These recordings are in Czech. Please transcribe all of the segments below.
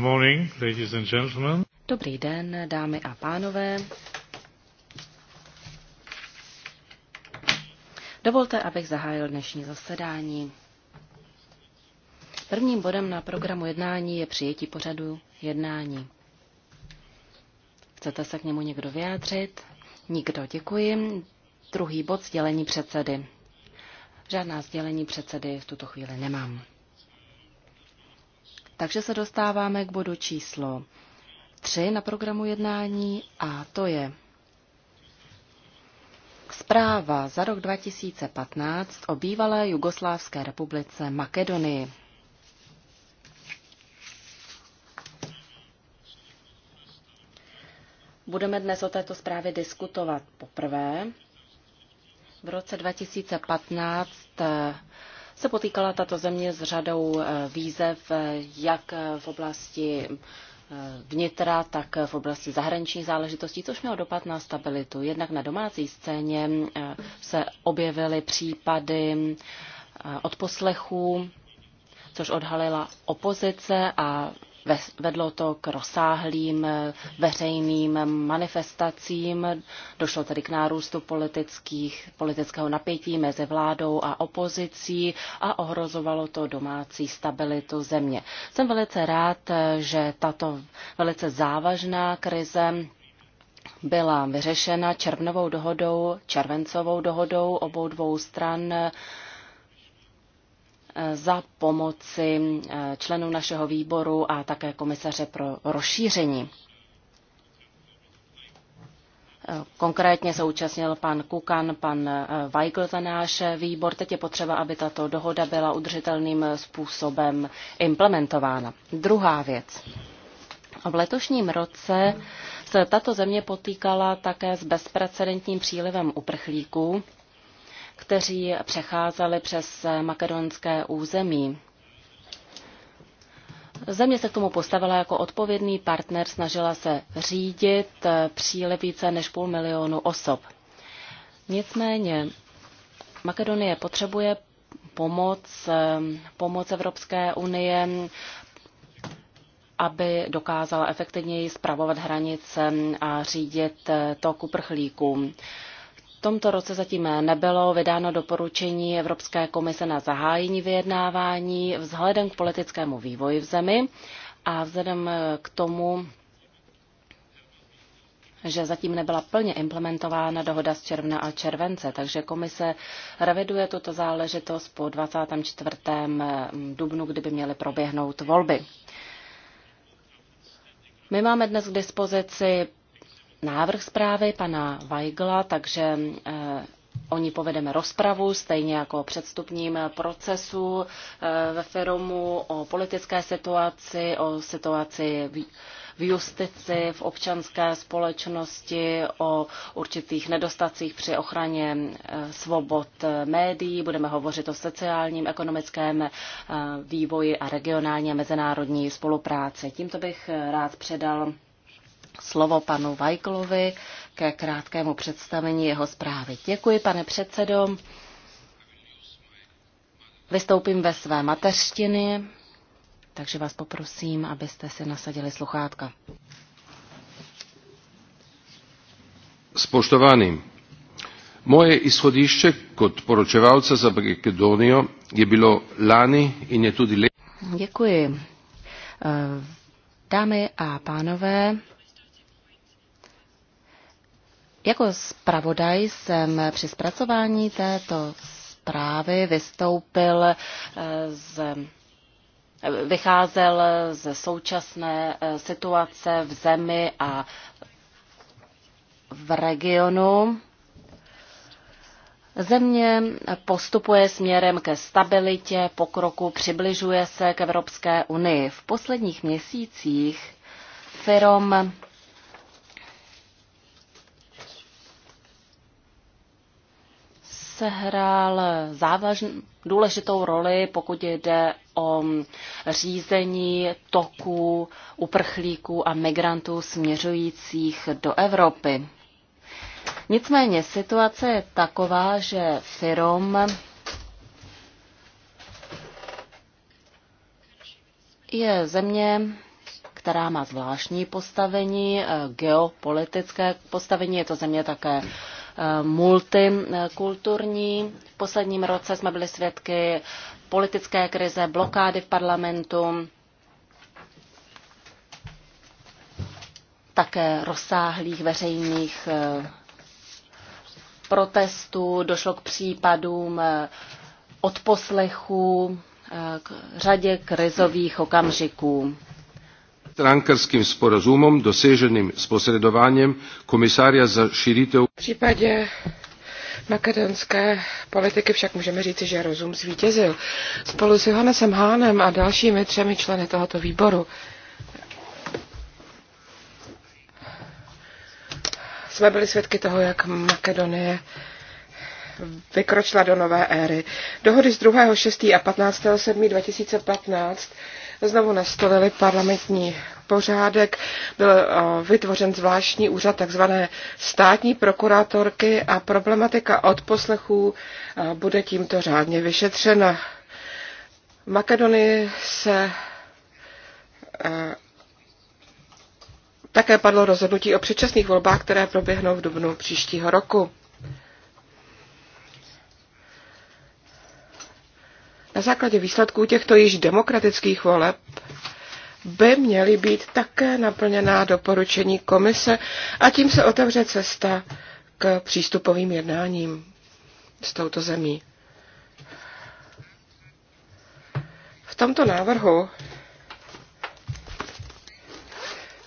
morning, ladies and gentlemen. Dobrý den, dámy a pánové. Dovolte, abych zahájil dnešní zasedání. Prvním bodem na programu jednání je přijetí pořadu jednání. Chcete se k němu někdo vyjádřit? Nikdo, děkuji. Druhý bod sdělení předsedy. Žádná sdělení předsedy v tuto chvíli nemám. Takže se dostáváme k bodu číslo 3 na programu jednání a to je zpráva za rok 2015 o bývalé Jugoslávské republice Makedonii. Budeme dnes o této zprávě diskutovat poprvé. V roce 2015 se potýkala tato země s řadou eh, výzev, eh, jak eh, v oblasti vnitra, tak v oblasti zahraničních záležitostí, což mělo dopad na stabilitu. Jednak na domácí scéně se objevily případy odposlechů, což odhalila opozice a Vedlo to k rozsáhlým eh, veřejným manifestacím, došlo tedy k nárůstu politických, politického napětí mezi vládou a opozicí a ohrozovalo to domácí stabilitu země. Jsem velice rád, eh, že tato velice závažná krize byla vyřešena červnovou dohodou, červencovou dohodou obou dvou stran eh, Eh, za pomoci eh, členů našeho výboru a také komisaře pro rozšíření. Eh, konkrétně se účastnil pan Kukan, pan Weigl za náš výbor. Teď je potřeba, aby tato dohoda byla udržitelným způsobem implementována. Druhá věc. V letošním roce se tato země potýkala také s bezprecedentním přílivem uprchlíků kteří přecházeli přes makedonské území. Země se k tomu postavila jako odpovědný partner, snažila se řídit eh, příliv více než půl milionu osob. Nicméně Makedonie potřebuje pomoc, eh, pomoc Evropské unie, aby dokázala efektivněji spravovat hranice a řídit eh, tok uprchlíků tomto roce zatím nebylo vydáno doporučení Evropské komise na zahájení vyjednávání vzhledem k politickému vývoji v zemi a vzhledem k tomu, že zatím nebyla plně implementována dohoda z června a července, takže komise reviduje tuto záležitost po 24. dubnu, kdyby měly proběhnout volby. My máme dnes k dispozici návrh zprávy pana Weigla, takže eh, o ní povedeme rozpravu, stejně jako o předstupním procesu eh, ve Feromu, o politické situaci, o situaci v justici, v občanské společnosti, o určitých nedostacích při ochraně eh, svobod médií. Budeme hovořit o sociálním, ekonomickém vývoji a regionálně mezinárodní spolupráci. Tímto bych rád předal slovo panu Vajklovi ke krátkému představení jeho zprávy. Děkuji, pane předsedo. Vystoupím ve své mateřštiny, takže vás poprosím, abyste si nasadili sluchátka. Spoštovani, moje izhodišče kot poročevalce za Makedonijo je bylo lani in je tudi letos. Děkuji. Eh, dámy a pánové, jako zpravodaj jsem při zpracování této zprávy vystoupil eh, z vycházel ze současné eh, situace v zemi a v regionu. Země postupuje směrem ke stabilitě, pokroku, přibližuje se k Evropské unii. V posledních měsících firm sehrál závažný, důležitou roli, pokud jde o řízení toku uprchlíků a migrantů směřujících do Evropy. Nicméně situace je taková, že firm je země, která má zvláštní postavení, eh, geopolitické postavení, je to země také Eh, multikulturní. V posledním roce jsme byli svědky politické krize, blokády v parlamentu, také rozsáhlých veřejných eh, protestů, došlo k případům eh, odposlechů, k řadě krizových okamžiků medstrankarskim sporazumom doseženim s posredovanjem komisarja za širitev. V případě makedonské politiky však můžeme říci, že rozum zvítězil. Spolu s Johannesem Hánem a dalšími třemi členy tohoto výboru jsme byli svědky toho, jak Makedonie vykročila do nové éry. Dohody z 6. a 2015 znovu nastolili parlamentní pořádek. Byl eh, vytvořen zvláštní úřad tzv. státní prokurátorky a problematika odposlechů eh, bude tímto řádně vyšetřena. V Makedonii se eh, také padlo rozhodnutí o předčasných volbách, které proběhnou v dubnu příštího roku. Na základě výsledků těchto již demokratických voleb by měly být také naplněná doporučení komise a tím se otevře cesta k přístupovým jednáním s touto zemí. V tomto návrhu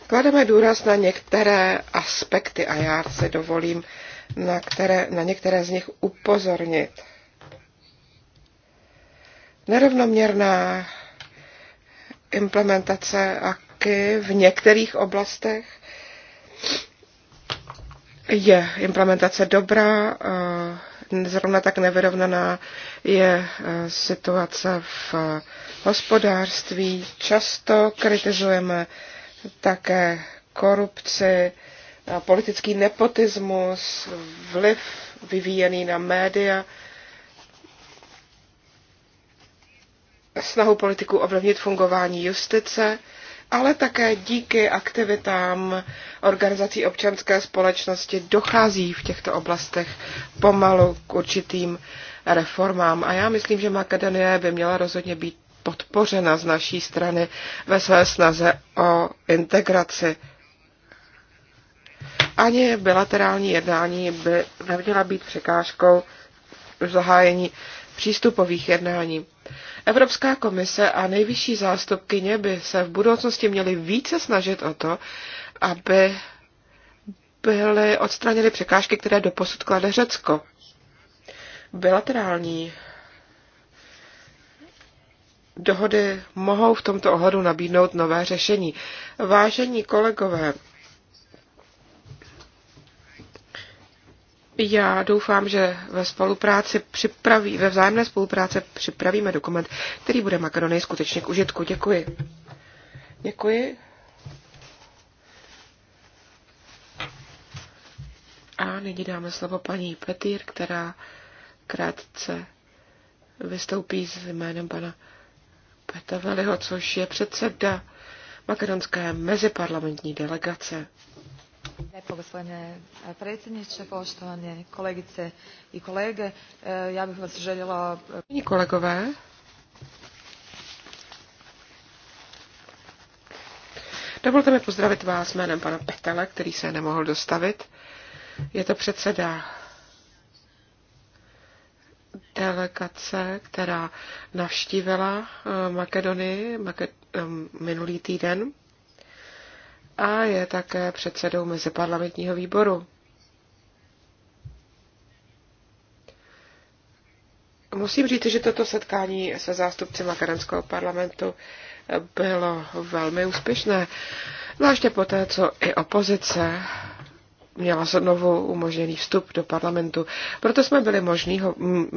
klademe důraz na některé aspekty a já si dovolím na, které, na některé z nich upozornit nerovnoměrná implementace AKY v některých oblastech. Je implementace dobrá, eh, zrovna tak nevyrovnaná je eh, situace v eh, hospodářství. Často kritizujeme také korupci, politický nepotismus, vliv vyvíjený na média snahu politiků ovlivnit fungování justice, ale také díky aktivitám organizací občanské společnosti dochází v těchto oblastech pomalu k určitým reformám. A já myslím, že Makedonie by měla rozhodně být podpořena z naší strany ve své snaze o integraci. Ani bilaterální jednání by neměla být překážkou zahájení přístupových jednání. Evropská komise a nejvyšší zástupkyně by se v budoucnosti měly více snažit o to, aby byly odstraněny překážky, které doposud klade Řecko. Bilaterální dohody mohou v tomto ohledu nabídnout nové řešení. Vážení kolegové, Já doufám, že ve spolupráci připraví, ve vzájemné spolupráci připravíme dokument, který bude Makedonii skutečně k užitku. Děkuji. Děkuji. A nyní dáme slovo paní Petýr, která krátce vystoupí s jménem pana Petra což je předseda makedonské meziparlamentní delegace. Lijepo gospodine eh, predsjednie potovane kolegice i kolege. Eh, Já bych vás eljela eh, Kolegové, Dovolte mi pozdravit vás jménem pana Petele, který se nemohl dostavit. Je to předseda delegace, která navštívila Makedonii minulý týden a je také předsedou Meziparlamentního výboru. Musím říct, že toto setkání se zástupci makedonského parlamentu bylo velmi úspěšné, zvláště poté, co i opozice měla znovu umožněný vstup do parlamentu. Proto jsme, byli možný,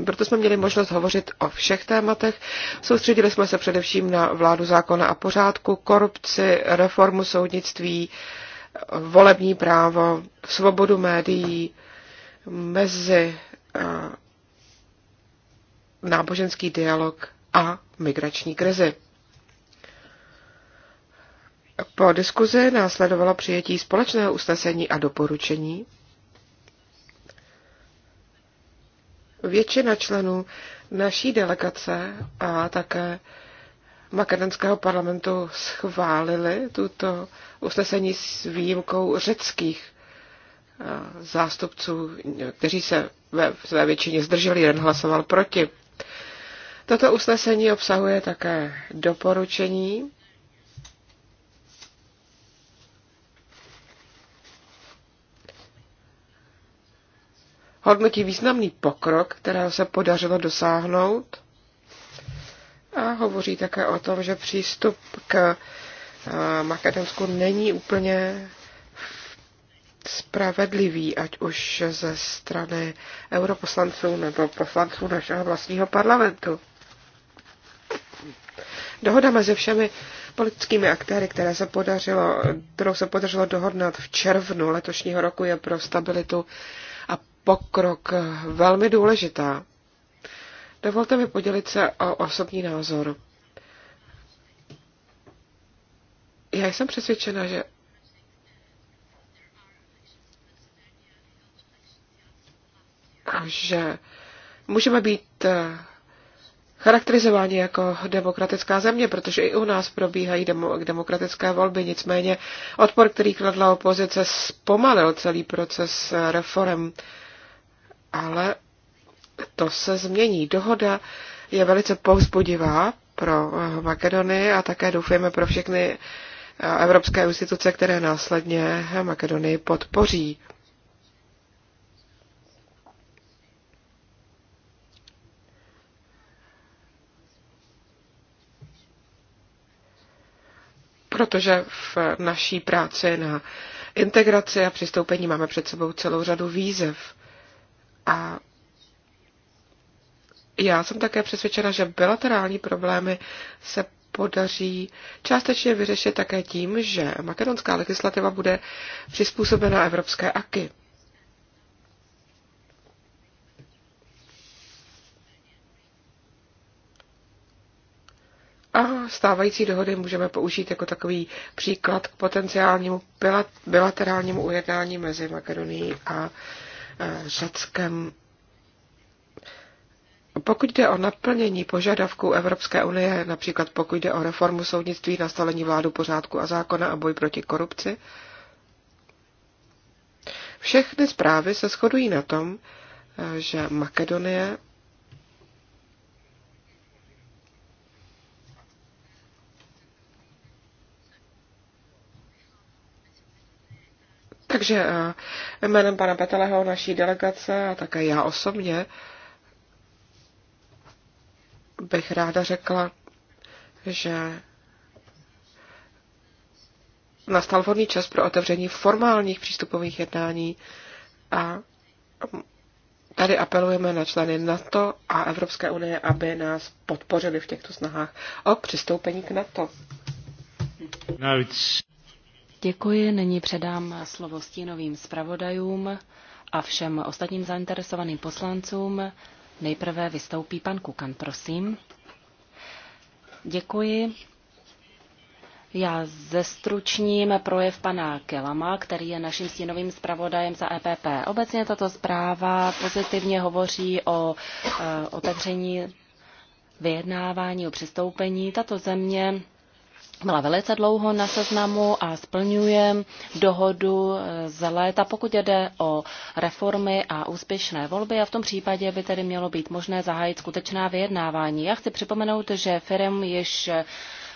proto jsme měli možnost hovořit o všech tématech. Soustředili jsme se především na vládu zákona a pořádku, korupci, reformu soudnictví, volební právo, svobodu médií, mezi náboženský dialog a migrační krizi. Po diskuzi následovalo přijetí společného usnesení a doporučení. Většina členů naší delegace a také makedonského parlamentu schválili tuto usnesení s výjimkou řeckých eh, zástupců, kteří se ve své většině zdrželi, jeden hlasoval proti. Toto usnesení obsahuje také doporučení hodnotí významný pokrok, kterého se podařilo dosáhnout. A hovoří také o tom, že přístup k eh, Makedonsku není úplně spravedlivý, ať už ze strany europoslanců nebo poslanců našeho vlastního parlamentu. Dohoda mezi všemi politickými aktéry, které se podařilo, kterou se podařilo dohodnout v červnu letošního roku, je pro stabilitu pokrok velmi důležitá. Dovolte mi podělit se o osobní názor. Já jsem přesvědčena, že že můžeme být eh, charakterizováni jako demokratická země, protože i u nás probíhají demokratické volby. Nicméně odpor, který kladla opozice, zpomalil celý proces eh, reform ale to se změní. Dohoda je velice povzbudivá pro eh, Makedonii a také doufujeme pro všechny eh, evropské instituce, které následně Makedonii podpoří. protože v naší práci na integraci a přistoupení máme před sebou celou řadu výzev. A já jsem také přesvědčena, že bilaterální problémy se podaří částečně vyřešit také tím, že makedonská legislativa bude přizpůsobena evropské aky. A stávající dohody můžeme použít jako takový příklad k potenciálnímu bilaterálnímu ujednání mezi Makedonií a Eh, Řeckem. Pokud jde o naplnění požadavků Evropské unie, například pokud jde o reformu soudnictví, nastavení vládu pořádku a zákona a boj proti korupci, všechny zprávy se shodují na tom, eh, že Makedonie Takže eh, jménem pana Peteleho, naší delegace a také já osobně bych ráda řekla, že nastal vhodný čas pro otevření formálních přístupových jednání a tady apelujeme na členy NATO a Evropské unie, aby nás podpořili v těchto snahách o přistoupení k NATO. Děkuji, nyní předám slovo stínovým zpravodajům a všem ostatním zainteresovaným poslancům. Nejprve vystoupí pan Kukan, prosím. Děkuji. Já zestručním projev pana Kelama, který je naším stínovým zpravodajem za EPP. Obecně tato zpráva pozitivně hovoří o e, otevření vyjednávání o přistoupení. Tato země byla velice dlouho na seznamu a splňuje dohodu eh, z léta, pokud jde o reformy a úspěšné volby a v tom případě by tedy mělo být možné zahájit skutečná vyjednávání. Já chci připomenout, že firm již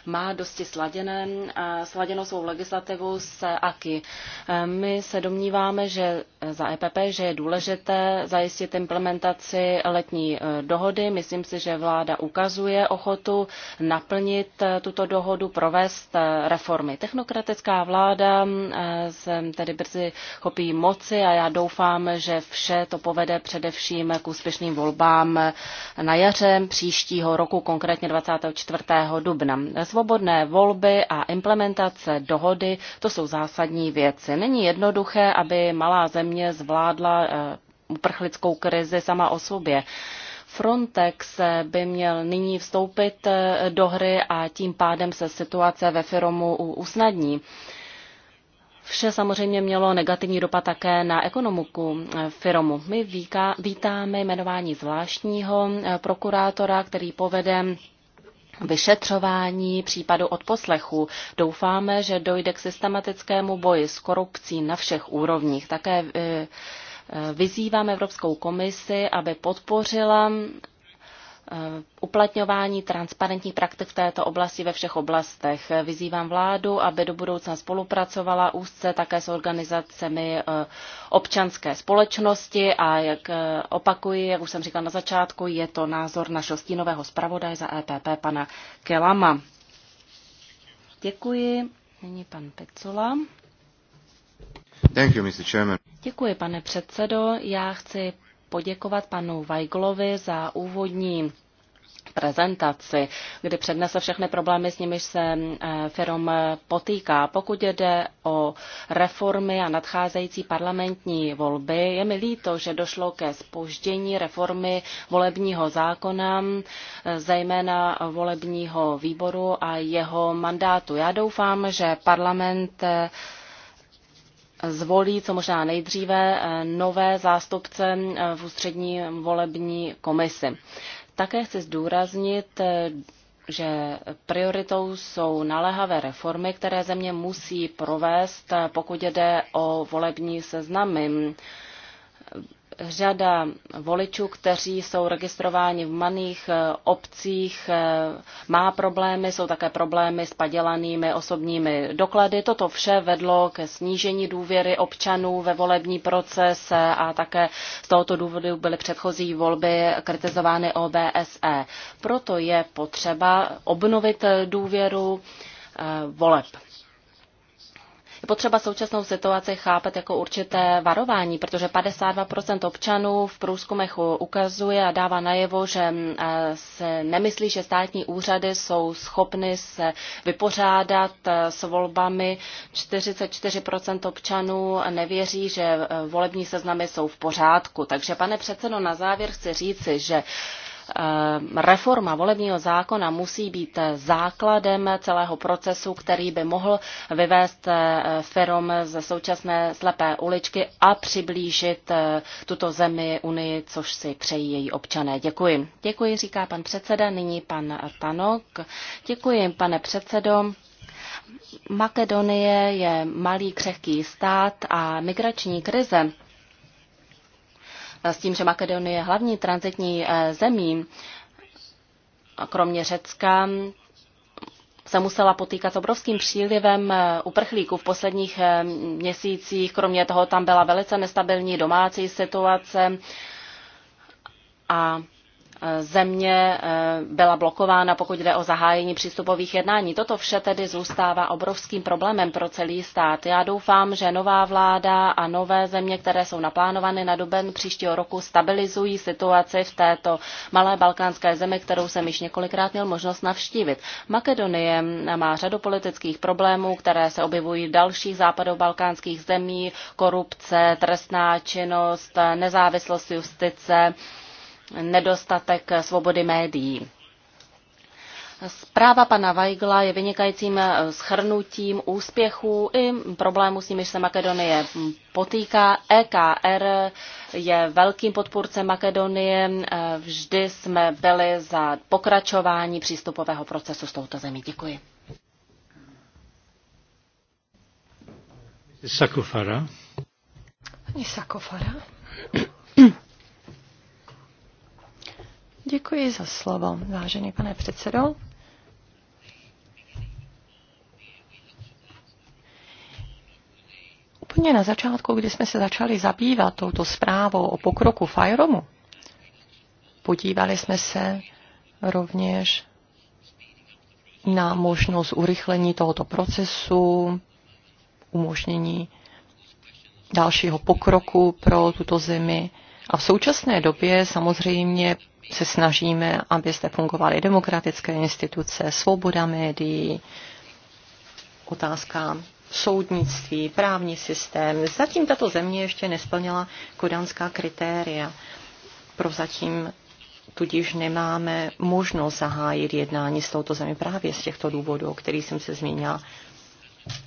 má dosti sladěné, eh, sladěnou svou legislativu s AKI. Eh, my se domníváme, že za EPP, že je důležité zajistit implementaci letní eh, dohody. Myslím si, že vláda ukazuje ochotu naplnit tuto dohodu, provést reformy. Technokratická vláda mm, se tedy brzy chopí moci a já doufám, že vše to povede především k úspěšným volbám na jaře příštího roku, konkrétně 24. dubna svobodné volby a implementace dohody, to jsou zásadní věci. Není jednoduché, aby malá země zvládla eh, uprchlickou krizi sama o sobě. Frontex eh, by měl nyní vstoupit eh, do hry a tím pádem se situace ve Firomu usnadní. Vše samozřejmě mělo negativní dopad také na ekonomiku firmu. My vítáme jmenování zvláštního prokurátora, který povede vyšetřování případu odposlechu. Doufáme, že dojde k systematickému boji s korupcí na všech úrovních. Také eh, eh, vyzývám Evropskou komisi, aby podpořila Eh, uplatňování transparentních praktik v této oblasti ve všech oblastech. Vyzývám vládu, aby do budoucna spolupracovala úzce také s organizacemi eh, občanské společnosti a jak eh, opakuji, jak už jsem říkal na začátku, je to názor našeho stínového zpravodaje za EPP pana Kelama. Děkuji. Nyní pan Pecula. Děkuji, pane předsedo. Já chci poděkovat panu Weiglovi za úvodní prezentaci, kdy přednese všechny problémy, s nimiž se eh, firm potýká. Pokud jde o reformy a nadcházející parlamentní volby, je mi líto, že došlo ke spoždění reformy volebního zákona, eh, zejména volebního výboru a jeho mandátu. Já doufám, že parlament eh, zvolí co možná nejdříve eh, nové zástupce eh, v ústřední volební komisi. Také chci zdůraznit, eh, že prioritou jsou naléhavé reformy, které země musí provést, pokud jde o volební seznamy řada voličů, kteří jsou registrováni v malých eh, obcích, eh, má problémy, jsou také problémy s padělanými osobními doklady. Toto vše vedlo ke snížení důvěry občanů ve volební proces eh, a také z tohoto důvodu byly předchozí volby kritizovány OBSE. Proto je potřeba obnovit důvěru voleb je potřeba současnou situaci chápat jako určité varování, protože 52% občanů v průzkumech ukazuje a dává najevo, že mm, se nemyslí, že státní úřady jsou schopny se vypořádat e, s volbami. 44% občanů nevěří, že e, volební seznamy jsou v pořádku. Takže pane předsedo, na závěr chci říci, že Eh, reforma volebního zákona musí být základem celého procesu, který by mohl vyvést eh, firm ze současné slepé uličky a přiblížit eh, tuto zemi Unii, což si přejí její občané. Děkuji. Děkuji, říká pan předseda, nyní pan Tanok. Děkuji, pane předsedo. Makedonie je malý křehký stát a migrační krize s tím, že Makedonie je hlavní transitní eh, zemí, kromě Řecka, se musela potýkat s obrovským přílivem eh, uprchlíků v posledních eh, měsících. Kromě toho tam byla velice nestabilní domácí situace a země eh, byla blokována, pokud jde o zahájení přístupových jednání. Toto vše tedy zůstává obrovským problémem pro celý stát. Já doufám, že nová vláda a nové země, které jsou naplánovány na duben příštího roku, stabilizují situaci v této malé balkánské zemi, kterou jsem již několikrát měl možnost navštívit. Makedonie má řadu politických problémů, které se objevují v dalších západobalkánských zemí, korupce, trestná činnost, nezávislost justice, nedostatek svobody médií. Zpráva pana Weigla je vynikajícím schrnutím úspěchů i problémů, s nimiž se Makedonie potýká. EKR je velkým podpůrcem Makedonie. Vždy jsme byli za pokračování přístupového procesu s touto zemí. Děkuji. Sakofara. Sakofara. Děkuji za slovo, vážený pane předsedo. Úplně na začátku, kdy jsme se začali zabývat touto zprávou o pokroku Fajromu, podívali jsme se rovněž na možnost urychlení tohoto procesu, umožnění dalšího pokroku pro tuto zemi. A v současné době samozřejmě se snažíme, aby zde fungovaly demokratické instituce, svoboda médií, otázka soudnictví, právní systém. Zatím tato země ještě nesplnila kodanská kritéria. Prozatím tudíž nemáme možnost zahájit jednání s touto zemí právě z těchto důvodů, o kterých jsem se zmínila.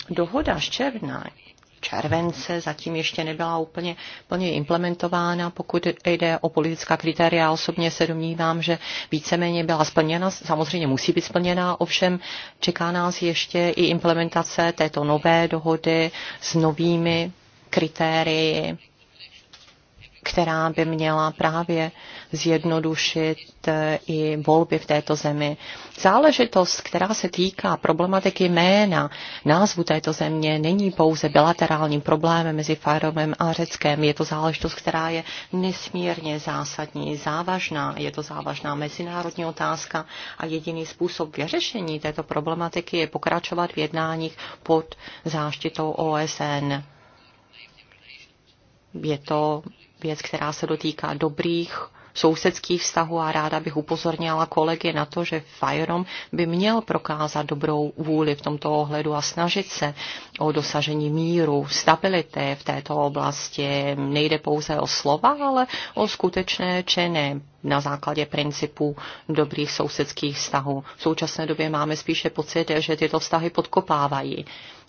Dohoda z června července zatím ještě nebyla úplně plně implementována. Pokud jde o politická kritéria, osobně se domnívám, že víceméně byla splněna, samozřejmě musí být splněna, ovšem čeká nás ještě i implementace této nové dohody s novými kritérii která by měla právě zjednodušit eh, i volby v této zemi. Záležitost, která se týká problematiky jména názvu této země, není pouze bilaterálním problémem mezi Farovem a Řeckem. Je to záležitost, která je nesmírně zásadní, závažná. Je to závažná mezinárodní otázka a jediný způsob vyřešení této problematiky je pokračovat v jednáních pod záštitou OSN. Je to věc, která se dotýká dobrých sousedských vztahů a ráda bych upozornila kolegy na to, že Fajrom by měl prokázat dobrou vůli v tomto ohledu a snažit se o dosažení míru, stability v této oblasti. Nejde pouze o slova, ale o skutečné činy na základě principů dobrých sousedských vztahů. V současné době máme spíše pocit, že tyto vztahy podkopávají.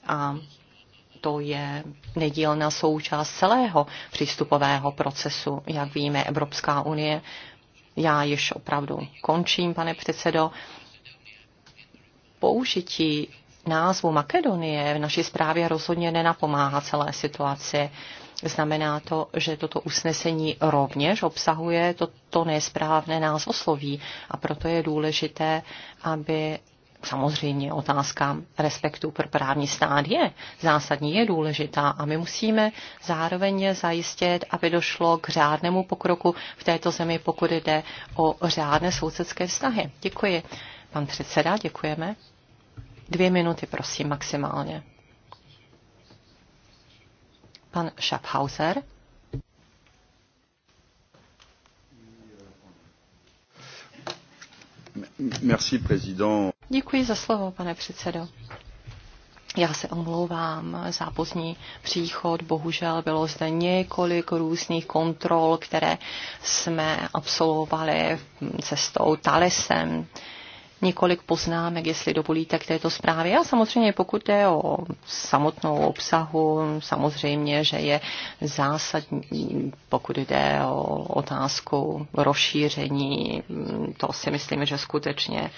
A to je nedílná součást celého přístupového procesu. Jak víme, Evropská unie, já již opravdu končím, pane předsedo, použití názvu Makedonie v naší zprávě rozhodně nenapomáhá celé situaci. Znamená to, že toto usnesení rovněž obsahuje toto nesprávné názvosloví a proto je důležité, aby samozřejmě otázka respektu pro právní stát je zásadní, je důležitá a my musíme zároveň zajistit, aby došlo k řádnému pokroku v této zemi, pokud jde o řádné sousedské vztahy. Děkuji. Pan předseda, děkujeme. Dvě minuty, prosím, maximálně. Pan Schaffhauser. Děkuji za slovo, pane předsedo. Já se omlouvám za pozdní příchod. Bohužel bylo zde několik různých kontrol, které jsme absolvovali cestou Talesem. Uh, několik poznámek, jestli dovolíte k této zprávě. A samozřejmě pokud jde o samotnou obsahu, samozřejmě, že je zásadní, pokud jde o otázku rozšíření, to si myslím, že skutečně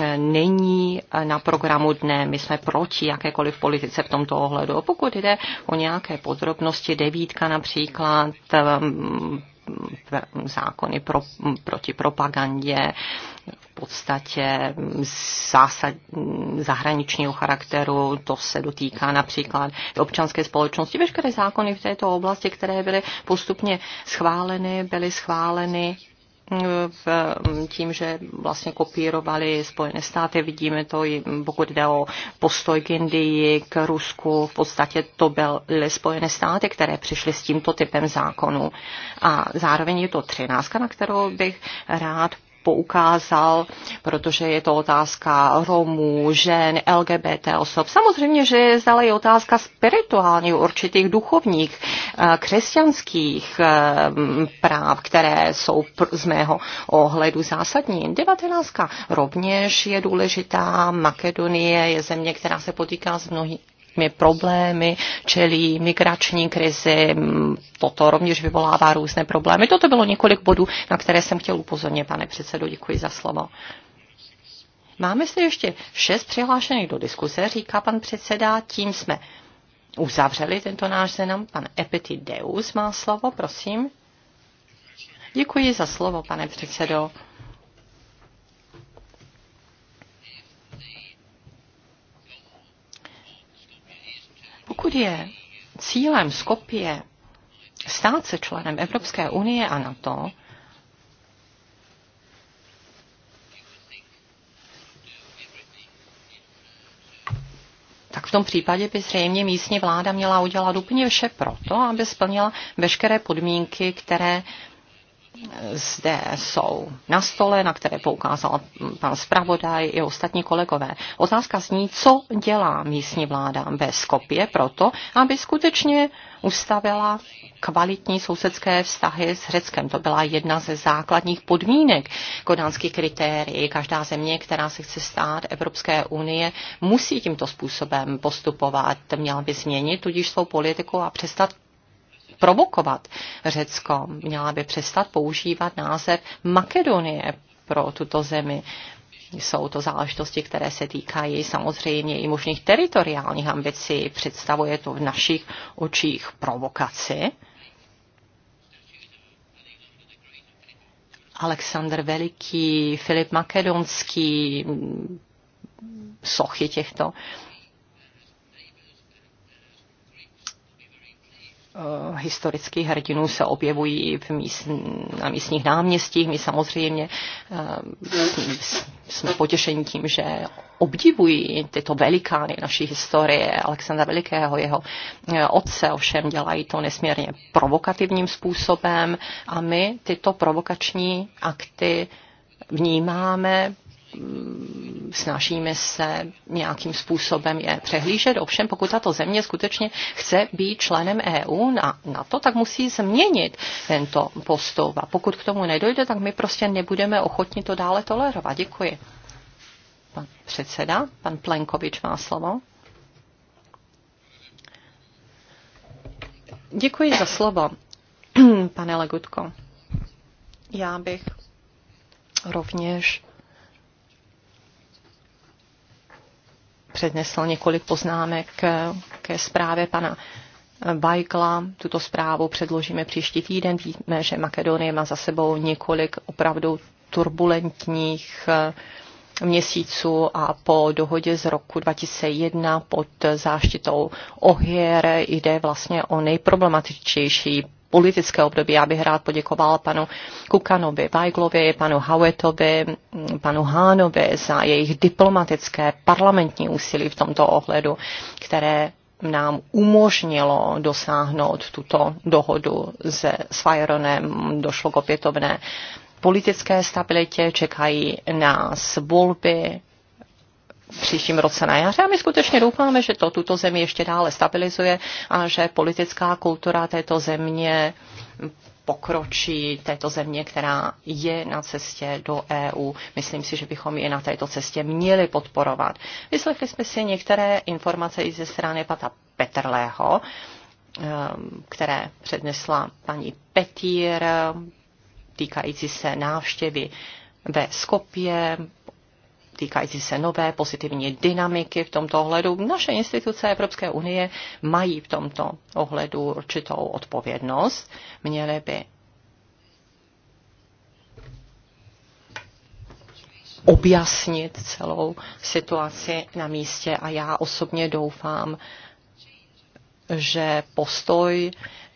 eh, není eh, na programu dne. My jsme proti jakékoliv politice v tomto ohledu. Pokud jde o nějaké podrobnosti, devítka například, eh, zákony pro, proti propagandě, v podstatě zásad, zahraničního charakteru, to se dotýká například občanské společnosti. Veškeré zákony v této oblasti, které byly postupně schváleny, byly schváleny v, mm, tím, že vlastně kopírovali Spojené státy. Vidíme to, i mm, pokud jde o postoj k Indii, k Rusku. V podstatě to byly Spojené státy, které přišly s tímto typem zákonů. A zároveň je to třináctka, na kterou bych rád poukázal, protože je to otázka Romů, žen, LGBT osob. Samozřejmě, že je zdále otázka spirituální určitých duchovních, eh, křesťanských eh, práv, které jsou z mého ohledu zásadní. 19. rovněž je důležitá. Makedonie je země, která se potýká s mnohými jakými problémy čelí migrační krizi. Toto rovněž vyvolává různé problémy. Toto bylo několik bodů, na které jsem chtěl upozornit, pane předsedo. Děkuji za slovo. Máme se ještě šest přihlášených do diskuse, říká pan předseda. Tím jsme uzavřeli tento náš zenom. Pan Deus má slovo, prosím. Děkuji za slovo, pane předsedo. Pokud je cílem skopie stát se členem Evropské unie a NATO, tak v tom případě by zřejmě místní vláda měla udělat úplně vše proto, aby splnila veškeré podmínky, které zde jsou na stole, na které poukázal pan zpravodaj i ostatní kolegové. Otázka zní, co dělá místní vláda ve Skopě proto, aby skutečně ustavila kvalitní sousedské vztahy s Řeckem. To byla jedna ze základních podmínek kodánských kritérií. Každá země, která se chce stát Evropské unie, musí tímto způsobem postupovat. Měla by změnit tudíž svou politiku a přestat provokovat Řecko. Měla by přestat používat název Makedonie pro tuto zemi. Jsou to záležitosti, které se týkají samozřejmě i možných teritoriálních ambicí. Představuje to v našich očích provokaci. Alexandr Veliký, Filip Makedonský, sochy těchto Eh, historických hrdinů se objevují v míst, na místních náměstích. My samozřejmě eh, jsme potěšeni tím, že obdivují tyto velikány naší historie, Alexandra Velikého, jeho eh, otce, ovšem dělají to nesmírně provokativním způsobem a my tyto provokační akty vnímáme Mm, snažíme se nějakým způsobem je přehlížet. Ovšem, pokud tato země skutečně chce být členem EU na, na to, tak musí změnit tento postup. A pokud k tomu nedojde, tak my prostě nebudeme ochotni to dále tolerovat. Děkuji. Pan předseda, pan Plenkovič má slovo. Děkuji za slovo, pane Legutko. Já bych rovněž přednesl několik poznámek ke zprávě pana Bajkla. Tuto zprávu předložíme příští týden. Víme, že Makedonie má za sebou několik opravdu turbulentních eh, měsíců a po dohodě z roku 2001 pod záštitou Ohier jde vlastně o nejproblematičtější politické období. Já bych rád poděkoval panu Kukanovi, Vajglovi, panu Hauetovi, panu Hánovi za jejich diplomatické parlamentní úsilí v tomto ohledu, které nám umožnilo dosáhnout tuto dohodu se, Svajronem. Došlo k opětovné politické stabilitě, čekají nás volby v příštím roce na jaře. A my skutečně doufáme, že to tuto zemi ještě dále stabilizuje a že politická kultura této země pokročí této země, která je na cestě do EU. Myslím si, že bychom je na této cestě měli podporovat. Vyslechli jsme si některé informace i ze strany Pata Petrlého, ehm, které přednesla paní Petír, týkající se návštěvy ve Skopě, týkající se nové pozitivní dynamiky v tomto ohledu. Naše instituce Evropské unie mají v tomto ohledu určitou odpovědnost. Měly by objasnit celou situaci na místě a já osobně doufám, že postoj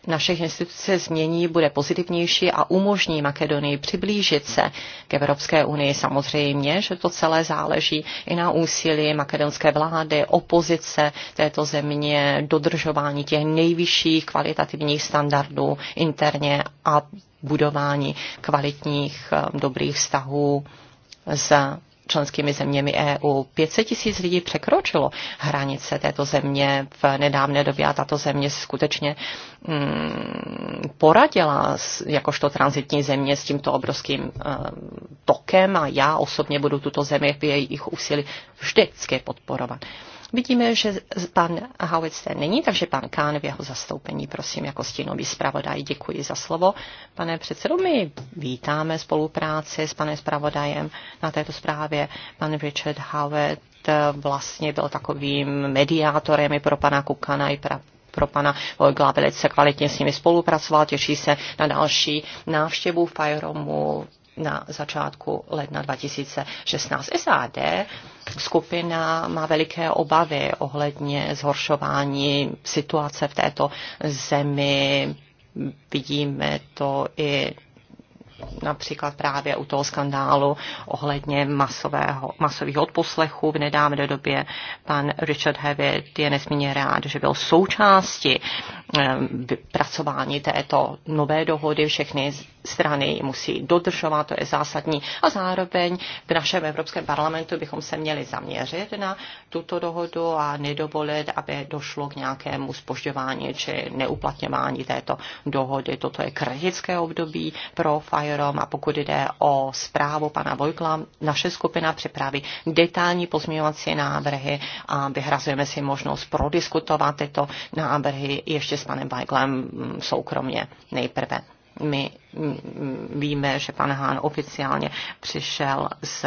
našich institucí změní, bude pozitivnější a umožní Makedonii přiblížit se k Evropské unii. Samozřejmě, že to celé záleží i na úsilí makedonské vlády, opozice této země, dodržování těch nejvyšších kvalitativních standardů interně a budování kvalitních, eh, dobrých vztahů s členskými zeměmi EU. 500 tisíc lidí překročilo hranice této země v nedávné době a tato země skutečně mm, poradila s, jakožto transitní země s tímto obrovským eh, tokem a já osobně budu tuto zemi v jejich úsilí vždycky podporovat. Uh, Vidíme, že pan Howitz ten není, takže pan Kán v jeho zastoupení, prosím, jako stínový zpravodaj, děkuji za slovo. Pane předsedo, my vítáme spolupráci s panem zpravodajem na této zprávě. Pan Richard Howitz vlastně byl takovým mediátorem i pro pana Kukana i pro pro pana Vojgla velice kvalitně s nimi spolupracoval, těší se na další návštěvu Fajromu na začátku ledna 2016. SAD skupina má veliké obavy ohledně zhoršování situace v této zemi. Vidíme to i například právě u toho skandálu ohledně masového, masových odposlechů v nedávné době. Pan Richard Hewitt je nesmírně rád, že byl součástí Ehm, vypracování této nové dohody. Všechny strany musí dodržovat, to je zásadní. A zároveň v našem Evropském parlamentu bychom se měli zaměřit na tuto dohodu a nedovolit, aby došlo k nějakému spožďování či neuplatňování této dohody. Toto je kritické období pro FIROM a pokud jde o zprávu pana Vojkla, naše skupina připraví detailní pozměňovací návrhy a vyhrazujeme si možnost prodiskutovat tyto návrhy ještě s panem Weiglem mm, soukromně nejprve. My mm, víme, že pan Hán oficiálně přišel s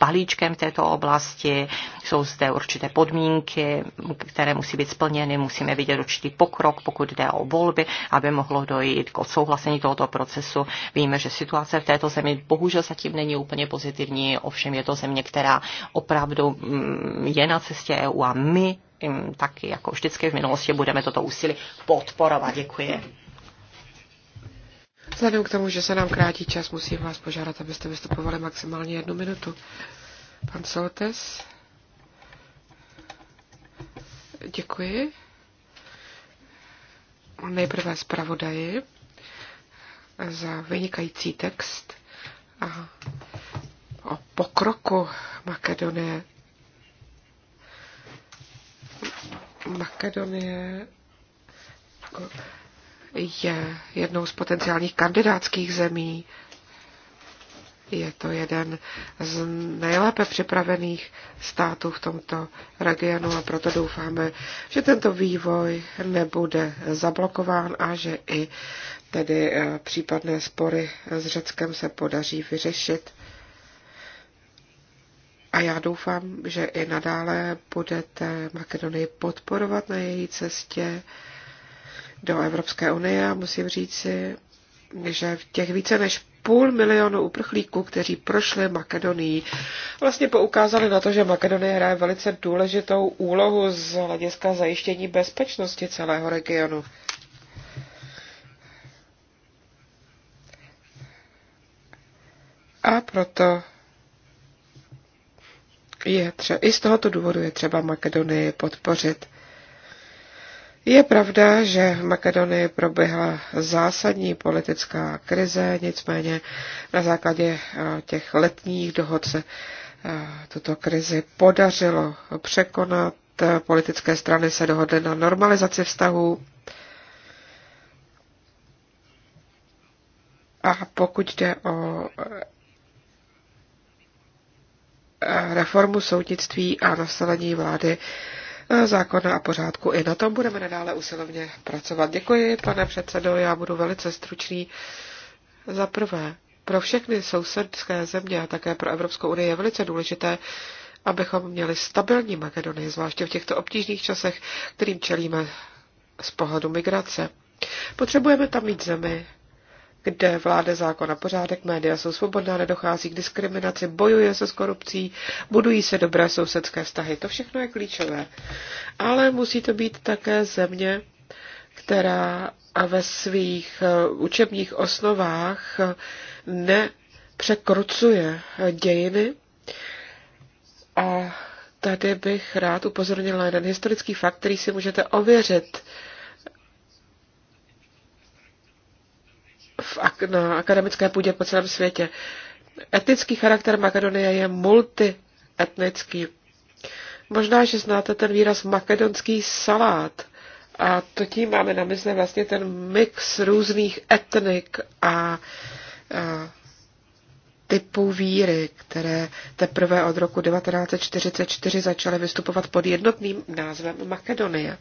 balíčkem této oblasti, jsou zde určité podmínky, které musí být splněny, musíme vidět určitý pokrok, pokud jde o volby, aby mohlo dojít k odsouhlasení tohoto procesu. Víme, že situace v této zemi bohužel zatím není úplně pozitivní, ovšem je to země, která opravdu mm, je na cestě EU a my taky, jako vždycky v minulosti, budeme toto úsilí podporovat. Děkuji. Vzhledem k tomu, že se nám krátí čas, musím vás požádat, abyste vystupovali maximálně jednu minutu. Pan Soltes. Děkuji. Nejprve zpravodaji za vynikající text a o pokroku Makedonie Makedonie je jednou z potenciálních kandidátských zemí. Je to jeden z nejlépe připravených států v tomto regionu a proto doufáme, že tento vývoj nebude zablokován a že i tedy eh, případné spory s Řeckem se podaří vyřešit. A já doufám, že i nadále budete Makedonii podporovat na její cestě do Evropské unie a musím říci, že v těch více než půl milionu uprchlíků, kteří prošli Makedonii, vlastně poukázali na to, že Makedonie hraje velice důležitou úlohu z hlediska zajištění bezpečnosti celého regionu. A proto je třeba, i z tohoto důvodu je třeba Makedonii podpořit. Je pravda, že v Makedonii proběhla zásadní politická krize, nicméně na základě eh, těch letních dohod se eh, tuto krizi podařilo překonat. Politické strany se dohodly na normalizaci vztahů. A pokud jde o reformu soudnictví a nastavení vlády eh, zákona a pořádku. I na tom budeme nadále usilovně pracovat. Děkuji, pane předsedo, já budu velice stručný. Za prvé, pro všechny sousedské země a také pro Evropskou unii je velice důležité, abychom měli stabilní Makedonii, zvláště v těchto obtížných časech, kterým čelíme z pohledu migrace. Potřebujeme tam mít zemi, kde vláda zákon a pořádek, média jsou svobodná, nedochází k diskriminaci, bojuje se s korupcí, budují se dobré sousedské vztahy. To všechno je klíčové. Ale musí to být také země, která a ve svých eh, učebních osnovách eh, nepřekrucuje eh, dějiny. A tady bych rád upozornila na jeden historický fakt, který si můžete ověřit v, na akademické půdě po celém světě. Etický charakter Makedonie je multietnický. Možná, že znáte ten výraz makedonský salát. A to tím máme na mysli vlastně ten mix různých etnik a, a typů víry, které teprve od roku 1944 začaly vystupovat pod jednotným názvem Makedonie.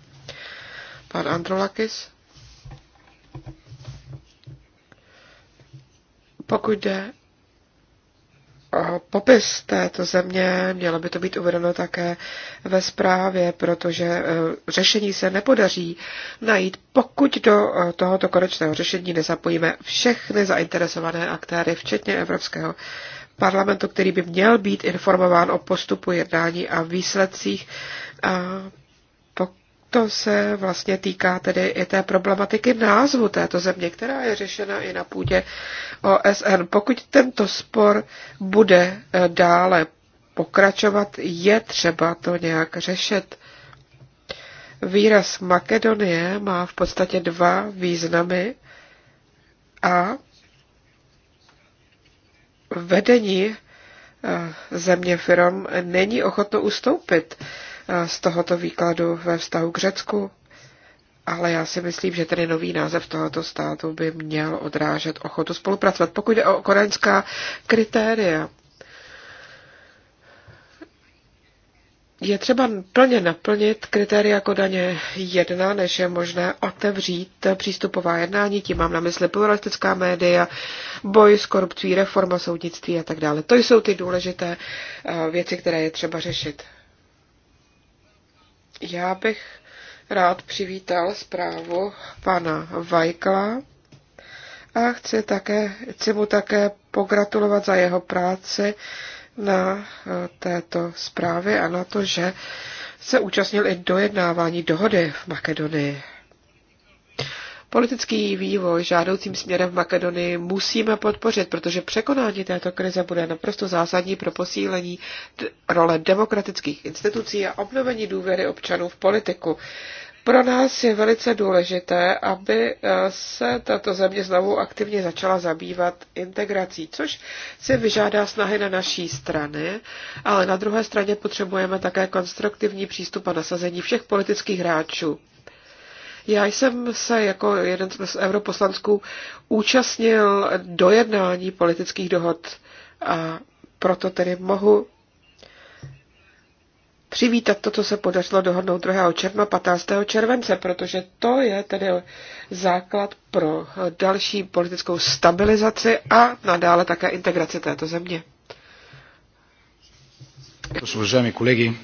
Pan Androlakis? Pokud jde o popis této země, mělo by to být uvedeno také ve zprávě, protože eh, řešení se nepodaří najít, pokud do eh, tohoto konečného řešení nezapojíme všechny zainteresované aktéry, včetně Evropského parlamentu, který by měl být informován o postupu jednání a výsledcích a to se vlastně týká tedy i té problematiky názvu této země, která je řešena i na půdě OSN. Pokud tento spor bude eh, dále pokračovat, je třeba to nějak řešit. Výraz Makedonie má v podstatě dva významy a vedení eh, země firm není ochotno ustoupit Eh, z tohoto výkladu ve vztahu k Řecku, ale já si myslím, že tedy nový název tohoto státu by měl odrážet ochotu spolupracovat. Pokud jde o koreňská kritéria, je třeba plně naplnit kritéria Kodaně 1, než je možné otevřít přístupová jednání, tím mám na mysli pluralistická média, boj s korupcí, reforma soudnictví a tak dále. To jsou ty důležité eh, věci, které je třeba řešit. Já bych rád přivítal zprávu pana Vajkla a chci, také, chci mu také pogratulovat za jeho práci na eh, této zprávě a na to, že se účastnil i dojednávání dohody v Makedonii. Politický vývoj žádoucím směrem v Makedonii musíme podpořit, protože překonání této krize bude naprosto zásadní pro posílení role demokratických institucí a obnovení důvěry občanů v politiku. Pro nás je velice důležité, aby eh, se tato země znovu aktivně začala zabývat integrací, což si vyžádá snahy na naší strany, ale na druhé straně potřebujeme také konstruktivní přístup a nasazení všech politických hráčů. Já jsem se jako jeden z europoslanců účastnil dojednání politických dohod a proto tedy mohu přivítat to, co se podařilo dohodnout 2. června, 15. července, protože to je tedy základ pro další politickou stabilizaci a nadále také integraci této země. Уважаеми kolegy.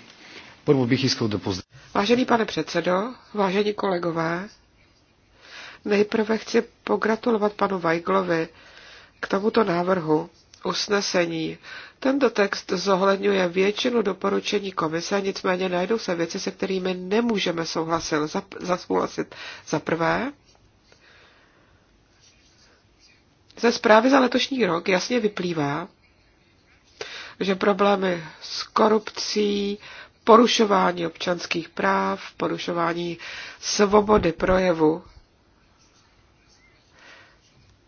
Prvo bych Vážený pane předsedo, vážení kolegové, nejprve chci pogratulovat panu Weiglovi k tomuto návrhu usnesení. Tento text zohledňuje většinu doporučení komise, nicméně najdou se věci, se kterými nemůžeme souhlasit. za, zasouhlasit. Za prvé, ze zprávy za letošní rok jasně vyplývá, že problémy s korupcí, porušování občanských práv, porušování svobody projevu.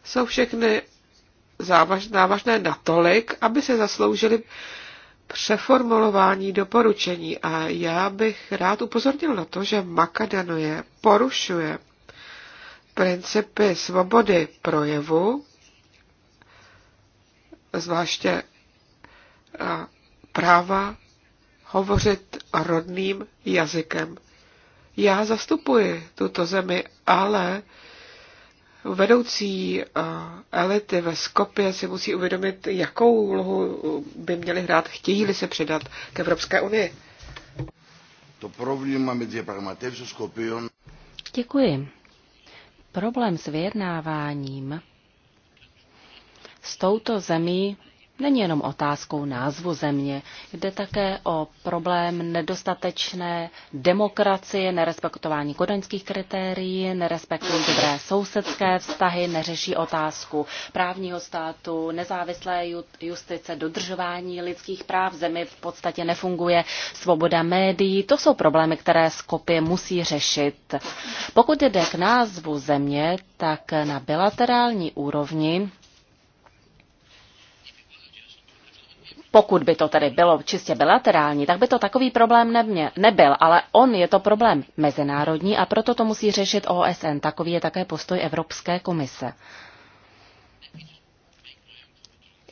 Jsou všechny závažné natolik, aby se zasloužili přeformulování doporučení. A já bych rád upozornil na to, že Makadanoje porušuje principy svobody projevu, zvláště práva hovořit rodným jazykem. Já zastupuji tuto zemi, ale vedoucí eh, elity ve Skopě si musí uvědomit, jakou úlohu eh, by měli hrát, chtějí-li se předat k Evropské unii. To probléma mezi diapragmatevskou Skopion. Děkuji. Problém s vyjednáváním s touto zemí není jenom otázkou názvu země, jde také o problém nedostatečné demokracie, nerespektování kodaňských kritérií, nerespektují dobré sousedské vztahy, neřeší otázku právního státu, nezávislé justice, dodržování lidských práv zemi v podstatě nefunguje, svoboda médií, to jsou problémy, které Skopje musí řešit. Pokud jde k názvu země, tak na bilaterální úrovni Pokud by to tedy bylo čistě bilaterální, tak by to takový problém nemě, nebyl, ale on je to problém mezinárodní a proto to musí řešit OSN. Takový je také postoj Evropské komise.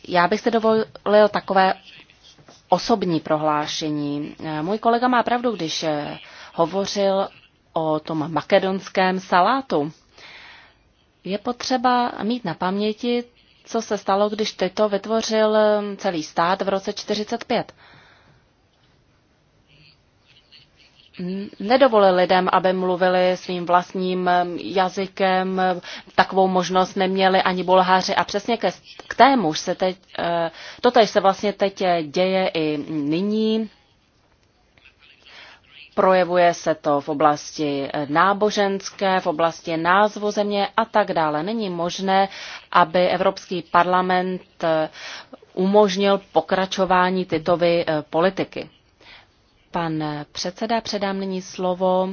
Já bych se dovolil takové osobní prohlášení. Můj kolega má pravdu, když eh, hovořil o tom makedonském salátu. Je potřeba mít na paměti co se stalo, když Tito vytvořil um, celý stát v roce 45. nedovolil lidem, aby mluvili svým vlastním um, jazykem, takovou možnost neměli ani bulháři a přesně ke, k tému se teď, uh, to se vlastně teď eh, děje i nyní. Projevuje se to v oblasti náboženské, v oblasti názvu země a tak dále. Není možné, aby Evropský parlament eh, umožnil pokračování tytovy eh, politiky. Pan předseda předám nyní slovo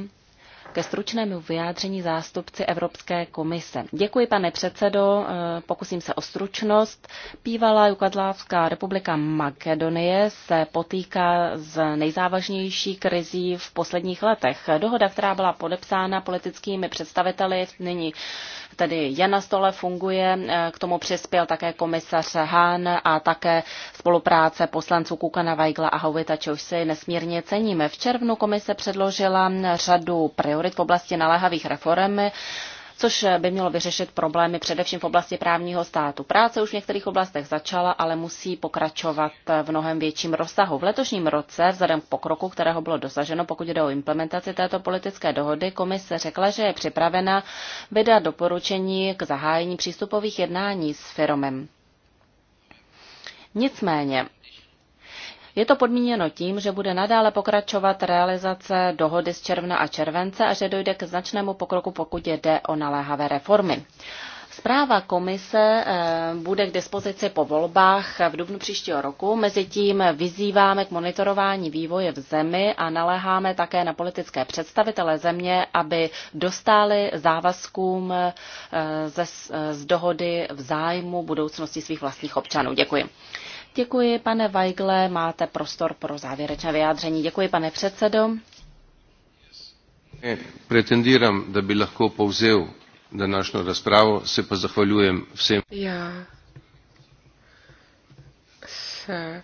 ke stručnému vyjádření zástupci Evropské komise. Děkuji, pane předsedo, eh, pokusím se o stručnost. Bývalá Jukadlávská republika Makedonie se potýká s nejzávažnější krizí v posledních letech. Dohoda, která byla podepsána politickými představiteli, nyní tedy je na stole, funguje. Eh, k tomu přispěl také komisař Hahn a také spolupráce poslanců Kukana, Weigla a Hovita, čehož si nesmírně ceníme. V červnu komise předložila řadu priorit priorit v oblasti naléhavých reform což by mělo vyřešit problémy především v oblasti právního státu. Práce už v některých oblastech začala, ale musí pokračovat v mnohem větším rozsahu. V letošním roce, vzhledem k pokroku, kterého bylo dosaženo, pokud jde o implementaci této politické dohody, komise řekla, že je připravena vydat doporučení k zahájení přístupových jednání s firmem. Nicméně, je to podmíněno tím, že bude nadále pokračovat realizace dohody z června a července a že dojde k značnému pokroku, pokud jde o naléhavé reformy. Zpráva komise eh, bude k dispozici po volbách v dubnu příštího roku. Mezitím vyzýváme k monitorování vývoje v zemi a naléháme také na politické představitele země, aby dostali závazkům eh, eh, z dohody v zájmu budoucnosti svých vlastních občanů. Děkuji. Děkuji, pane Weigle, máte prostor pro závěrečné vyjádření. Děkuji, pane předsedo. Pretendiram, da bi lahko povzel današnjo razpravo, se pa zahvaljujem všem. Já se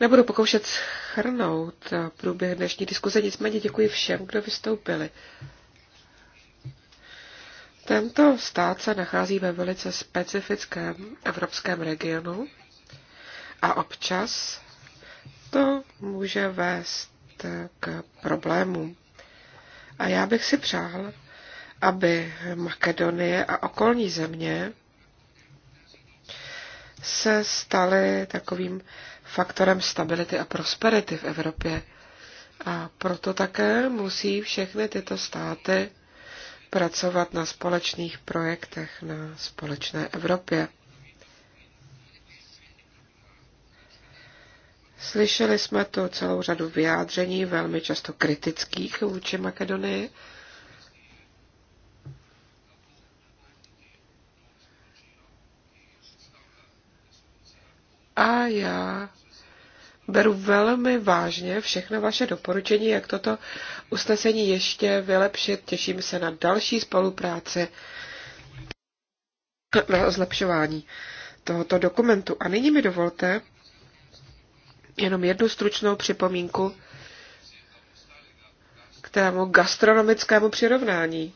nebudu pokoušet schrnout průběh dnešní diskuze, nicméně děkuji všem, kdo vystoupili. Tento stát se nachází ve velice specifickém evropském regionu a občas to může vést k problémům. A já bych si přál, aby Makedonie a okolní země se staly takovým faktorem stability a prosperity v Evropě. A proto také musí všechny tyto státy pracovat na společných projektech na společné Evropě. Slyšeli jsme tu celou řadu vyjádření, velmi často kritických vůči Makedonii. A já beru velmi vážně všechna vaše doporučení, jak toto usnesení ještě vylepšit. Těším se na další spolupráci na zlepšování tohoto dokumentu. A nyní mi dovolte, jenom jednu stručnou připomínku k tému gastronomickému přirovnání.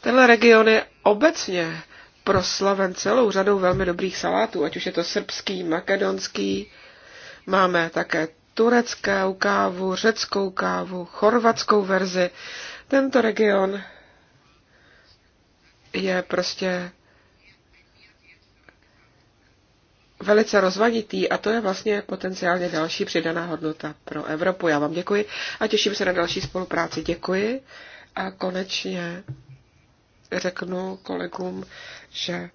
Tenhle region je obecně proslaven celou řadou velmi dobrých salátů, ať už je to srbský, makedonský, máme také tureckou kávu, řeckou kávu, chorvatskou verzi. Tento region je prostě velice rozvaditý a to je vlastně potenciálně další přidaná hodnota pro Evropu. Já vám děkuji a těším se na další spolupráci. Děkuji a konečně řeknu kolegům, že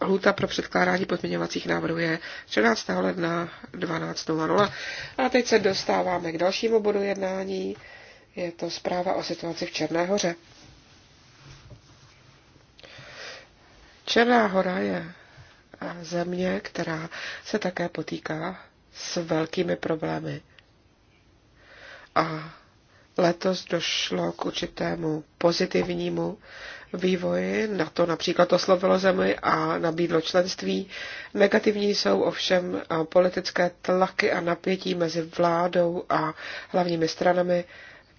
Lhuta pro předkládání podměňovacích návrhů je 13. ledna 12.00. A teď se dostáváme k dalšímu bodu jednání. Je to zpráva o situaci v Černé hoře. Černá hora je země, která se také potýká s velkými problémy. A letos došlo k určitému pozitivnímu vývoji. Na to například oslovilo zemi a nabídlo členství. Negativní jsou ovšem politické tlaky a napětí mezi vládou a hlavními stranami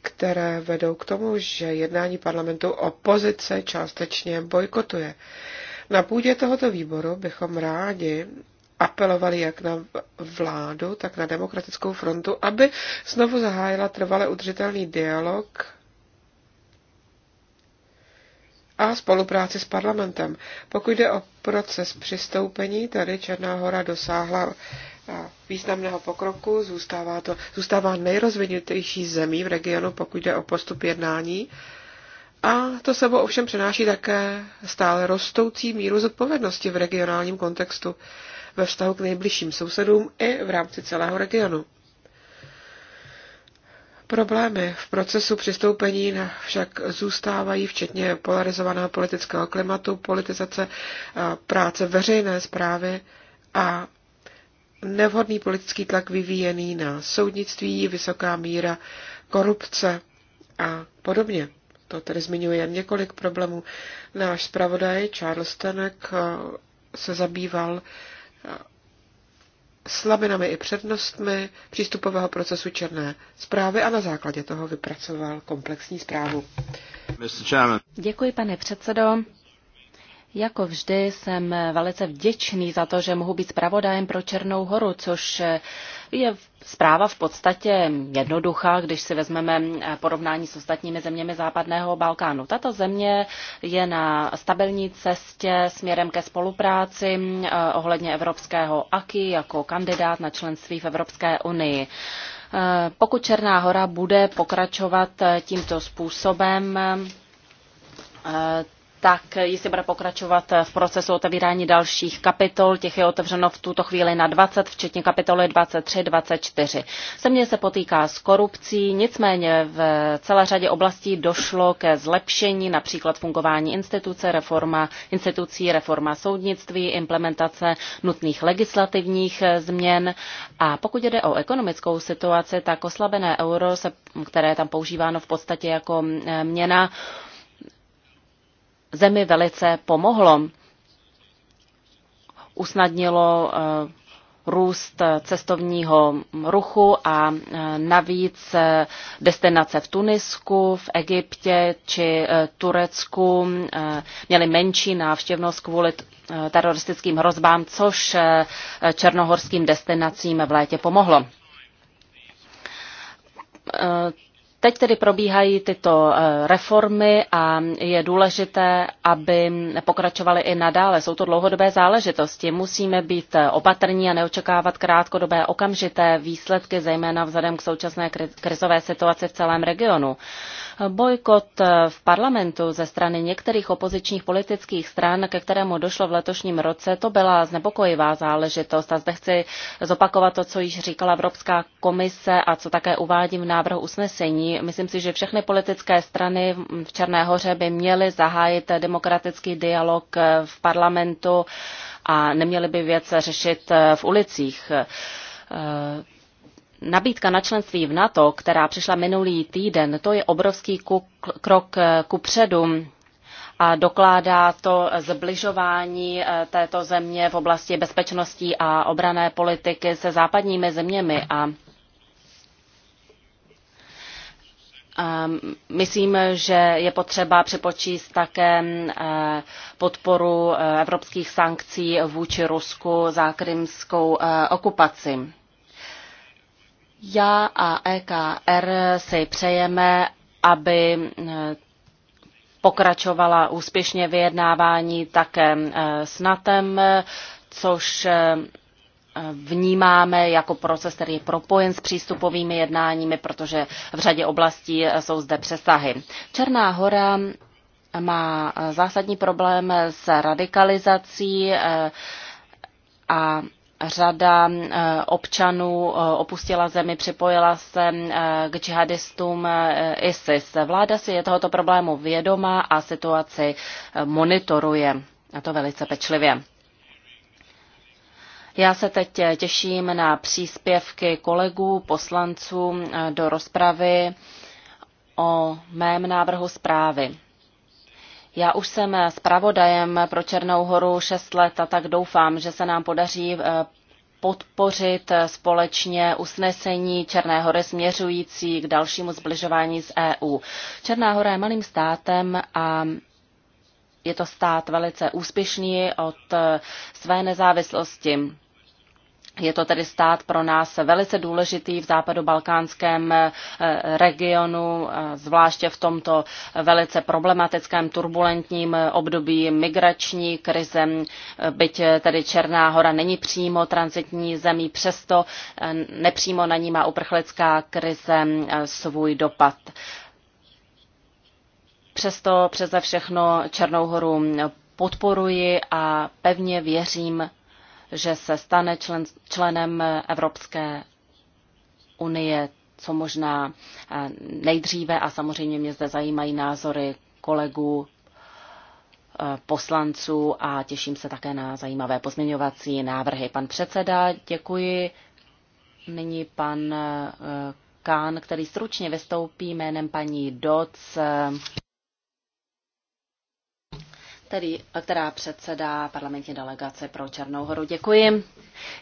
které vedou k tomu, že jednání parlamentu opozice částečně bojkotuje. Na půdě tohoto výboru bychom rádi apelovali jak na vládu, tak na demokratickou frontu, aby znovu zahájila trvale udržitelný dialog a spolupráci s parlamentem. Pokud jde o proces přistoupení, tady Černá hora dosáhla významného pokroku, zůstává, to, zůstává nejrozvinutější zemí v regionu, pokud jde o postup jednání. A to sebou ovšem přenáší také stále rostoucí míru zodpovědnosti v regionálním kontextu ve vztahu k nejbližším sousedům i v rámci celého regionu. Problémy v procesu přistoupení však zůstávají, včetně polarizovaného politického klimatu, politizace práce veřejné zprávy a nevhodný politický tlak vyvíjený na soudnictví, vysoká míra korupce a podobně. To tedy zmiňuje jen několik problémů. Náš zpravodaj Charles Tenek eh, se zabýval eh, slabinami i přednostmi přístupového procesu černé zprávy a na základě toho vypracoval komplexní zprávu. Děkuji, pane předsedo. Jako vždy jsem velice vděčný za to, že mohu být zpravodajem pro Černou horu, což je zpráva v podstatě jednoduchá, když si vezmeme porovnání s ostatními zeměmi západného Balkánu. Tato země je na stabilní cestě směrem ke spolupráci eh, ohledně evropského AKI jako kandidát na členství v Evropské unii. Eh, pokud Černá hora bude pokračovat eh, tímto způsobem, tak jestli bude pokračovat v procesu otevírání dalších kapitol. Těch je otevřeno v tuto chvíli na 20, včetně kapitoly 23, 24. Země se potýká s korupcí, nicméně v celé řadě oblastí došlo ke zlepšení, například fungování instituce, reforma institucí, reforma soudnictví, implementace nutných legislativních změn. A pokud jde o ekonomickou situaci, tak oslabené euro, které je tam používáno v podstatě jako eh, měna, zemi velice pomohlo. Usnadnilo eh, růst cestovního ruchu a eh, navíc eh, destinace v Tunisku, v Egyptě či Turecku měly menší návštěvnost kvůli teroristickým hrozbám, což černohorským destinacím v létě pomohlo Teď tedy probíhají tyto eh, reformy a je důležité, aby pokračovaly i nadále. Jsou to dlouhodobé záležitosti. Musíme být eh, opatrní a neočekávat krátkodobé okamžité výsledky, zejména vzhledem k současné krizové situaci v celém regionu. Bojkot eh, v parlamentu ze strany některých opozičních politických stran, ke kterému došlo v letošním roce, to byla znepokojivá záležitost. A zde chci zopakovat to, co již říkala Evropská komise a co také uvádím v návrhu usnesení Myslím si, že všechny politické strany v Černé hoře by měly zahájit demokratický dialog v parlamentu a neměly by věc řešit v ulicích. Nabídka na členství v NATO, která přišla minulý týden, to je obrovský krok ku předu a dokládá to zbližování eh, této země v oblasti bezpečnosti a obrané politiky se západními zeměmi a Ehm, myslím, že je potřeba přepočíst také ehm, podporu eh, evropských sankcí vůči Rusku za krymskou eh, okupaci. Já a EKR si přejeme, aby eh, pokračovala úspěšně vyjednávání také s NATO, což vnímáme jako proces, který je propojen s přístupovými jednáními, protože v řadě oblastí jsou zde přesahy. Černá hora má zásadní problém s radikalizací eh, a řada eh, občanů eh, opustila zemi, připojila se k džihadistům ISIS. Vláda si je tohoto problému vědoma a situaci monitoruje. A to velice pečlivě. Já se teď těším na příspěvky kolegů, poslanců eh, do rozpravy o mém návrhu zprávy. Já už jsem eh, zpravodajem pro Černou horu 6 let a tak doufám, že se nám podaří eh, podpořit společně usnesení Černé hory směřující k dalšímu zbližování s EU. Černá hora je malým státem a je to stát velice úspěšný od eh, své nezávislosti. Je to tedy stát pro nás velice důležitý v západobalkánském eh, regionu, eh, zvláště v tomto velice problematickém, turbulentním období migrační krize. Byť tedy Černá hora není přímo transitní zemí, přesto nepřímo na ní má uprchlická krize svůj dopad. Přesto přeze všechno Černou horu podporuji a pevně věřím, že se stane člen, členem Evropské unie co možná eh, nejdříve a samozřejmě mě zde zajímají názory kolegů eh, poslanců a těším se také na zajímavé pozměňovací návrhy. Pan předseda, děkuji. Nyní pan eh, Kán, který stručně vystoupí jménem paní Doc který, která předsedá parlamentní delegace pro Černou horu. Děkuji.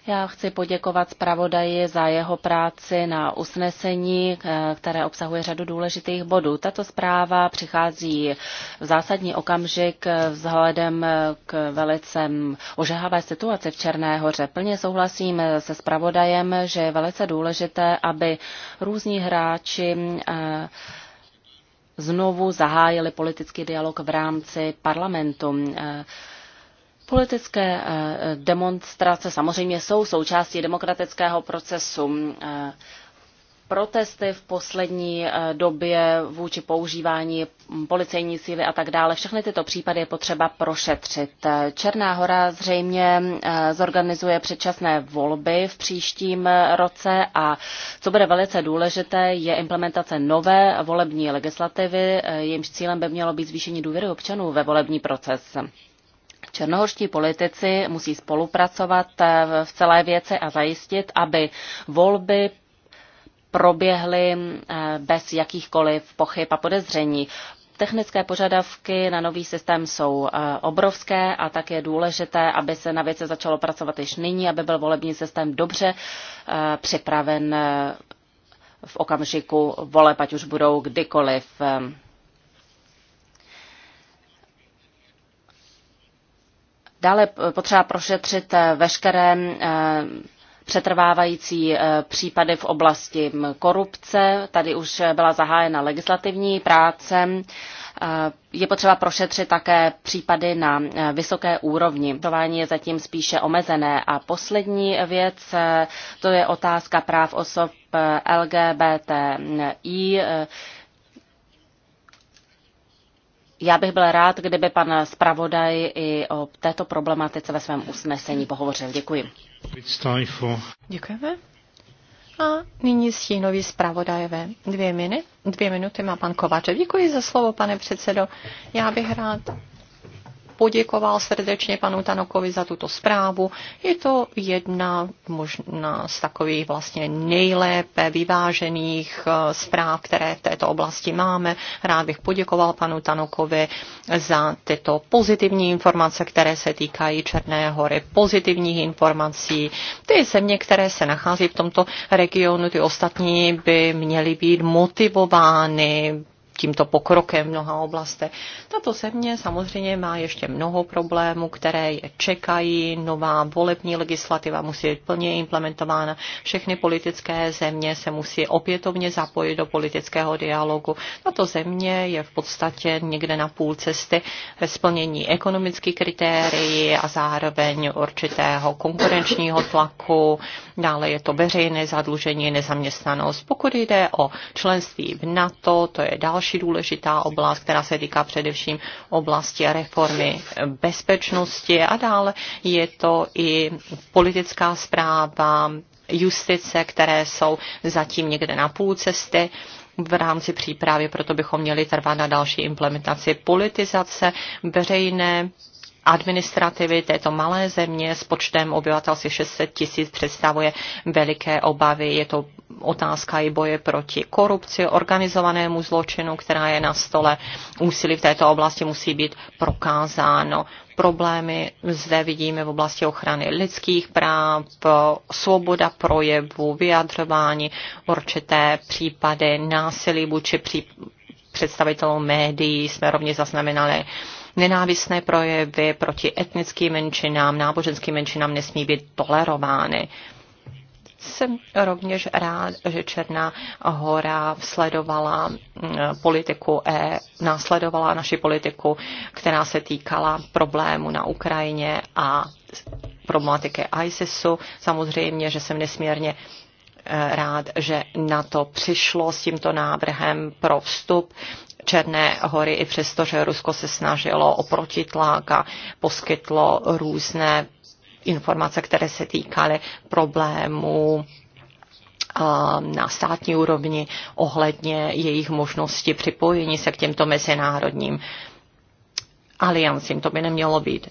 Já chci poděkovat zpravodaji za jeho práci na usnesení, eh, které obsahuje řadu důležitých bodů. Tato zpráva přichází v zásadní okamžik eh, vzhledem eh, k velice mm, ožehavé situaci v Černé hoře. Plně souhlasím se zpravodajem, že je velice důležité, aby různí hráči znovu zahájili politický dialog v rámci parlamentu. Eh, politické eh, demonstrace samozřejmě jsou součástí demokratického procesu. Eh, protesty v poslední eh, době vůči používání policejní síly a tak dále. Všechny tyto případy je potřeba prošetřit. Černá hora zřejmě eh, zorganizuje předčasné volby v příštím eh, roce a co bude velice důležité, je implementace nové volební legislativy, jejímž cílem by mělo být zvýšení důvěry občanů ve volební proces. Černohorští politici musí spolupracovat v celé věci a zajistit, aby volby proběhly eh, bez jakýchkoliv pochyb a podezření. Technické požadavky na nový systém jsou eh, obrovské a tak je důležité, aby se na věce začalo pracovat již nyní, aby byl volební systém dobře eh, připraven v okamžiku vole, ať už budou kdykoliv. Dále potřeba prošetřit veškeré přetrvávající eh, případy v oblasti mm, korupce. Tady už byla zahájena legislativní práce. Eh, je potřeba prošetřit také případy na eh, vysoké úrovni. Trvání je zatím spíše omezené. A poslední věc, to je otázka práv osob LGBTI já bych byl rád, kdyby pan zpravodaj i o této problematice ve svém usnesení pohovořil. Děkuji. Děkujeme. A nyní stínový zpravodajové. Dvě, dvě minuty má pan Kováčev. Děkuji za slovo, pane předsedo. Já bych rád poděkoval srdečně panu Tanokovi za tuto zprávu. Je to jedna možná z takových vlastně nejlépe vyvážených eh, zpráv, které v této oblasti máme. Rád bych poděkoval panu Tanokovi za tyto pozitivní informace, které se týkají Černé hory, pozitivních informací. Ty země, které se nachází v tomto regionu, ty ostatní by měly být motivovány tímto pokrokem v mnoha oblastech. Tato země samozřejmě má ještě mnoho problémů, které je čekají. Nová volební legislativa musí být plně implementována. Všechny politické země se musí opětovně zapojit do politického dialogu. Tato země je v podstatě někde na půl cesty ve splnění ekonomických kritérií a zároveň určitého konkurenčního tlaku. Dále je to veřejné zadlužení, nezaměstnanost. Pokud jde o členství v NATO, to je další další důležitá oblast, která se týká především oblasti reformy bezpečnosti a dále je to i politická zpráva, justice, které jsou zatím někde na půl cesty v rámci přípravy, proto bychom měli trvat na další implementaci politizace veřejné administrativy této malé země s počtem obyvatel asi 600 tisíc představuje veliké obavy. Je to otázka i boje proti korupci, organizovanému zločinu, která je na stole. Úsilí v této oblasti musí být prokázáno. Problémy zde vidíme v oblasti ochrany lidských práv, svoboda projevu, vyjadřování, určité případy násilí vůči při představitelů médií jsme rovněž zaznamenali nenávistné projevy proti etnickým menšinám, náboženským menšinám nesmí být tolerovány. Jsem rovněž rád, že Černá hora sledovala mm, politiku E, následovala naši politiku, která se týkala problému na Ukrajině a problematiky ISISu. Samozřejmě, že jsem nesmírně e, rád, že na to přišlo s tímto návrhem pro vstup Černé hory, i přesto, že Rusko se snažilo o protitlak a poskytlo různé informace, které se týkaly problémů na státní úrovni ohledně jejich možnosti připojení se k těmto mezinárodním aliancím. To by nemělo být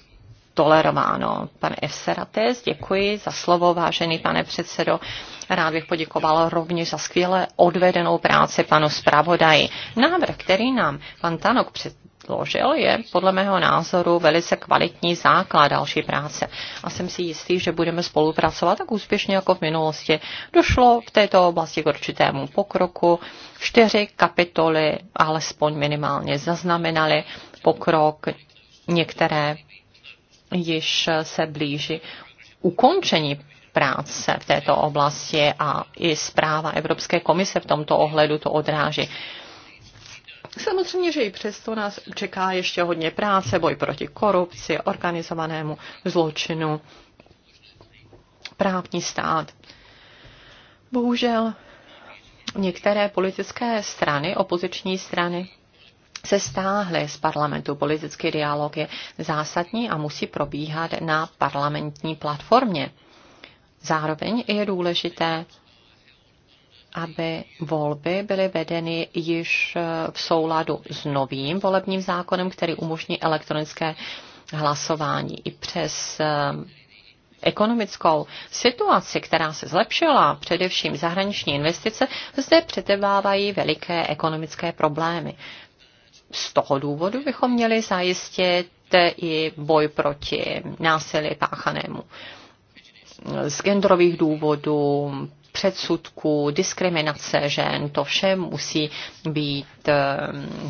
tolerováno. Pan Eserates, děkuji za slovo, vážený pane předsedo. Rád bych poděkoval rovněž za skvěle odvedenou práci panu zpravodaji. Návrh, který nám pan Tanok předložil, je podle mého názoru velice kvalitní základ další práce. A jsem si jistý, že budeme spolupracovat tak úspěšně jako v minulosti. Došlo v této oblasti k určitému pokroku. Čtyři kapitoly alespoň minimálně zaznamenaly pokrok. Některé již se blíží ukončení práce v této oblasti a i zpráva Evropské komise v tomto ohledu to odráží. Samozřejmě, že i přesto nás čeká ještě hodně práce, boj proti korupci, organizovanému zločinu, právní stát. Bohužel některé politické strany, opoziční strany, se stáhly z parlamentu. Politický dialog je zásadní a musí probíhat na parlamentní platformě. Zároveň je důležité, aby volby byly vedeny již v souladu s novým volebním zákonem, který umožní elektronické hlasování. I přes eh, ekonomickou situaci, která se zlepšila, především zahraniční investice, zde přetrvávají veliké ekonomické problémy z toho důvodu bychom měli zajistit i boj proti násilí páchanému z genderových důvodů, předsudků, diskriminace žen, to vše musí být eh,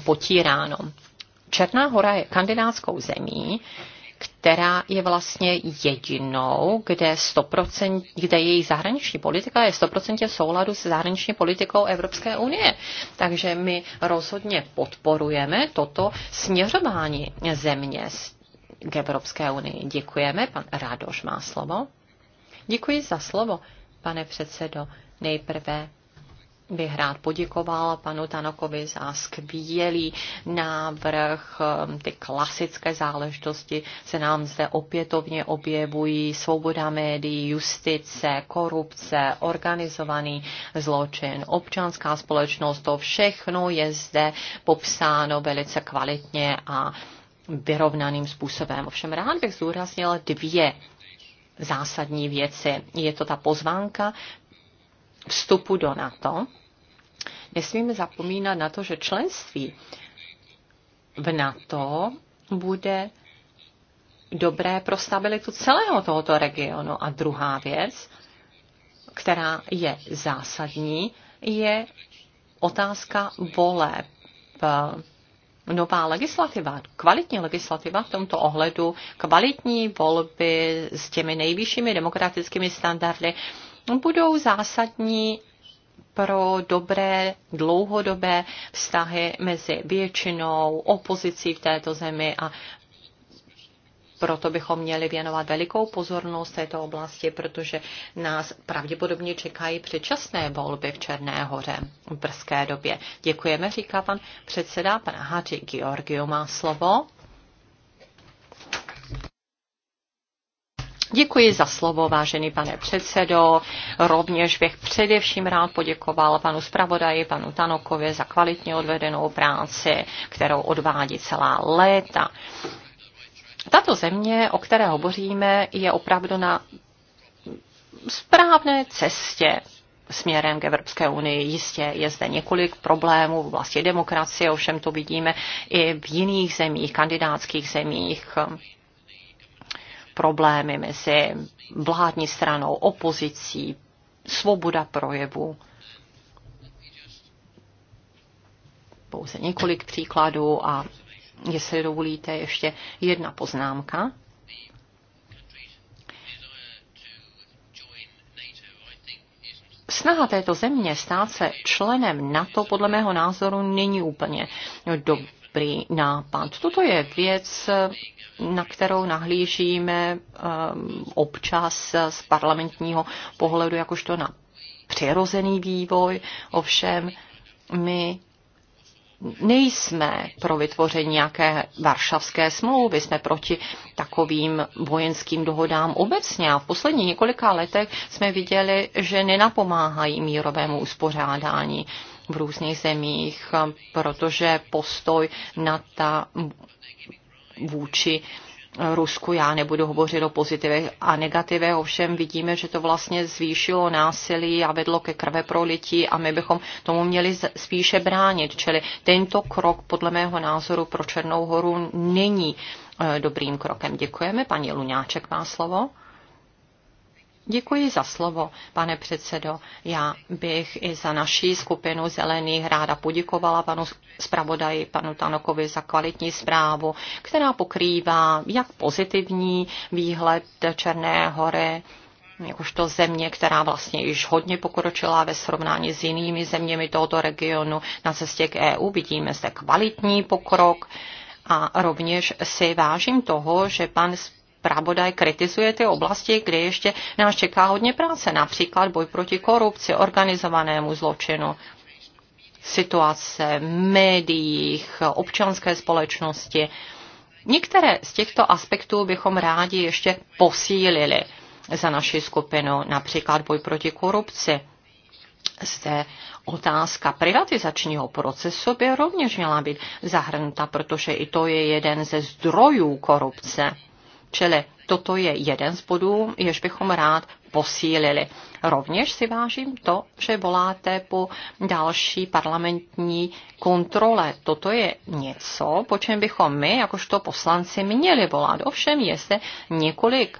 potíráno. Černá hora je kandidátskou zemí, která je vlastně jedinou, kde, 100%, kde její zahraniční politika je 100% v souladu se zahraniční politikou Evropské unie. Takže my rozhodně podporujeme toto směřování země k Evropské unii. Děkujeme. Pan Rádoš má slovo. Děkuji za slovo, pane předsedo. Nejprve bych rád poděkoval panu Tanokovi za skvělý návrh. Ehm, ty klasické záležitosti se nám zde opětovně objevují. Svoboda médií, justice, korupce, organizovaný zločin, občanská společnost, to všechno je zde popsáno velice kvalitně a vyrovnaným způsobem. Ovšem rád bych zdůraznil dvě zásadní věci. Je to ta pozvánka vstupu do NATO, nesmíme zapomínat na to, že členství v NATO bude dobré pro stabilitu celého tohoto regionu. A druhá věc, která je zásadní, je otázka voleb. Nová legislativa, kvalitní legislativa v tomto ohledu, kvalitní volby s těmi nejvyššími demokratickými standardy, budou zásadní pro dobré dlouhodobé vztahy mezi většinou, opozicí v této zemi a proto bychom měli věnovat velikou pozornost této oblasti, protože nás pravděpodobně čekají předčasné volby v Černé hoře v brzké době. Děkujeme, říká pan předseda, pan Hadži Georgiu má slovo. Děkuji za slovo, vážený pane předsedo. Rovněž bych především rád poděkoval panu zpravodaji, panu Tanokovi za kvalitně odvedenou práci, kterou odvádí celá léta. Tato země, o které hovoříme, je opravdu na správné cestě směrem k Evropské unii. Jistě je zde několik problémů v oblasti demokracie, ovšem to vidíme i v jiných zemích, kandidátských zemích problémy mezi vládní stranou, opozicí, svoboda projevu. Pouze několik příkladů a jestli dovolíte ještě jedna poznámka. snaha této země stát se členem NATO podle mého názoru není úplně do, dobrý nápad. Toto je věc, na kterou nahlížíme um, občas z parlamentního pohledu jakožto na přirozený vývoj, ovšem my nejsme pro vytvoření nějaké varšavské smlouvy, jsme proti takovým vojenským dohodám obecně a v posledních několika letech jsme viděli, že nenapomáhají mírovému uspořádání v různých zemích, protože postoj na ta vůči Rusku. Já nebudu hovořit o pozitivě a negativě, ovšem vidíme, že to vlastně zvýšilo násilí a vedlo ke krve prolití a my bychom tomu měli spíše bránit. Čili tento krok podle mého názoru pro Černou horu není eh, dobrým krokem. Děkujeme. Paní Luňáček má slovo. Děkuji za slovo, pane předsedo. Já bych i za naší skupinu zelených ráda poděkovala panu zpravodaji, panu Tanokovi za kvalitní zprávu, která pokrývá jak pozitivní výhled Černé hory, jakožto země, která vlastně již hodně pokročila ve srovnání s jinými zeměmi tohoto regionu na cestě k EU. Vidíme zde kvalitní pokrok a rovněž si vážím toho, že pan zpravodaj kritizuje ty oblasti, kde ještě nás čeká hodně práce, například boj proti korupci, organizovanému zločinu, situace médiích, občanské společnosti. Některé z těchto aspektů bychom rádi ještě posílili za naši skupinu, například boj proti korupci. Zde otázka privatizačního procesu by rovněž měla být zahrnuta, protože i to je jeden ze zdrojů korupce. Čili toto je jeden z bodů, jež bychom rád posílili. Rovněž si vážím to, že voláte po další parlamentní kontrole. Toto je něco, po čem bychom my, jakožto poslanci, měli volat. Ovšem je zde několik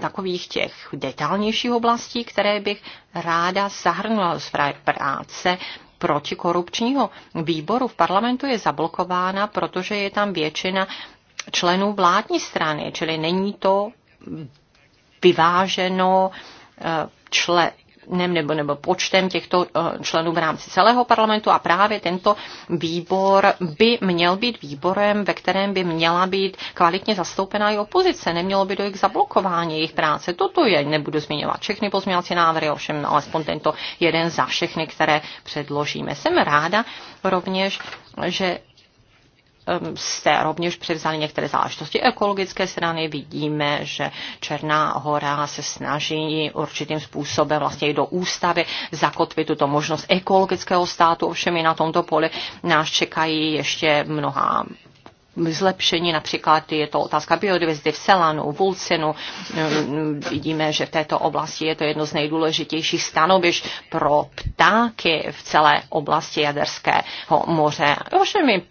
takových těch detailnějších oblastí, které bych ráda zahrnula z své práce protikorupčního výboru v parlamentu je zablokována, protože je tam většina členů vládní strany, čili není to vyváženo eh, členem nebo, nebo počtem těchto eh, členů v rámci celého parlamentu a právě tento výbor by měl být výborem, ve kterém by měla být kvalitně zastoupená i opozice. Nemělo by dojít k zablokování jejich práce. Toto je, nebudu zmiňovat všechny pozměňovací návrhy, ovšem alespoň tento jeden za všechny, které předložíme. Jsem ráda rovněž, že Ehm, se rovněž převzaly některé záležitosti ekologické strany. Vidíme, že Černá hora se snaží určitým způsobem vlastně i do ústavy zakotvit tuto možnost ekologického státu. Ovšem i na tomto poli nás čekají ještě mnoha zlepšení, například je to otázka biodiverzity v Selanu, v Ulcinu. Ehm, vidíme, že v této oblasti je to jedno z nejdůležitějších stanovišť pro ptáky v celé oblasti Jaderského moře. Ovšem i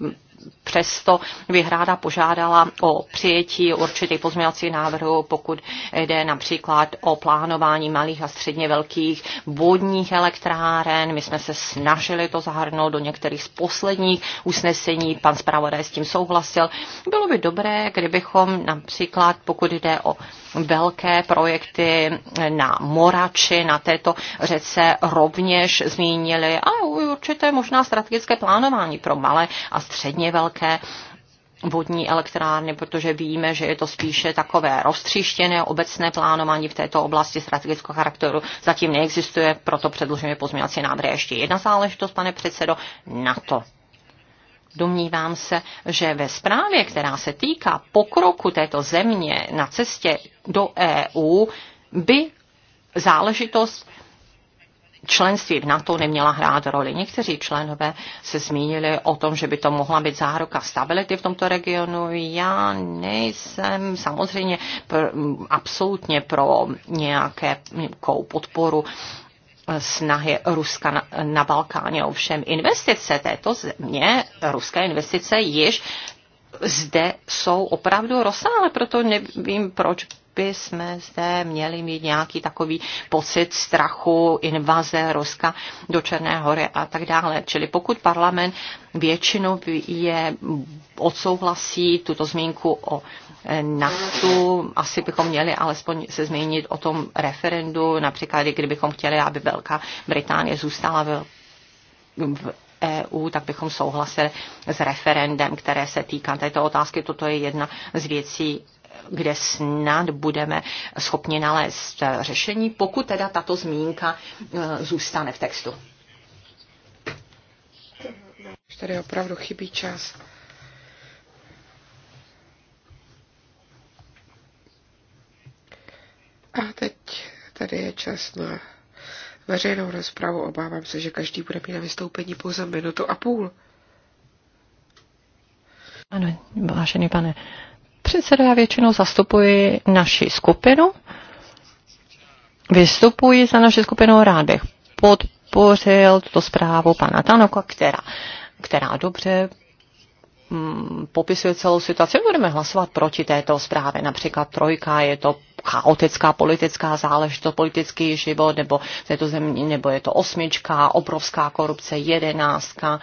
přesto bych ráda požádala o přijetí určitých pozměňovacích návrhů, pokud jde například o plánování malých a středně velkých vodních elektráren. My jsme se snažili to zahrnout do některých z posledních usnesení. Pan zpravodaj s tím souhlasil. Bylo by dobré, kdybychom například, pokud jde o velké projekty na Morači, na této řece rovněž zmínili a určité možná strategické plánování pro malé a středně velké vodní elektrárny, protože víme, že je to spíše takové roztříštěné obecné plánování v této oblasti strategického charakteru. Zatím neexistuje, proto předložíme pozměňovací návrhy. Ještě jedna záležitost, pane předsedo, na to. Domnívám se, že ve zprávě, která se týká pokroku této země na cestě do EU, by záležitost členství v NATO neměla hrát roli. Někteří členové se zmínili o tom, že by to mohla být záruka stability v tomto regionu. Já nejsem samozřejmě pr- absolutně pro nějaké, nějakou podporu snahy Ruska na, na Balkáně. Ovšem investice této země, ruské investice, již zde jsou opravdu rozsáhlé, proto nevím, proč by jsme zde měli mít nějaký takový pocit strachu, invaze Ruska do Černé hory a tak dále. Čili pokud parlament většinou je odsouhlasí tuto zmínku o naftu. Asi bychom měli alespoň se zmínit o tom referendu, například kdybychom chtěli, aby Velká Británie zůstala v, v EU, tak bychom souhlasili s referendem, které se týká této otázky. Toto je jedna z věcí, kde snad budeme schopni nalézt řešení, pokud teda tato zmínka e, zůstane v textu. Už tady opravdu chybí čas. A teď tady je čas na veřejnou rozpravu. Obávám se, že každý bude mít na vystoupení pouze minutu a půl. Ano, vážený pane předsedo, já většinou zastupuji naši skupinu. Vystupuji za naši skupinu, rád bych podpořil tuto zprávu pana Tanoka, která, která dobře mm, popisuje celou situaci. Budeme hlasovat proti této zprávě. Například trojka je to chaotická politická záležitost, politický život, nebo v této zemi, nebo je to osmička, obrovská korupce, jedenáctka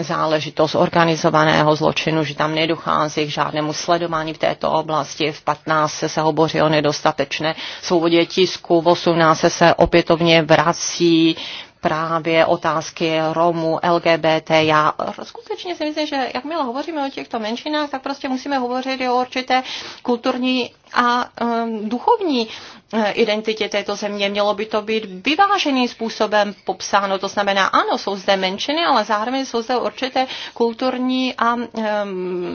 záležitost organizovaného zločinu, že tam nedochází k žádnému sledování v této oblasti. V 15 se hovoří o nedostatečné svobodě tisku, v 18 se opětovně vrací právě otázky Romů, LGBT. Já skutečně si myslím, že jakmile hovoříme o těchto menšinách, tak prostě musíme hovořit i o určité kulturní a um, duchovní uh, identitě této země. Mělo by to být vyváženým způsobem popsáno. To znamená, ano, jsou zde menšiny, ale zároveň jsou zde určité kulturní a um,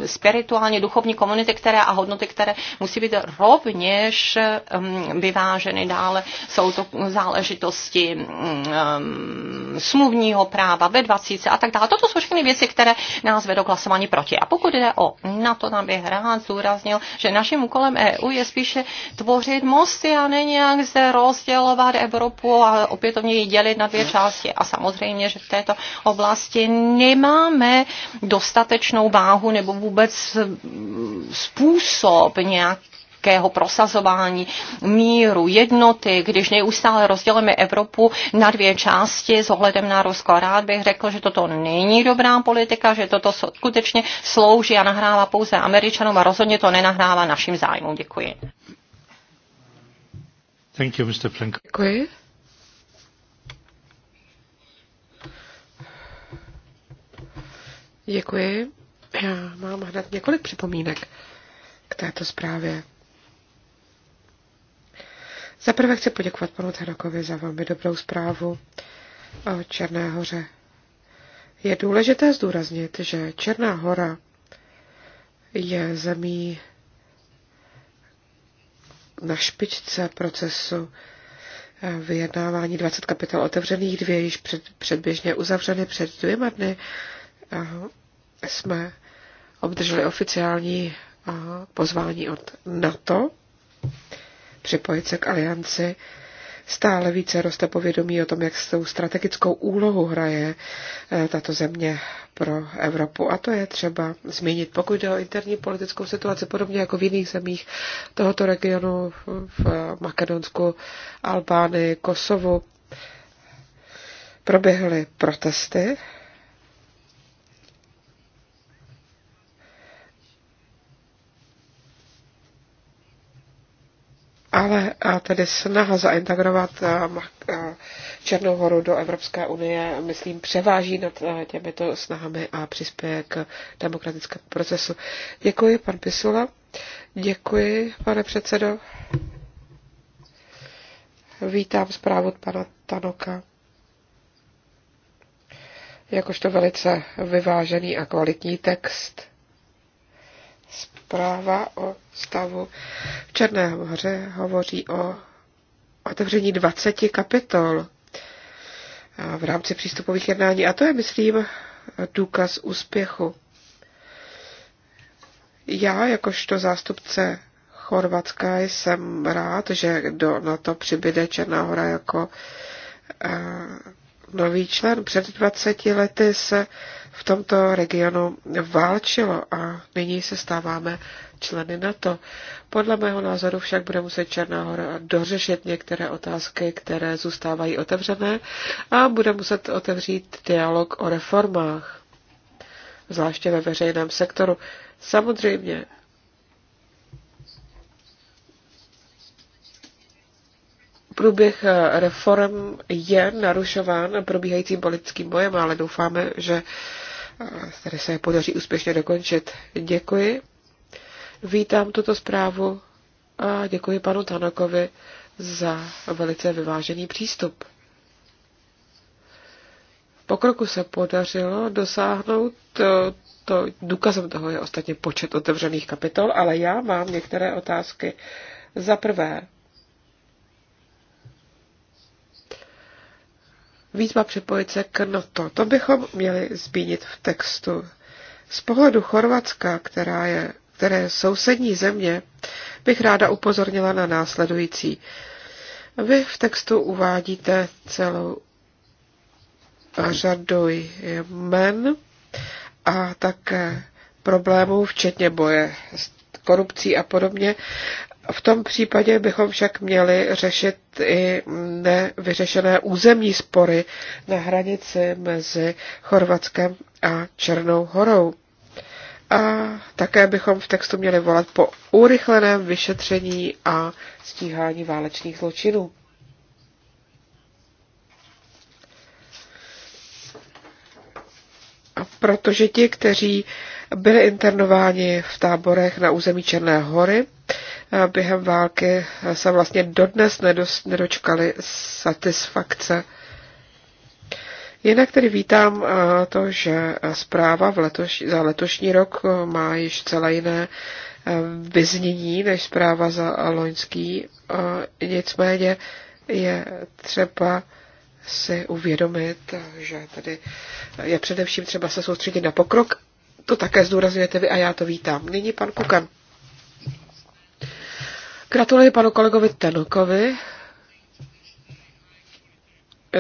spirituální duchovní komunity které a hodnoty, které musí být rovněž um, vyváženy dále. Jsou to záležitosti um, smluvního práva ve 20 a tak dále. Toto jsou všechny věci, které nás vedou k hlasování proti. A pokud jde o na to, tam bych rád zúraznil, že naším úkolem EU je spíše tvořit mosty a ne nějak zde rozdělovat Evropu a opětovně ji dělit na dvě části. A samozřejmě, že v této oblasti nemáme dostatečnou váhu nebo vůbec mm, způsob nějak nějakého prosazování míru, jednoty, když neustále rozdělíme Evropu na dvě části s ohledem na Rusko. Rád bych řekl, že toto není dobrá politika, že toto skutečně slouží a nahrává pouze Američanům a rozhodně to nenahrává našim zájmům. Děkuji. Thank you, Mr. Děkuji. Děkuji. Já mám hned několik připomínek k této zprávě. Zaprvé chci poděkovat panu Tanakovi za velmi dobrou zprávu o Černé hoře. Je důležité zdůraznit, že Černá hora je zemí na špičce procesu eh, vyjednávání 20 kapitol otevřených, dvě již před, předběžně uzavřeny před dvěma dny. Eh, jsme obdrželi oficiální eh, pozvání od NATO připojit se k alianci. Stále více roste povědomí o tom, jak svou strategickou úlohu hraje eh, tato země pro Evropu. A to je třeba zmínit. Pokud jde o interní politickou situaci, podobně jako v jiných zemích tohoto regionu, v Makedonsku, Albánii, Kosovu, proběhly protesty ale a tedy snaha zaintegrovat eh, eh, Černou horu do Evropské unie, myslím, převáží nad eh, těmito snahami a přispěje k demokratickému procesu. Děkuji, pan Pisula. Děkuji, pane předsedo. Vítám zprávu od pana Tanoka. Jakožto velice vyvážený a kvalitní text Zpráva o stavu v Černé hoře hovoří o otevření 20 kapitol v rámci přístupových jednání a to je, myslím, důkaz úspěchu. Já jakožto zástupce Chorvatska jsem rád, že do NATO přibyde Černá hora jako eh, nový člen. Před 20 lety se v tomto regionu válčilo a nyní se stáváme členy NATO. Podle mého názoru však bude muset Černá hora dořešit některé otázky, které zůstávají otevřené a bude muset otevřít dialog o reformách, zvláště ve veřejném sektoru. Samozřejmě Průběh eh, reform je narušován probíhajícím politickým bojem, ale doufáme, že eh, tady se podaří úspěšně dokončit. Děkuji. Vítám tuto zprávu a děkuji panu Tanakovi za velice vyvážený přístup. Pokroku se podařilo dosáhnout, to, eh, to, důkazem toho je ostatně počet otevřených kapitol, ale já mám některé otázky. Za prvé, výzva připojit se k NATO. To bychom měli zmínit v textu. Z pohledu Chorvatska, která je, které je sousední země, bych ráda upozornila na následující. Vy v textu uvádíte celou řadu jmen a také problémů, včetně boje s korupcí a podobně. V tom případě bychom však měli řešit i nevyřešené územní spory na hranici mezi Chorvatskem a Černou horou. A také bychom v textu měli volat po urychleném vyšetření a stíhání válečných zločinů. A protože ti, kteří byli internováni v táborech na území Černé hory. Během války se vlastně dodnes nedočkali satisfakce. Jinak tedy vítám to, že zpráva v letoš, za letošní rok má již celé jiné vyznění než zpráva za loňský. Nicméně je třeba si uvědomit, že tady je především třeba se soustředit na pokrok to také zdůrazňujete vy a já to vítám. Nyní pan Kukan. Gratuluji panu kolegovi Tenokovi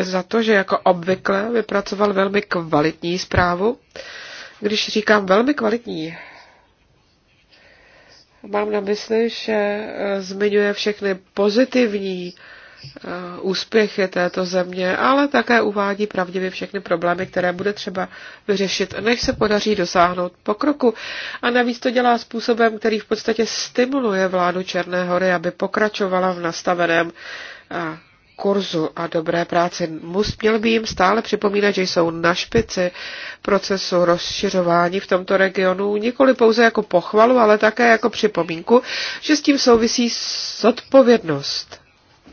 za to, že jako obvykle vypracoval velmi kvalitní zprávu. Když říkám velmi kvalitní, mám na mysli, že zmiňuje všechny pozitivní Eh, úspěchy této země, ale také uvádí pravdivě všechny problémy, které bude třeba vyřešit, než se podaří dosáhnout pokroku. A navíc to dělá způsobem, který v podstatě stimuluje vládu Černé hory, aby pokračovala v nastaveném eh, kurzu a dobré práci. Must měl by jim stále připomínat, že jsou na špici procesu rozšiřování v tomto regionu, nikoli pouze jako pochvalu, ale také jako připomínku, že s tím souvisí zodpovědnost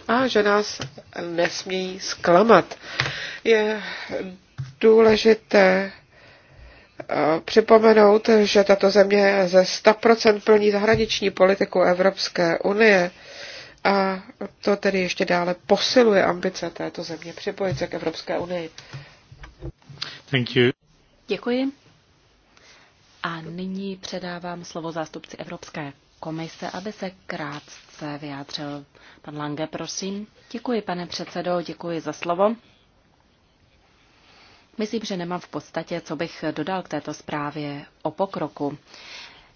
a že nás nesmí zklamat. Je důležité eh, připomenout, že tato země ze 100% plní zahraniční politiku Evropské unie a to tedy ještě dále posiluje ambice této země připojit se k Evropské unii. Thank you. Děkuji. A nyní předávám slovo zástupci Evropské komise, aby se krátce vyjádřil. Pan Lange, prosím. Děkuji, pane předsedo, děkuji za slovo. Myslím, že nemám v podstatě, co bych dodal k této zprávě o pokroku.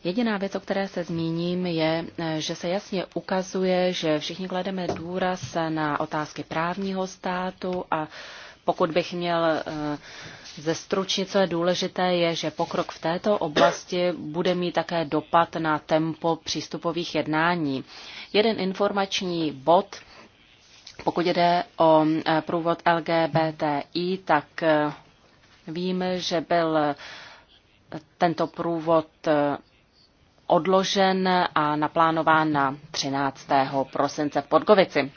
Jediná věc, o které se zmíním, je, že se jasně ukazuje, že všichni klademe důraz na otázky právního státu a pokud bych měl eh, ze stručně, co je důležité, je, že pokrok v této oblasti bude mít také dopad na tempo přístupových jednání. Jeden informační bod, pokud jde o eh, průvod LGBTI, tak eh, víme, že byl tento průvod odložen a naplánován na 13. prosince v Podgovici.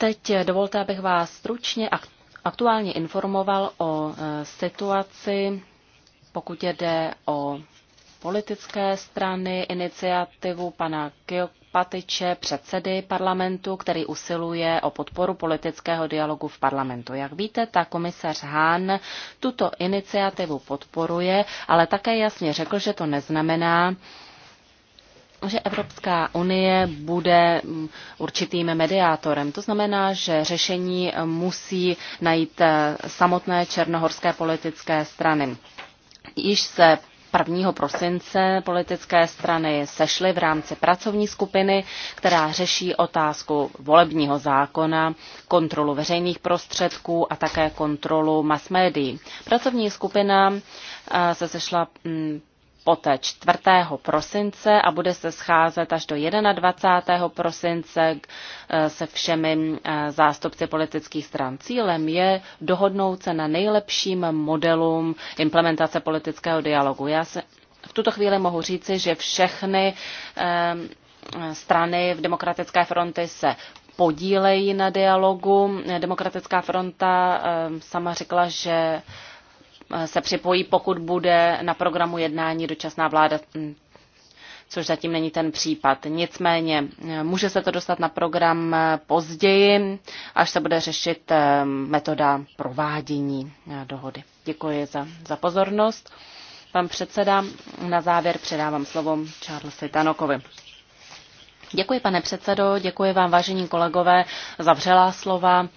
Teď dovolte, abych vás stručně aktuálně informoval o e, situaci, pokud jde o politické strany, iniciativu pana Kiopatiče, předsedy parlamentu, který usiluje o podporu politického dialogu v parlamentu. Jak víte, ta komisař Hahn tuto iniciativu podporuje, ale také jasně řekl, že to neznamená, No, že Evropská unie bude mm, určitým mediátorem. To znamená, že řešení eh, musí najít eh, samotné černohorské politické strany. Již se 1. prosince politické strany sešly v rámci pracovní skupiny, která řeší otázku volebního zákona, kontrolu veřejných prostředků a také kontrolu mass médií. Pracovní skupina eh, se sešla mm, poté 4. prosince a bude se scházet až do 21. prosince eh, se všemi eh, zástupci politických stran. Cílem je dohodnout se na nejlepším modelům implementace politického dialogu. Já se v tuto chvíli mohu říci, že všechny eh, strany v Demokratické fronty se podílejí na dialogu. Demokratická fronta sama řekla, že Eh, se připojí, pokud bude na programu jednání dočasná vláda, hm, což zatím není ten případ. Nicméně eh, může se to dostat na program eh, později, až se bude řešit metoda provádění dohody. Děkuji za, za pozornost. Pan předseda, na závěr předávám slovo Charlesi Tanokovi. Děkuji, pane předsedo, děkuji vám, vážení kolegové, za vřelá slova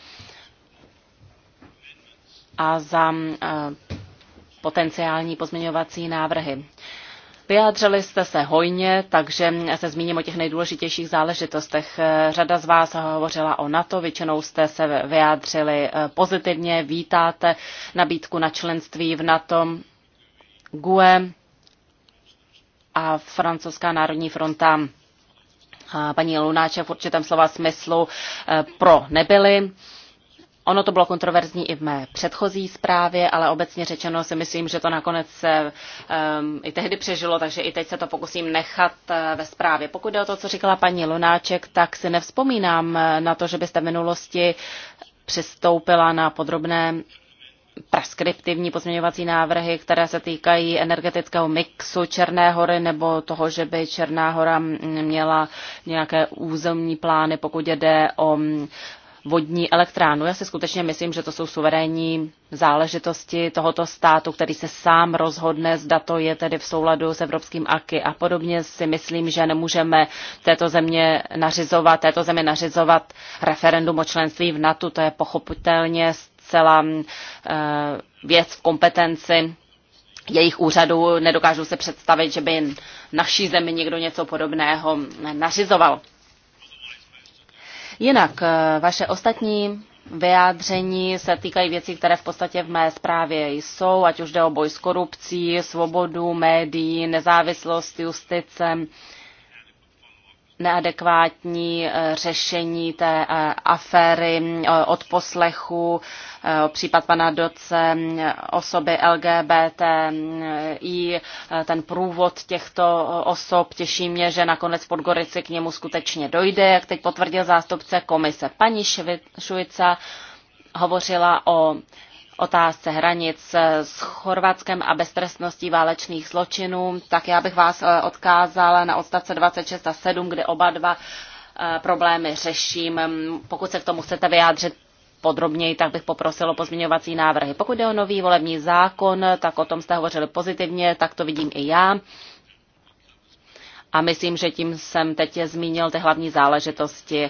a za potenciální pozměňovací návrhy. Vyjádřili jste se hojně, takže se zmíním o těch nejdůležitějších záležitostech. Řada z vás hovořila o NATO, většinou jste se vyjádřili eh, pozitivně, vítáte nabídku na členství v NATO, GUE a Francouzská národní fronta paní Lunáče v určitém slova smyslu eh, pro nebyly. Ono to bylo kontroverzní i v mé předchozí zprávě, ale obecně řečeno si myslím, že to nakonec se um, i tehdy přežilo, takže i teď se to pokusím nechat uh, ve zprávě. Pokud jde o to, co říkala paní Lunáček, tak si nevzpomínám eh, na to, že byste v minulosti přistoupila na podrobné preskriptivní pozměňovací návrhy, které se týkají energetického mixu Černé hory nebo toho, že by Černá hora měla nějaké územní plány, pokud jde o vodní elektránu. Já si skutečně myslím, že to jsou suverénní záležitosti tohoto státu, který se sám rozhodne, zda to je tedy v souladu s evropským AKY a podobně si myslím, že nemůžeme této země nařizovat, této země nařizovat referendum o členství v NATO, to je pochopitelně zcela eh, věc v kompetenci jejich úřadů. Nedokážu se představit, že by naší zemi někdo něco podobného nařizoval. Jinak eh, vaše ostatní vyjádření se týkají věcí, které v podstatě v mé zprávě jsou, ať už jde o boj s korupcí, svobodu médií, nezávislost justice, neadekvátní eh, řešení té eh, aféry eh, od poslechu, případ pana Doce, osoby i ten průvod těchto osob. Těší mě, že nakonec Podgorici k němu skutečně dojde, jak teď potvrdil zástupce komise. Paní Švica hovořila o otázce hranic s Chorvatskem a beztrestností válečných zločinů, tak já bych vás eh, odkázala na odstavce 26 a 7, kde oba dva eh, problémy řeším. Mm, pokud se k tomu chcete vyjádřit podrobněji, tak bych poprosil o pozměňovací návrhy. Pokud jde o nový volební zákon, tak o tom jste hovořili pozitivně, tak to vidím i já. A myslím, že tím jsem teď zmínil ty hlavní záležitosti.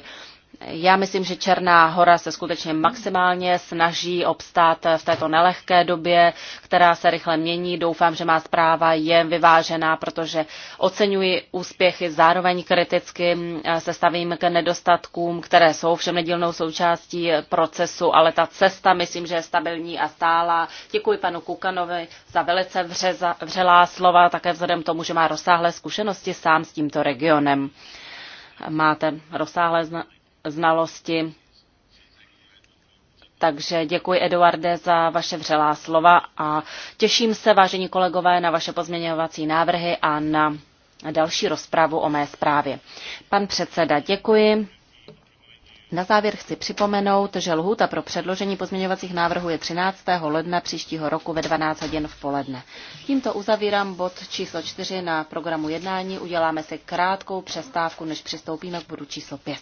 Já myslím, že Černá hora se skutečně maximálně snaží obstát v této nelehké době, která se rychle mění. Doufám, že má zpráva je vyvážená, protože oceňuji úspěchy, zároveň kriticky se stavím k nedostatkům, které jsou všem nedílnou součástí procesu, ale ta cesta myslím, že je stabilní a stálá. Děkuji panu Kukanovi za velice vřeza, vřelá slova, také vzhledem tomu, že má rozsáhlé zkušenosti sám s tímto regionem máte rozsáhlé znalosti. Takže děkuji, Eduarde, za vaše vřelá slova a těším se, vážení kolegové, na vaše pozměňovací návrhy a na další rozpravu o mé zprávě. Pan předseda, děkuji. Na závěr chci připomenout, že lhůta pro předložení pozměňovacích návrhů je 13. ledna příštího roku ve 12 hodin v poledne. Tímto uzavírám bod číslo 4 na programu jednání. Uděláme si krátkou přestávku, než přistoupíme k bodu číslo 5.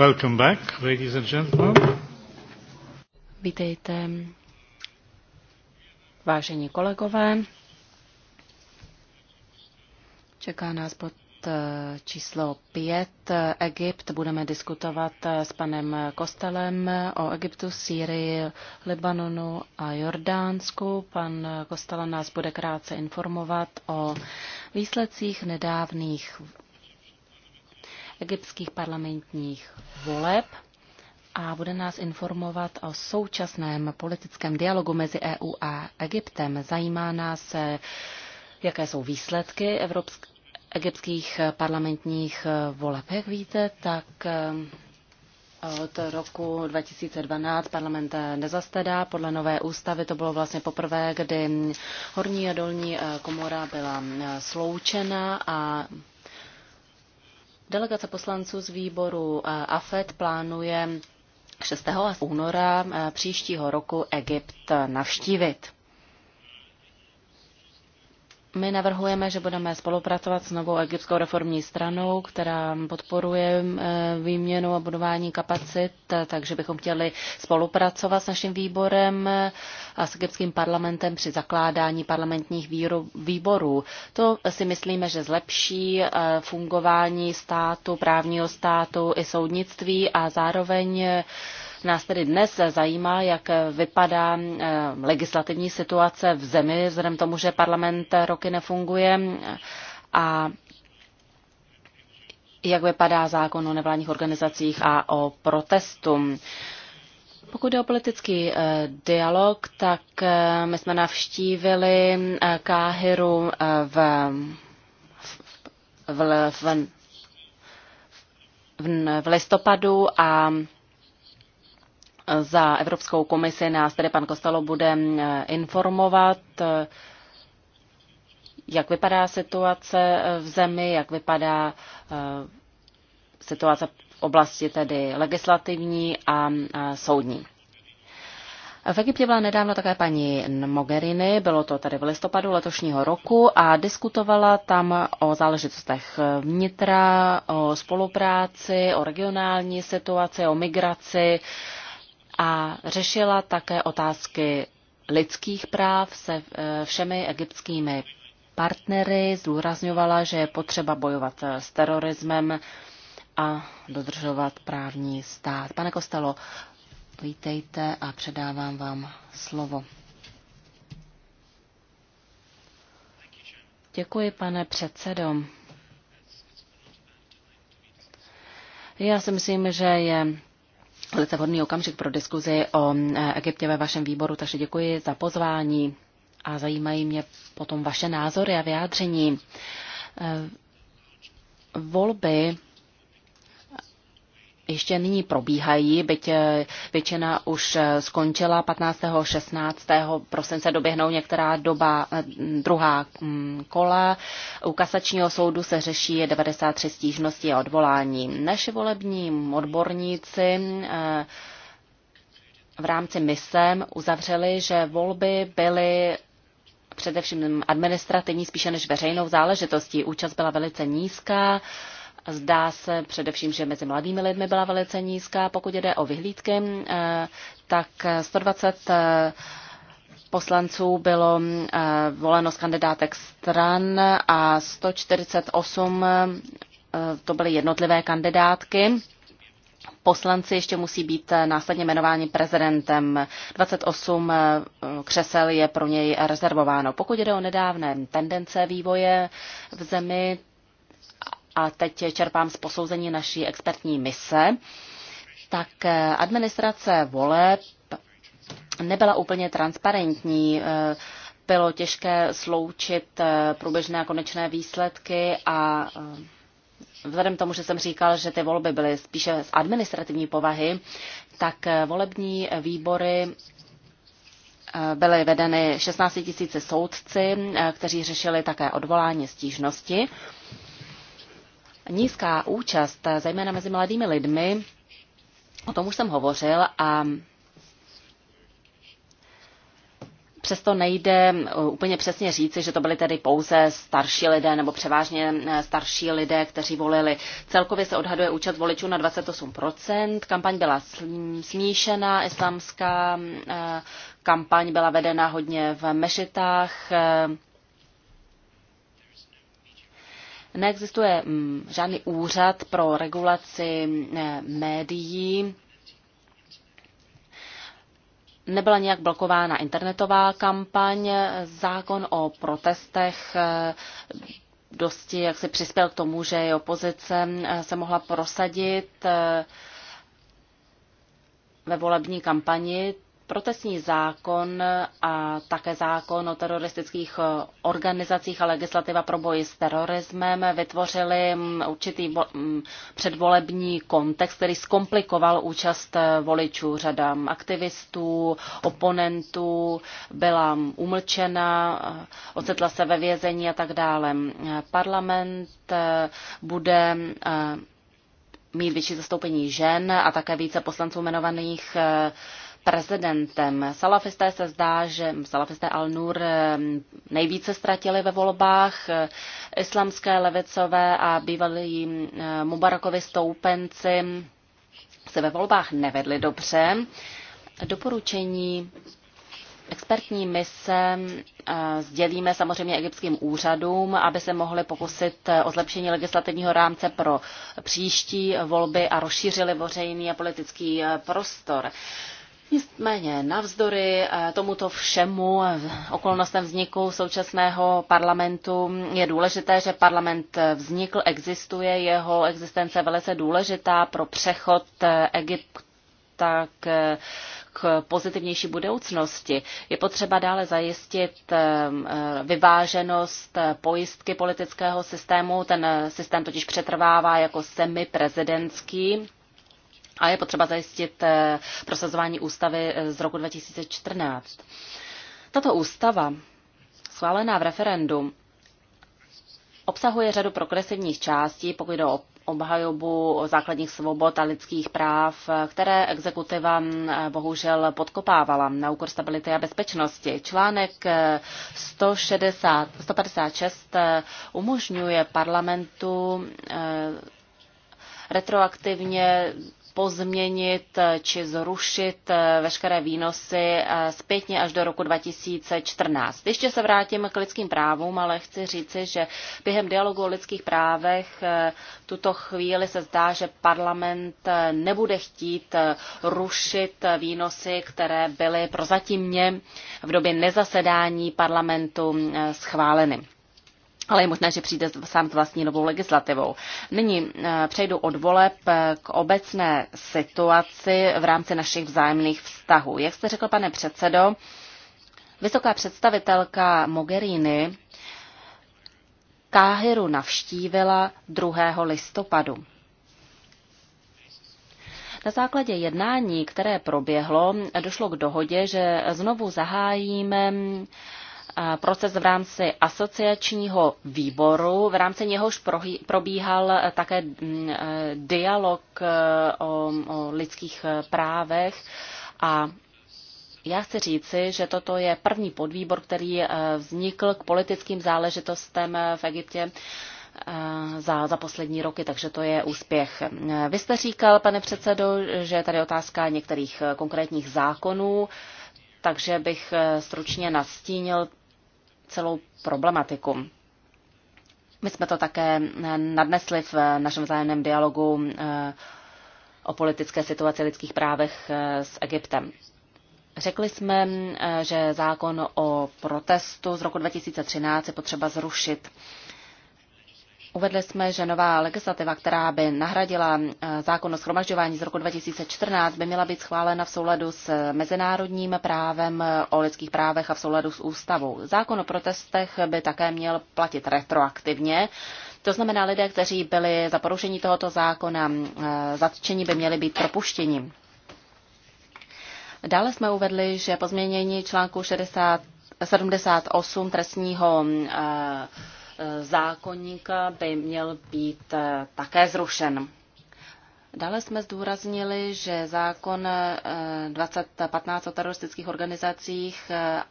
Welcome back, ladies and gentlemen. Vítejte, vážení kolegové. Čeká nás bod eh, číslo 5, eh, Egypt. Budeme diskutovat eh, s panem Kostelem o Egyptu, Sýrii, Libanonu a Jordánsku. Pan Kostela nás bude krátce informovat o výsledcích nedávných egyptských parlamentních voleb a bude nás informovat o současném politickém dialogu mezi EU a Egyptem. Zajímá nás, eh, jaké jsou výsledky evropsk- egyptských eh, parlamentních eh, voleb. Jak víte, tak od roku 2012 parlament nezastedá. Podle nové ústavy to bylo vlastně poprvé, kdy horní a dolní komora byla sloučena a Delegace poslanců z výboru eh, AFED plánuje 6. února eh, příštího roku Egypt navštívit. My navrhujeme, že budeme spolupracovat s novou egyptskou reformní stranou, která podporuje eh, výměnu a budování kapacit, eh, takže bychom chtěli spolupracovat s naším výborem eh, a s egyptským parlamentem při zakládání parlamentních výborů. To si myslíme, že zlepší fungování státu, právního státu i soudnictví a zároveň Nás tedy dnes zajímá, jak vypadá eh, legislativní situace v zemi, vzhledem tomu, že parlament roky nefunguje a jak vypadá zákon o nevládních organizacích a o protestu. Pokud jde o politický eh, dialog, tak eh, my jsme navštívili Káhiru v, v, v, v, v listopadu a za Evropskou komisi nás tedy pan Kostalo bude eh, informovat, eh, jak vypadá situace eh, v zemi, jak vypadá situace v oblasti tedy legislativní a soudní. V Egyptě byla nedávno také paní Mogherini, bylo to tady v listopadu letošního roku a diskutovala tam o záležitostech vnitra, o spolupráci, o regionální situaci, o migraci, a řešila také otázky lidských práv se eh, všemi egyptskými partnery, zdůrazňovala, že je potřeba bojovat eh, s terorismem a dodržovat právní stát. Pane Kostelo, vítejte a předávám vám slovo. Děkuji, pane předsedo. Já si myslím, že je velice vhodný okamžik pro diskuzi o e, Egyptě ve vašem výboru, takže děkuji za pozvání a zajímají mě potom vaše názory a vyjádření. E, volby ještě nyní probíhají, byť eh, většina už eh, skončila 15. 16. prosince doběhnou některá doba eh, druhá mm, kola. U kasačního soudu se řeší 93 stížnosti a odvolání. Naše volební odborníci v rámci misem uzavřeli, že volby byly především administrativní spíše než veřejnou záležitostí. Účast byla velice nízká Zdá se především, že mezi mladými lidmi byla velice nízká. Pokud jde o vyhlídky, eh, tak 120 eh, poslanců bylo eh, voleno z kandidátek stran a 148 to byly jednotlivé kandidátky. Poslanci ještě musí být následně jmenováni prezidentem. 28 křesel je pro něj rezervováno. Pokud jde o nedávné tendence vývoje v zemi, a teď čerpám z posouzení naší expertní mise, tak eh, administrace voleb nebyla úplně transparentní. Eh, bylo těžké sloučit eh, průběžné a konečné výsledky a vzhledem k tomu, že jsem říkal, že ty volby byly spíše z administrativní povahy, tak volební výbory byly vedeny 16 000 soudci, kteří řešili také odvolání stížnosti nízká účast, zejména mezi mladými lidmi, o tom už jsem hovořil a přesto nejde uh, úplně přesně říci, že to byli tedy pouze starší lidé nebo převážně uh, starší lidé, kteří volili. Celkově se odhaduje účast voličů na 28%. Kampaň byla smíšená, islámská uh, kampaň byla vedena hodně v mešitách, Neexistuje mm, žádný úřad pro regulaci eh, médií. Nebyla nějak blokována internetová kampaň. Zákon o protestech eh, dosti jak se přispěl k tomu, že i opozice eh, se mohla prosadit ve volební kampani, protestní zákon a také zákon o teroristických organizacích a legislativa pro boji s terorismem vytvořili mm, určitý mm, předvolební kontext, který zkomplikoval účast voličů. Řada aktivistů, oponentů byla umlčena, ocitla se ve vězení a tak dále. Parlament eh, bude eh, mít větší zastoupení žen a také více poslanců jmenovaných eh, prezidentem. Salafisté se zdá, že salafisté Al-Nur eh, nejvíce ztratili ve volbách. Eh, islamské levicové a bývalí eh, Mubarakovi stoupenci se ve volbách nevedli dobře. Doporučení expertní mise sdělíme samozřejmě egyptským úřadům, aby se mohli pokusit o zlepšení legislativního rámce pro příští volby a rozšířili veřejný a politický prostor. Nicméně navzdory eh, tomuto všemu eh, okolnostem vzniku současného parlamentu je důležité, že parlament eh, vznikl, existuje, jeho existence velice důležitá pro přechod Egypta k k pozitivnější budoucnosti. Je potřeba dále zajistit vyváženost pojistky politického systému. Ten systém totiž přetrvává jako semiprezidentský a je potřeba zajistit eh, prosazování ústavy eh, z roku 2014. Tato ústava, schválená v referendu, obsahuje řadu progresivních částí, pokud jde o obhajobu základních svobod a lidských práv, které exekutiva eh, bohužel podkopávala na úkor stability a bezpečnosti. Článek 160, 156 umožňuje parlamentu retroaktivně pozměnit či zrušit veškeré výnosy zpětně až do roku 2014. Ještě se vrátím k lidským právům, ale chci říci, že během dialogu o lidských právech tuto chvíli se zdá, že parlament nebude chtít rušit výnosy, které byly prozatímně v době nezasedání parlamentu schváleny ale je možné, že přijde sám s vlastní novou legislativou. Nyní eh, přejdu od voleb eh, k obecné situaci v rámci našich vzájemných vztahů. Jak jste řekl, pane předsedo, vysoká představitelka Mogherini Káhiru navštívila 2. listopadu. Na základě jednání, které proběhlo, došlo k dohodě, že znovu zahájíme proces v rámci asociačního výboru, v rámci něhož probíhal také mm, eh, dialog eh, o, o lidských eh, právech a já chci říci, že toto je první podvýbor, který vznikl k politickým záležitostem v Egyptě za, za poslední roky, takže to je úspěch. Vy jste říkal, pane předsedo, že je tady otázka některých konkrétních zákonů, takže bych stručně nastínil celou problematiku. My jsme to také eh, nadnesli v eh, našem vzájemném dialogu eh, o politické situaci lidských právech s Egyptem. Řekli jsme, že zákon o protestu z roku 2013 je potřeba zrušit. Uvedli jsme, že nová legislativa, která by nahradila eh, zákon o schromažďování z roku 2014, by měla být schválena v souladu s mezinárodním právem eh, o lidských právech a v souladu s ústavou. Zákon o protestech by také měl platit retroaktivně. To znamená, lidé, kteří byli za porušení tohoto zákona eh, zatčeni, by měli být propuštěni. Dále jsme uvedli, že pozměnění článku 60, 78 trestního uh, zákonník by měl být eh, také zrušen. Dále jsme zdůraznili, že zákon 2015 eh, o teroristických organizacích eh,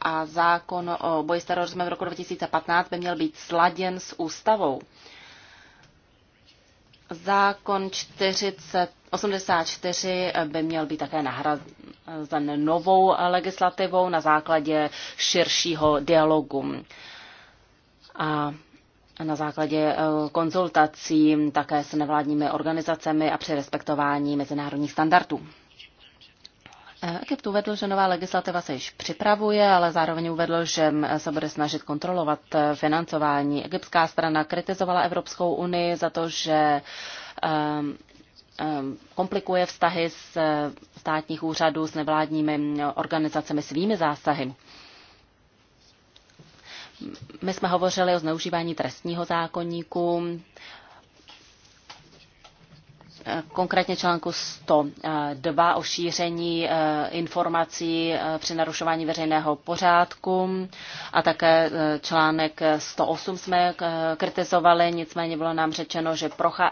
a zákon o boji s terorismem v roku 2015 by měl být sladěn s ústavou. Zákon 84 by měl být také nahrazen novou legislativou na základě širšího dialogu a na základě e, konzultací také s nevládními organizacemi a při respektování mezinárodních standardů. E, Egypt uvedl, že nová legislativa se již připravuje, ale zároveň uvedl, že se bude snažit kontrolovat e, financování. Egyptská strana kritizovala Evropskou unii za to, že komplikuje vztahy s státních úřadů s nevládními organizacemi svými zásahy. My jsme hovořili o zneužívání trestního zákonníku, konkrétně článku 102 o šíření eh, informací eh, při narušování veřejného pořádku a také eh, článek 108 jsme kritizovali, nicméně bylo nám řečeno, že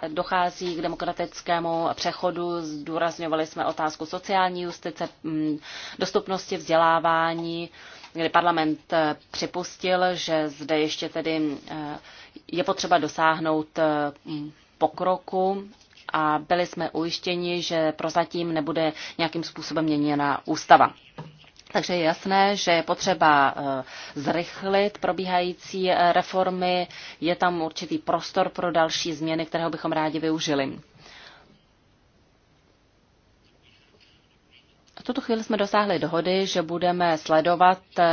dochází k demokratickému přechodu, zdůrazňovali jsme otázku sociální justice, mm, dostupnosti vzdělávání, kdy parlament eh, připustil, že zde ještě tedy eh, je potřeba dosáhnout eh, pokroku a byli jsme ujištěni, že prozatím nebude nějakým způsobem měněna ústava. Takže je jasné, že je potřeba zrychlit probíhající reformy, je tam určitý prostor pro další změny, kterého bychom rádi využili. tuto chvíli jsme dosáhli dohody, že budeme sledovat eh,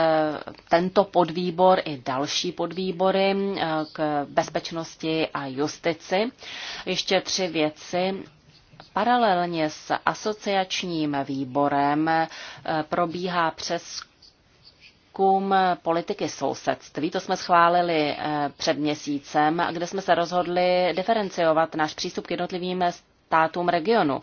tento podvýbor i další podvýbory eh, k bezpečnosti a justici. Ještě tři věci. Paralelně s asociačním výborem eh, probíhá přes politiky sousedství, to jsme schválili před měsícem, kde jsme se rozhodli diferenciovat náš přístup k jednotlivým státům regionu.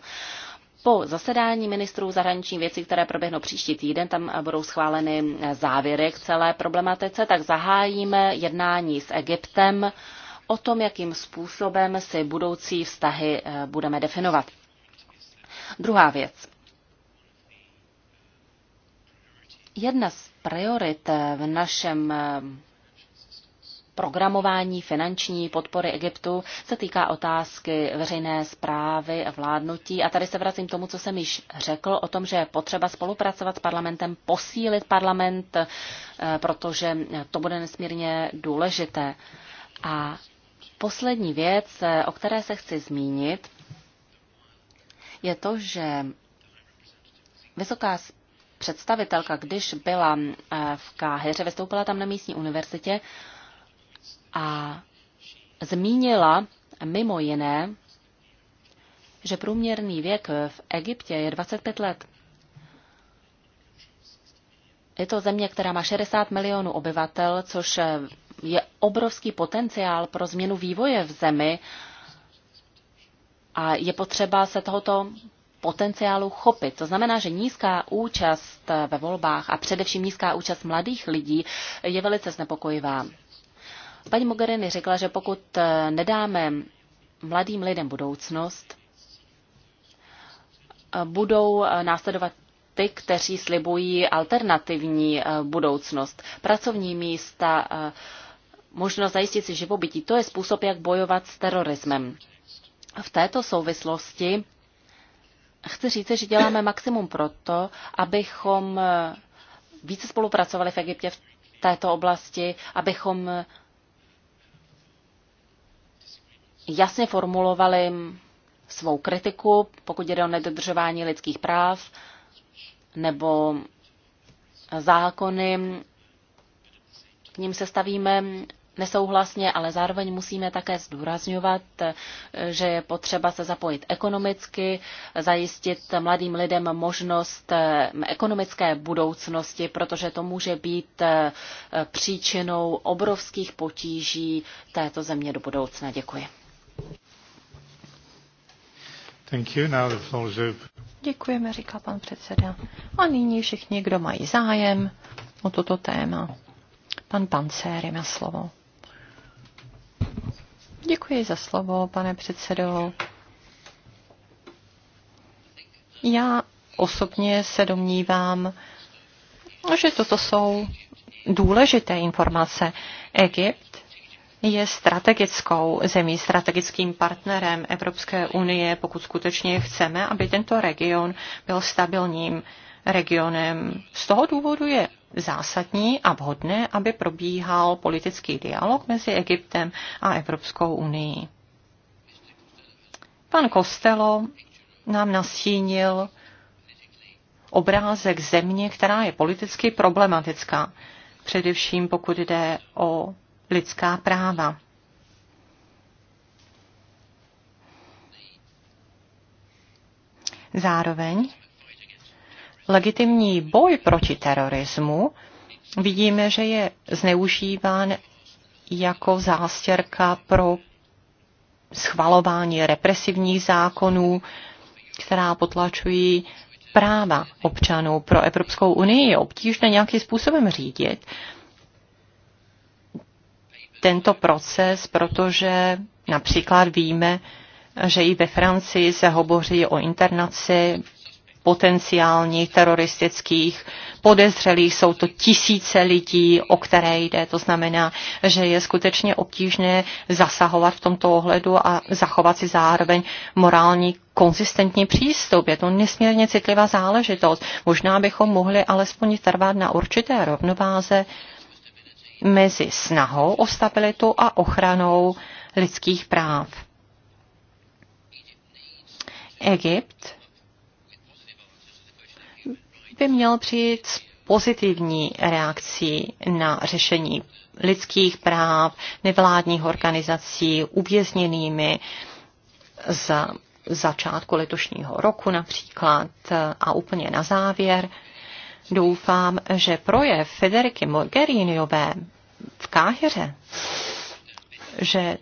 Po zasedání ministrů zahraničních věcí, které proběhnou příští týden, tam budou schváleny závěry k celé problematice, tak zahájíme jednání s Egyptem o tom, jakým způsobem si budoucí vztahy eh, budeme definovat. Druhá věc. Jedna z priorit v našem eh, programování finanční podpory Egyptu se týká otázky veřejné zprávy a vládnutí. A tady se vracím k tomu, co jsem již řekl o tom, že je potřeba spolupracovat s parlamentem, posílit parlament, eh, protože to bude nesmírně důležité. A poslední věc, eh, o které se chci zmínit, je to, že vysoká představitelka, když byla eh, v Káheře, vystoupila tam na místní univerzitě, a zmínila mimo jiné, že průměrný věk v Egyptě je 25 let. Je to země, která má 60 milionů obyvatel, což je obrovský potenciál pro změnu vývoje v zemi a je potřeba se tohoto potenciálu chopit. To znamená, že nízká účast ve volbách a především nízká účast mladých lidí je velice znepokojivá. Paní Mogherini řekla, že pokud eh, nedáme mladým lidem budoucnost, eh, budou eh, následovat ty, kteří slibují alternativní budoucnost, pracovní místa, možnost zajistit si živobytí. To je způsob, jak bojovat s terorismem. V této souvislosti chci říct, že děláme maximum proto, abychom více spolupracovali v Egyptě v této oblasti, abychom jasně formulovali svou kritiku, pokud jde o nedodržování lidských práv nebo zákony. K ním se stavíme nesouhlasně, ale zároveň musíme také zdůrazňovat, že je potřeba se zapojit ekonomicky, zajistit mladým lidem možnost ekonomické budoucnosti, protože to může být příčinou obrovských potíží této země do budoucna. Děkuji. Děkujeme, říkal pan předseda. A nyní všichni, kdo mají zájem o toto téma. Pan Pancéry má slovo. Děkuji za slovo, pane předsedo. Já osobně se domnívám, že toto jsou důležité informace. Egypt je strategickou zemí, strategickým partnerem Evropské unie, pokud skutečně chceme, aby tento region byl stabilním regionem. Z toho důvodu je zásadní a vhodné, aby probíhal politický dialog mezi Egyptem a Evropskou unii. Pan Kostelo nám nastínil obrázek země, která je politicky problematická, především pokud jde o lidská práva. Zároveň legitimní boj proti terorismu vidíme, že je zneužíván jako zástěrka pro schvalování represivních zákonů, která potlačují práva občanů pro Evropskou unii. Je obtížné nějakým způsobem řídit tento proces, protože například víme, že i ve Francii se hovoří o internaci potenciálních teroristických podezřelých. Jsou to tisíce lidí, o které jde. To znamená, že je skutečně obtížné zasahovat v tomto ohledu a zachovat si zároveň morální konzistentní přístup. Je to nesmírně citlivá záležitost. Možná bychom mohli alespoň trvat na určité rovnováze mezi snahou o stabilitu a ochranou lidských práv. Egypt by měl přijít s pozitivní reakcí na řešení lidských práv, nevládních organizací, uvězněnými z začátku letošního roku například. A úplně na závěr doufám, že projev Federiky Mogheriniové v Káhyře, že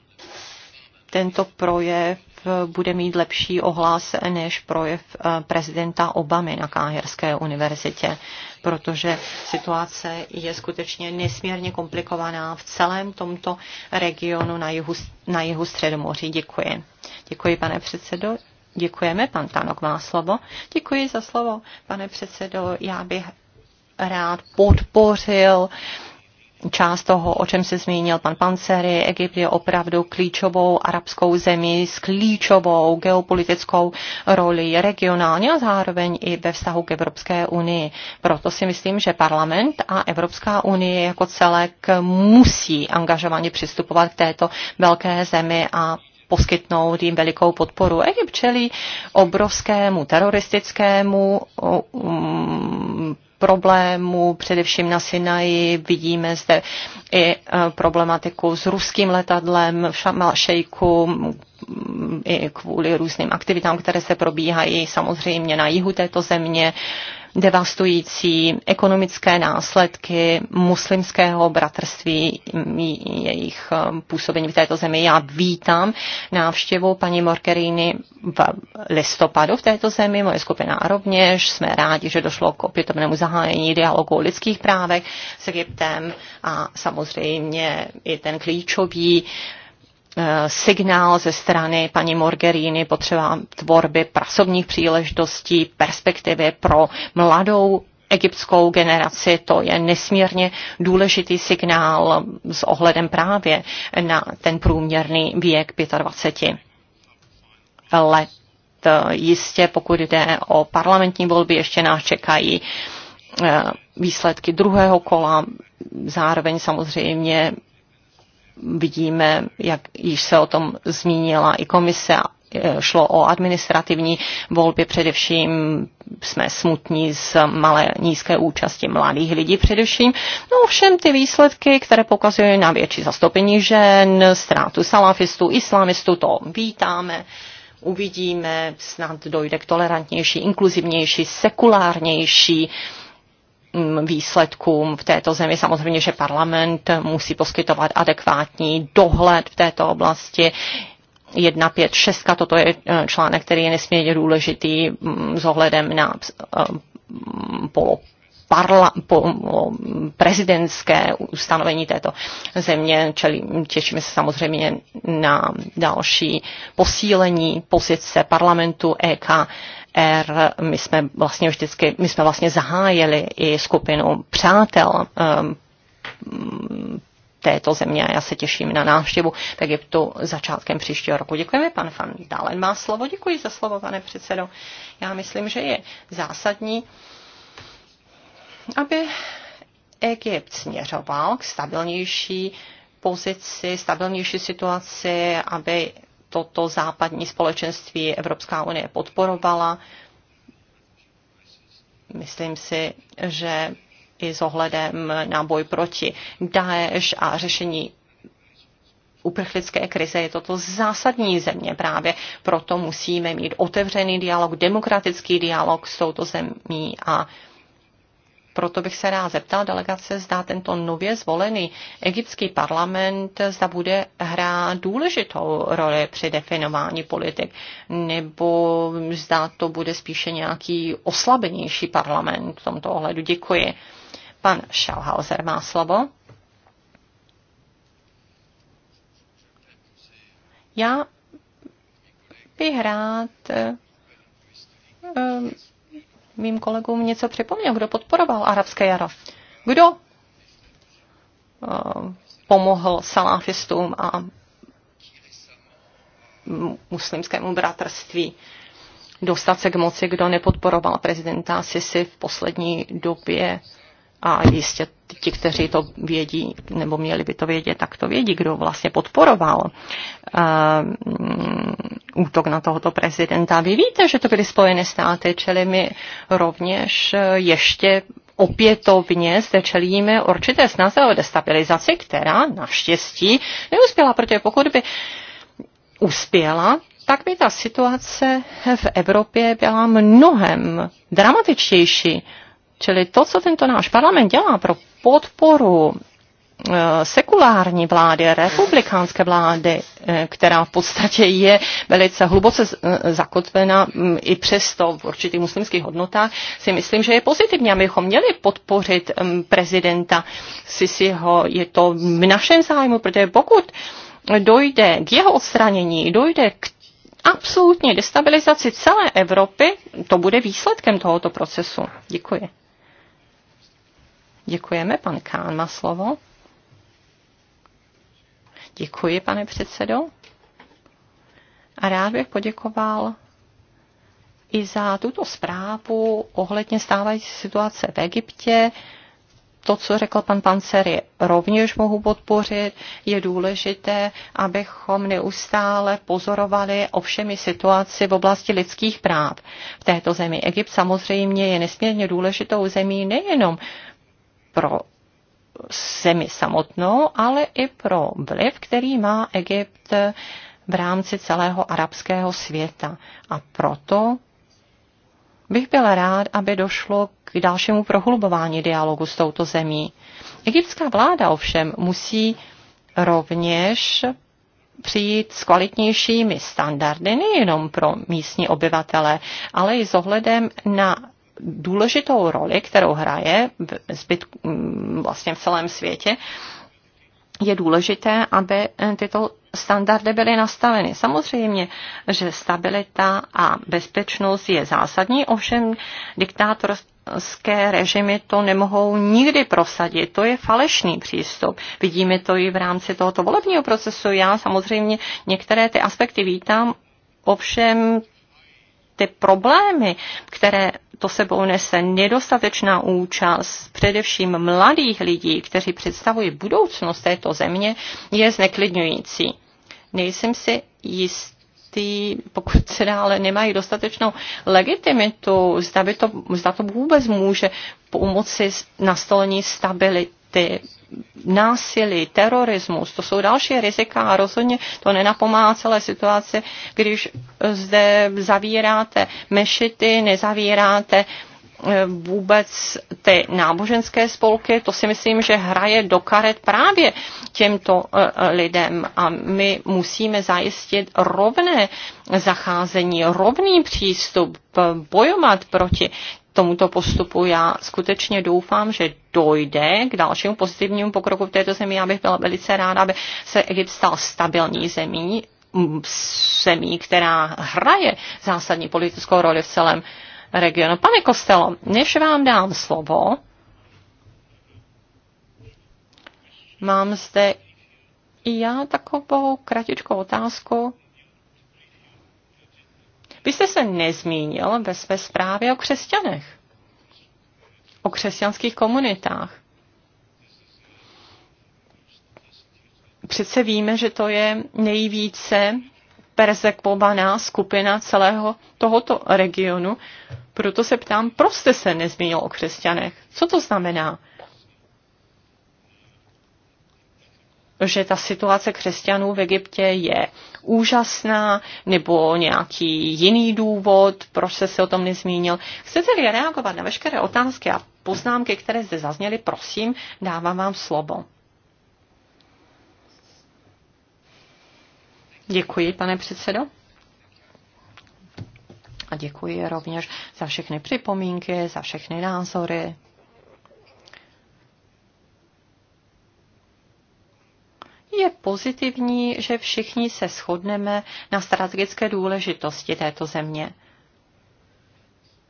tento projev bude mít lepší ohlas než projev eh, prezidenta Obamy na Káherské univerzitě, protože situace je skutečně nesmírně komplikovaná v celém tomto regionu na jihu, na jihu Středomoří. Děkuji. Děkuji, pane předsedo. Děkujeme, pan Tanok má slovo. Děkuji za slovo, pane předsedo. Já bych rád podpořil uh, část toho, o čem se zmínil pan Pancery. Egypt je opravdu klíčovou arabskou zemí s klíčovou geopolitickou roli regionálně a zároveň i ve vztahu k Evropské unii. Proto si myslím, že parlament a Evropská unie jako celek musí angažovaně přistupovat k této velké zemi a poskytnout jim velikou podporu. Egypt čelí obrovskému teroristickému uh, um, problémů, především na Sinaji. Vidíme zde i e, problematiku s ruským letadlem v Šamalšejku, mm, i kvůli různým aktivitám, které se probíhají samozřejmě na jihu této země devastující ekonomické následky muslimského bratrství, jejich um, působení v této zemi. Já vítám návštěvu paní Morkerini v listopadu v této zemi, moje skupina rovněž. Jsme rádi, že došlo k opětovnému zahájení dialogu o lidských právech s Egyptem a samozřejmě i ten klíčový uh, Eh, signál ze strany paní Morgeríny potřeba tvorby pracovních příležitostí, perspektivy pro mladou egyptskou generaci. To je nesmírně důležitý signál s ohledem právě na ten průměrný věk 25 let. Eh, jistě, pokud jde o parlamentní volby, ještě nás čekají eh, výsledky druhého kola. Zároveň samozřejmě vidíme, jak již se o tom zmínila i komise, e, šlo o administrativní volby, především jsme smutní z malé nízké účasti mladých lidí především. No ovšem ty výsledky, které pokazují na větší zastoupení žen, ztrátu salafistů, islamistů, to vítáme uvidíme, snad dojde k tolerantnější, inkluzivnější, sekulárnější uh, Mm, výsledkům v této zemi. Samozřejmě, že parlament musí poskytovat adekvátní dohled v této oblasti. 6, toto je e, článek, který je nesmírně důležitý mm, s ohledem na e, polo parla, po, prezidentské ustanovení této země, čili těšíme se samozřejmě na další posílení pozice parlamentu EK R. My jsme vlastně vždycky, my jsme vlastně zahájili i skupinu přátel um, této země já se těším na návštěvu v Egyptu začátkem příštího roku. Děkujeme, pan Van Dalen má slovo. Děkuji za slovo, pane předsedo. Já myslím, že je zásadní, aby Egypt směřoval k stabilnější pozici, stabilnější situaci, aby toto západní společenství Evropská unie podporovala. Myslím si, že i s ohledem na boj proti Daesh a řešení uprchlické krize je toto zásadní země právě. Proto musíme mít otevřený dialog, demokratický dialog s touto zemí a proto bych se rád zeptal delegace, zda tento nově zvolený egyptský parlament zda bude hrát důležitou roli při definování politik, nebo zda to bude spíše nějaký oslabenější parlament v tomto ohledu. Děkuji. Pan Schauhauser má slovo. Já bych rád eh, mým kolegům něco připomněl, kdo podporoval arabské jaro. Kdo eh, pomohl salafistům a muslimskému bratrství dostat se k moci, kdo nepodporoval prezidenta Sisi v poslední době a jistě ti, kteří to vědí, nebo měli by to vědět, tak to vědí, kdo vlastně podporoval uh, útok na tohoto prezidenta. Vy víte, že to byly Spojené státy, čili my rovněž eh, ještě opětovně zde čelíme určité snaze o destabilizaci, která naštěstí neuspěla, protože pokud by uspěla, tak by ta situace v Evropě byla mnohem dramatičtější Čili to, co tento náš parlament dělá pro podporu eh, sekulární vlády, republikánské vlády, eh, která v podstatě je velice hluboce eh, zakotvena mm, i přesto v určitých muslimských hodnotách, si myslím, že je pozitivní, abychom měli podpořit mm, prezidenta Sisiho. Je to v našem zájmu, protože pokud dojde k jeho odstranění, dojde k absolutní destabilizaci celé Evropy, to bude výsledkem tohoto procesu. Děkuji. Děkujeme. Pan Kán má slovo. Děkuji, pane předsedo. A rád bych poděkoval i za tuto zprávu ohledně stávající situace v Egyptě. To, co řekl pan je rovněž mohu podpořit. Je důležité, abychom neustále pozorovali ovšemi situaci v oblasti lidských práv v této zemi. Egypt samozřejmě je nesmírně důležitou zemí nejenom pro zemi samotnou, ale i pro vliv, který má Egypt v rámci celého arabského světa. A proto bych byl rád, aby došlo k dalšímu prohlubování dialogu s touto zemí. Egyptská vláda ovšem musí rovněž přijít s kvalitnějšími standardy nejenom pro místní obyvatele, ale i s ohledem na důležitou roli, kterou hraje zbyt, mm, vlastně v celém světě, je důležité, aby eh, tyto standardy byly nastaveny. Samozřejmě, že stabilita a bezpečnost je zásadní, ovšem diktátorské režimy to nemohou nikdy prosadit. To je falešný přístup. Vidíme to i v rámci tohoto volebního procesu. Já samozřejmě některé ty aspekty vítám, ovšem ty problémy, které to sebou nese nedostatečná účast především mladých lidí, kteří představují budoucnost této země, je zneklidňující. Nejsem si jistý, pokud se dále nemají dostatečnou legitimitu, zda, by to, zda to vůbec může pomoci nastolení stability násilí, terorismus, to jsou další rizika a rozhodně to nenapomáhá celé situaci, když zde zavíráte mešity, nezavíráte eh, vůbec ty náboženské spolky, to si myslím, že hraje do karet právě těmto eh, eh, lidem a my musíme zajistit rovné zacházení, rovný přístup, bojovat proti tomuto postupu. Já skutečně doufám, že dojde k dalšímu pozitivnímu pokroku v této zemi. Já bych byla velice ráda, aby se Egypt stal stabilní zemí, zemí, která hraje zásadní politickou roli v celém regionu. Pane Kostelo, než vám dám slovo, mám zde i já takovou kratičkou otázku vy jste se nezmínil ve své zprávě o křesťanech, o křesťanských komunitách. Přece víme, že to je nejvíce persekvovaná skupina celého tohoto regionu, proto se ptám, proč jste se nezmínil o křesťanech? Co to znamená? že ta situace křesťanů v Egyptě je úžasná nebo nějaký jiný důvod, proč se si o tom nezmínil. Chcete-li reagovat na veškeré otázky a poznámky, které zde zazněly, prosím, dávám vám slovo. Děkuji, pane předsedo. A děkuji rovněž za všechny připomínky, za všechny názory. pozitivní, že všichni se shodneme na strategické důležitosti této země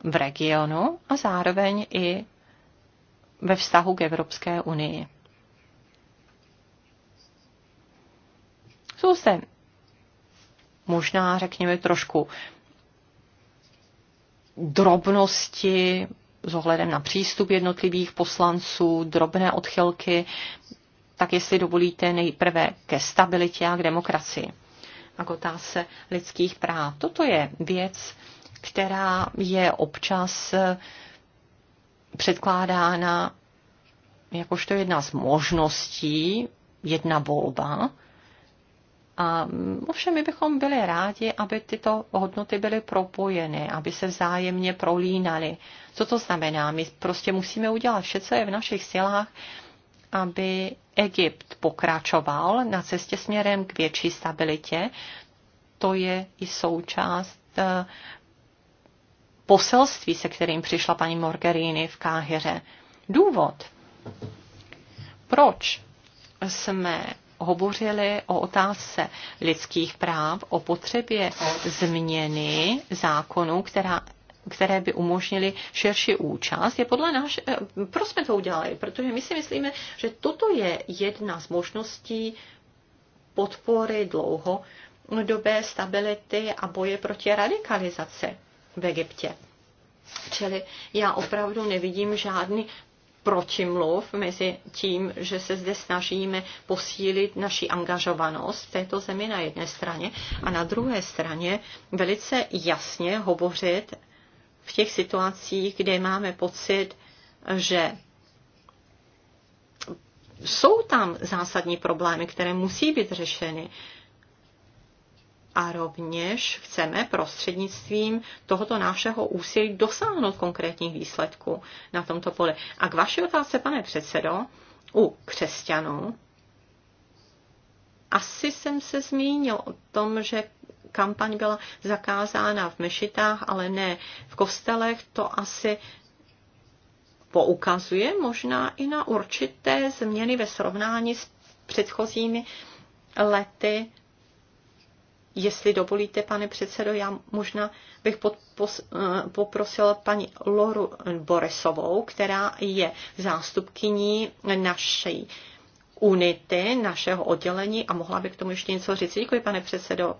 v regionu a zároveň i ve vztahu k Evropské unii. Jsou zde možná, řekněme, trošku drobnosti s ohledem na přístup jednotlivých poslanců, drobné odchylky tak jestli dovolíte nejprve ke stabilitě a k demokracii a k otázce lidských práv. Toto je věc, která je občas eh, předkládána jakožto jedna z možností, jedna volba. A mm, ovšem my bychom byli rádi, aby tyto hodnoty byly propojeny, aby se vzájemně prolínaly. Co to znamená? My prostě musíme udělat vše, co je v našich silách, aby Egypt pokračoval na cestě směrem k větší stabilitě. To je i součást eh, poselství, se kterým přišla paní Morgerini v Káhyře. Důvod, proč jsme hovořili o otázce lidských práv, o potřebě změny zákonů, která které by umožnily širší účast, je podle nás, eh, proč jsme to udělali? Protože my si myslíme, že toto je jedna z možností podpory dlouhodobé stability a boje proti radikalizaci v Egyptě. Čili já opravdu nevidím žádný protimluv mezi tím, že se zde snažíme posílit naši angažovanost v této zemi na jedné straně a na druhé straně velice jasně hovořit v těch situacích, kde máme pocit, že jsou tam zásadní problémy, které musí být řešeny. A rovněž chceme prostřednictvím tohoto našeho úsilí dosáhnout konkrétních výsledků na tomto poli. A k vaší otázce, pane předsedo, u křesťanů asi jsem se zmínil o tom, že kampaň byla zakázána v mešitách, ale ne v kostelech, to asi poukazuje možná i na určité změny ve srovnání s předchozími lety. Jestli dovolíte, pane předsedo, já možná bych podpos, eh, poprosila paní Loru Boresovou, která je zástupkyní naší unity, našeho oddělení a mohla by k tomu ještě něco říct. Děkuji, pane předsedo.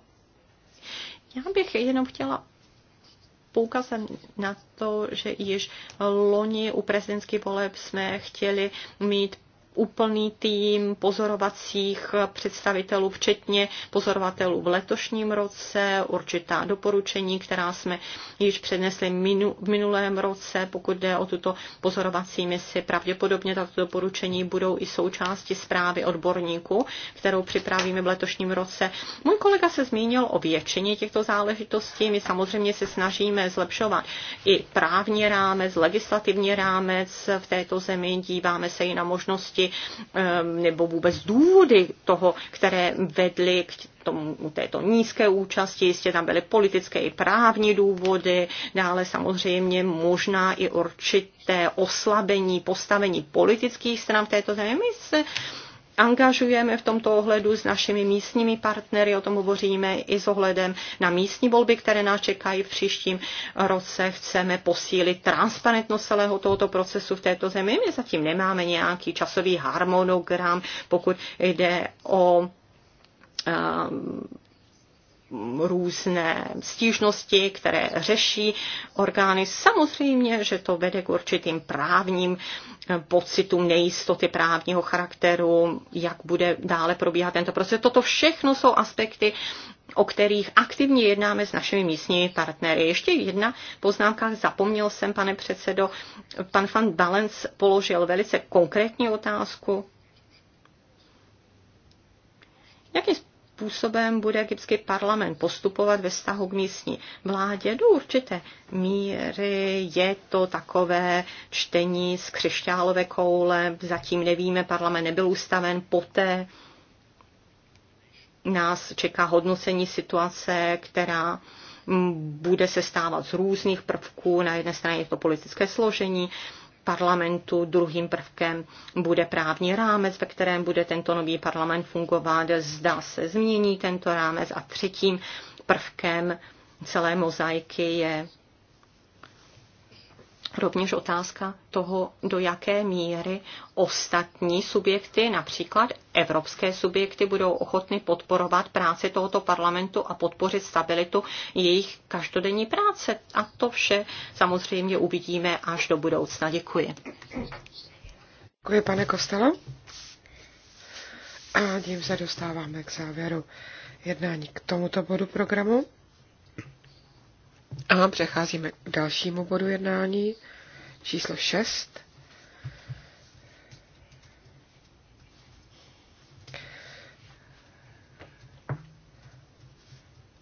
Já bych jenom chtěla poukazem na to, že již loni u prezidentských voleb jsme chtěli mít úplný tým pozorovacích představitelů, včetně pozorovatelů v letošním roce, určitá doporučení, která jsme již přednesli minu, v minulém roce, pokud jde o tuto pozorovací misi. Pravděpodobně tato doporučení budou i součástí zprávy odborníků, kterou připravíme v letošním roce. Můj kolega se zmínil o většině těchto záležitostí. My samozřejmě se snažíme zlepšovat i právní rámec, legislativní rámec v této zemi, díváme se i na možnosti okolnosti ehm, nebo vůbec důvody toho, které vedly k tomu, této nízké účasti. Jistě tam byly politické i právní důvody, dále samozřejmě možná i určité oslabení postavení politických stran v této zemi. My se angažujeme v tomto ohledu s našimi místními partnery, o tom hovoříme i s ohledem na místní volby, které nás čekají v příštím roce. Chceme posílit transparentnost celého tohoto procesu v této zemi. My zatím nemáme nějaký časový harmonogram, pokud jde o um, různé stížnosti, které řeší orgány. Samozřejmě, že to vede k určitým právním pocitům nejistoty právního charakteru, jak bude dále probíhat tento proces. Toto všechno jsou aspekty, o kterých aktivně jednáme s našimi místními partnery. Ještě jedna poznámka, zapomněl jsem, pane předsedo, pan van Balens položil velice konkrétní otázku. Jakým způsobem bude egyptský parlament postupovat ve vztahu k místní vládě. Do určité míry je to takové čtení z křišťálové koule, zatím nevíme, parlament nebyl ustaven poté, nás čeká hodnocení situace, která bude se stávat z různých prvků. Na jedné straně je to politické složení, parlamentu. Druhým prvkem bude právní rámec, ve kterém bude tento nový parlament fungovat, zda se změní tento rámec. A třetím prvkem celé mozaiky je rovněž otázka toho, do jaké míry ostatní subjekty, například evropské subjekty, budou ochotny podporovat práci tohoto parlamentu a podpořit stabilitu jejich každodenní práce. A to vše samozřejmě uvidíme až do budoucna. Děkuji. Děkuji, pane Kostelo. A tím se dostáváme k závěru jednání k tomuto bodu programu. A přecházíme k dalšímu bodu jednání, číslo 6.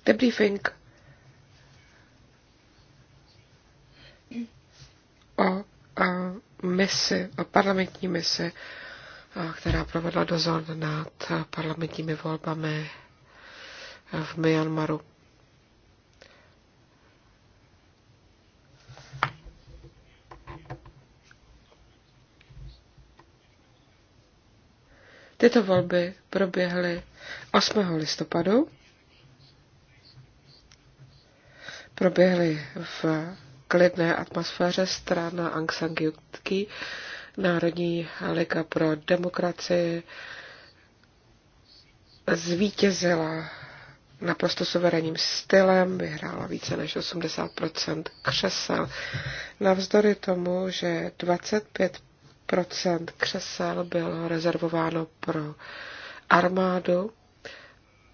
Debriefing o, o misi, o parlamentní misi, která provedla dozor nad parlamentními volbami v Myanmaru. Tyto volby proběhly 8. listopadu, proběhly v klidné atmosféře strana Aung San Suu Kyi, Národní liga pro demokracii zvítězila naprosto suverénním stylem, vyhrála více než 80% křesel. Navzdory tomu, že 25 procent křesel bylo rezervováno pro armádu.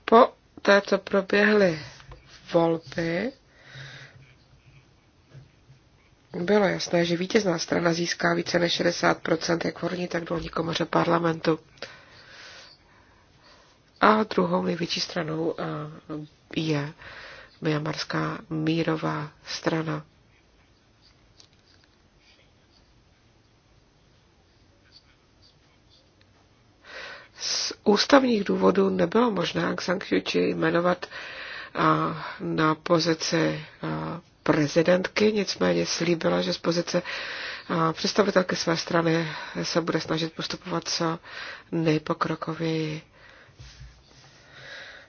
Po té, co proběhly volby, bylo jasné, že vítězná strana získá více než 60% jak v horní, tak dolní komoře parlamentu. A druhou největší stranou eh, je Myanmarská mírová strana. ústavních důvodů nebylo možné Aung San Suu Kyi jmenovat na pozici prezidentky, nicméně slíbila, že z pozice představitelky své strany se bude snažit postupovat co nejpokrokověji.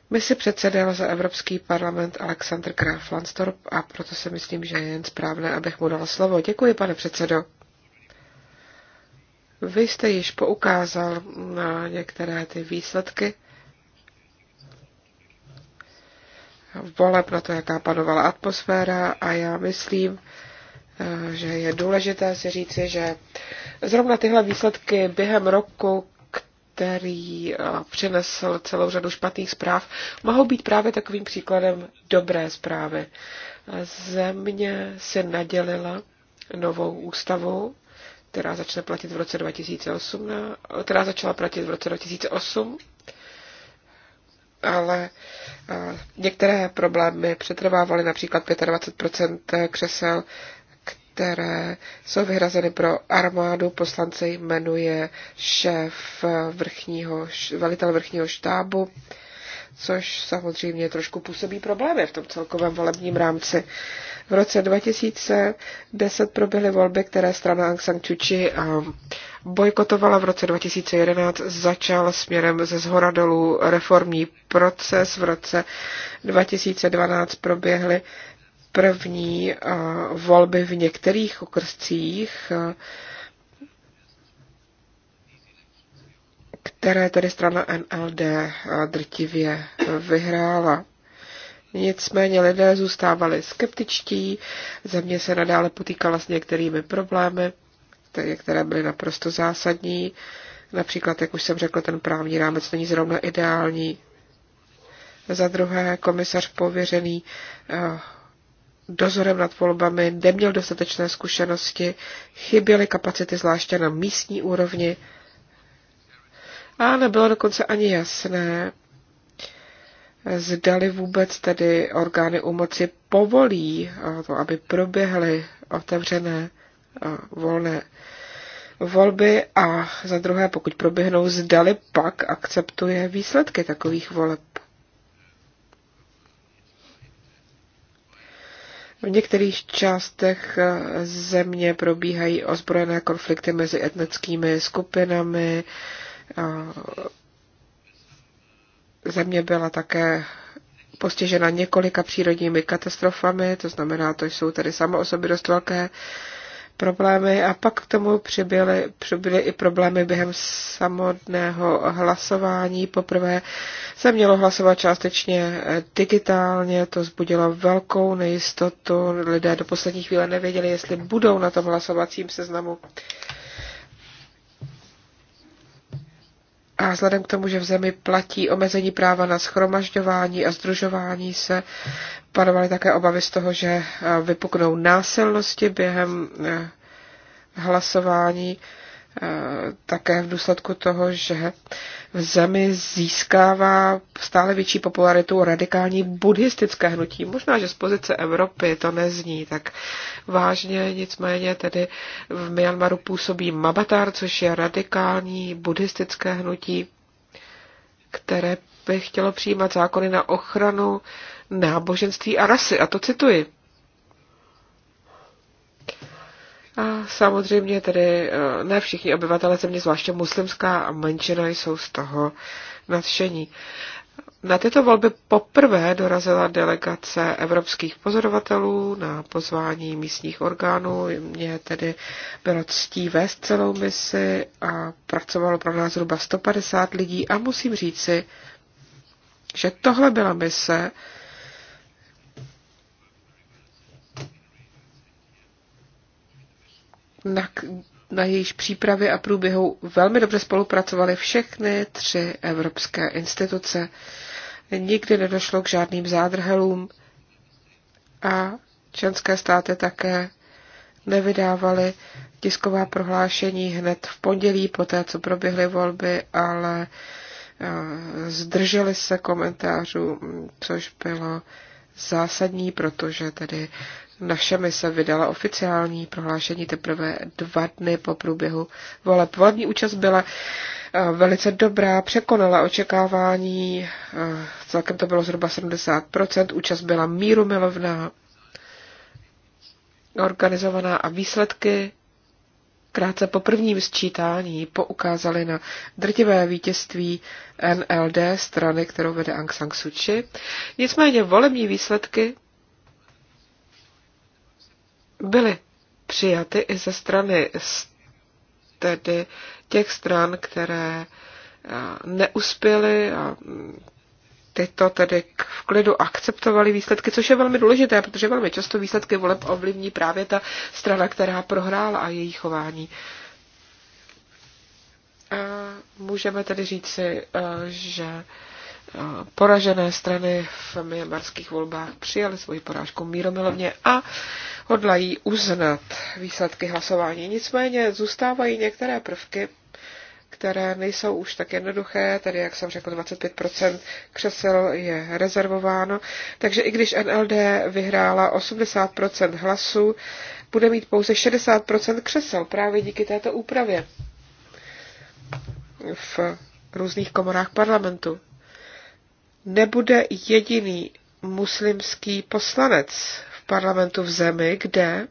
My si předsedal za Evropský parlament Alexander Graf Lansdorp a proto si myslím, že je jen správné, abych mu dala slovo. Děkuji, pane předsedo. Vy jste již poukázal na některé ty výsledky voleb, na to, jaká panovala atmosféra a já myslím, eh, že je důležité si říci, že zrovna tyhle výsledky během roku, který eh, přinesl celou řadu špatných zpráv, mohou být právě takovým příkladem dobré zprávy. Země si nadělila novou ústavu, která začne platit v roce 2008, která začala platit v roce 2008, ale eh, některé problémy přetrvávaly, například 25 křesel, které jsou vyhrazeny pro armádu. Poslance jmenuje šéf vrchního, velitel vrchního štábu což samozřejmě trošku působí problémy v tom celkovém volebním rámci. V roce 2010 proběhly volby, které strana Aung San Suu Kyi bojkotovala. V roce 2011 začal směrem ze zhora dolů reformní proces. V roce 2012 proběhly první volby v některých okrscích které tedy strana NLD eh, drtivě eh, vyhrála. Nicméně lidé zůstávali skeptičtí, země se nadále potýkala s některými problémy, které byly naprosto zásadní. Například, jak už jsem řekl, ten právní rámec není zrovna ideální. Za druhé, komisař pověřený eh, dozorem nad volbami neměl dostatečné zkušenosti, chyběly kapacity zvláště na místní úrovni a nebylo dokonce ani jasné, zdali vůbec tedy orgány u moci povolí eh, to, aby proběhly otevřené eh, volné volby a za druhé, pokud proběhnou, zdali pak akceptuje výsledky takových voleb. V některých částech eh, země probíhají ozbrojené konflikty mezi etnickými skupinami, Země byla také postižena několika přírodními katastrofami, to znamená, to jsou tedy samo o sobě dost velké problémy a pak k tomu přibyly, přibyly i problémy během samotného hlasování. Poprvé se mělo hlasovat částečně digitálně, to zbudilo velkou nejistotu, lidé do poslední chvíle nevěděli, jestli budou na tom hlasovacím seznamu. A vzhledem k tomu, že v zemi platí omezení práva na schromažďování a združování se, panovaly také obavy z toho, že eh, vypuknou násilnosti během eh, hlasování také v důsledku toho, že v zemi získává stále větší popularitu radikální buddhistické hnutí. Možná, že z pozice Evropy to nezní tak vážně, nicméně tedy v Myanmaru působí Mabatar, což je radikální buddhistické hnutí, které by chtělo přijímat zákony na ochranu náboženství a rasy. A to cituji. A samozřejmě tedy eh, ne všichni obyvatele země, zvláště muslimská menšina, jsou z toho nadšení. Na tyto volby poprvé dorazila delegace evropských pozorovatelů na pozvání místních orgánů. Mě tedy bylo ctí vést celou misi a pracovalo pro nás zhruba 150 lidí a musím říci, že tohle byla mise, na, na jejíž přípravě a průběhu velmi dobře spolupracovaly všechny tři evropské instituce. Nikdy nedošlo k žádným zádrhelům a členské státy také nevydávaly tisková prohlášení hned v pondělí, po té, co proběhly volby, ale eh, zdrželi se komentářů, což bylo zásadní, protože tedy naše mise vydala oficiální prohlášení teprve dva dny po průběhu voleb. Volební účast byla eh, velice dobrá, překonala očekávání, eh, celkem to bylo zhruba 70%, účast byla míru milovná, organizovaná a výsledky krátce po prvním sčítání poukázali na drtivé vítězství NLD strany, kterou vede Aung San Suu Kyi. Nicméně volební výsledky byly přijaty i ze strany tedy těch stran, které eh, neuspěly a mm, tyto tedy v klidu akceptovali výsledky, což je velmi důležité, protože velmi často výsledky voleb ovlivní právě ta strana, která prohrála a její chování. A můžeme tedy říci, eh, že poražené strany v myanmarských volbách přijaly svoji porážku míromilovně a hodlají uznat výsledky hlasování. Nicméně zůstávají některé prvky, které nejsou už tak jednoduché, tedy jak jsem řekl, 25% křesel je rezervováno, takže i když NLD vyhrála 80% hlasů, bude mít pouze 60% křesel právě díky této úpravě v různých komorách parlamentu nebude jediný muslimský poslanec v parlamentu v zemi, kde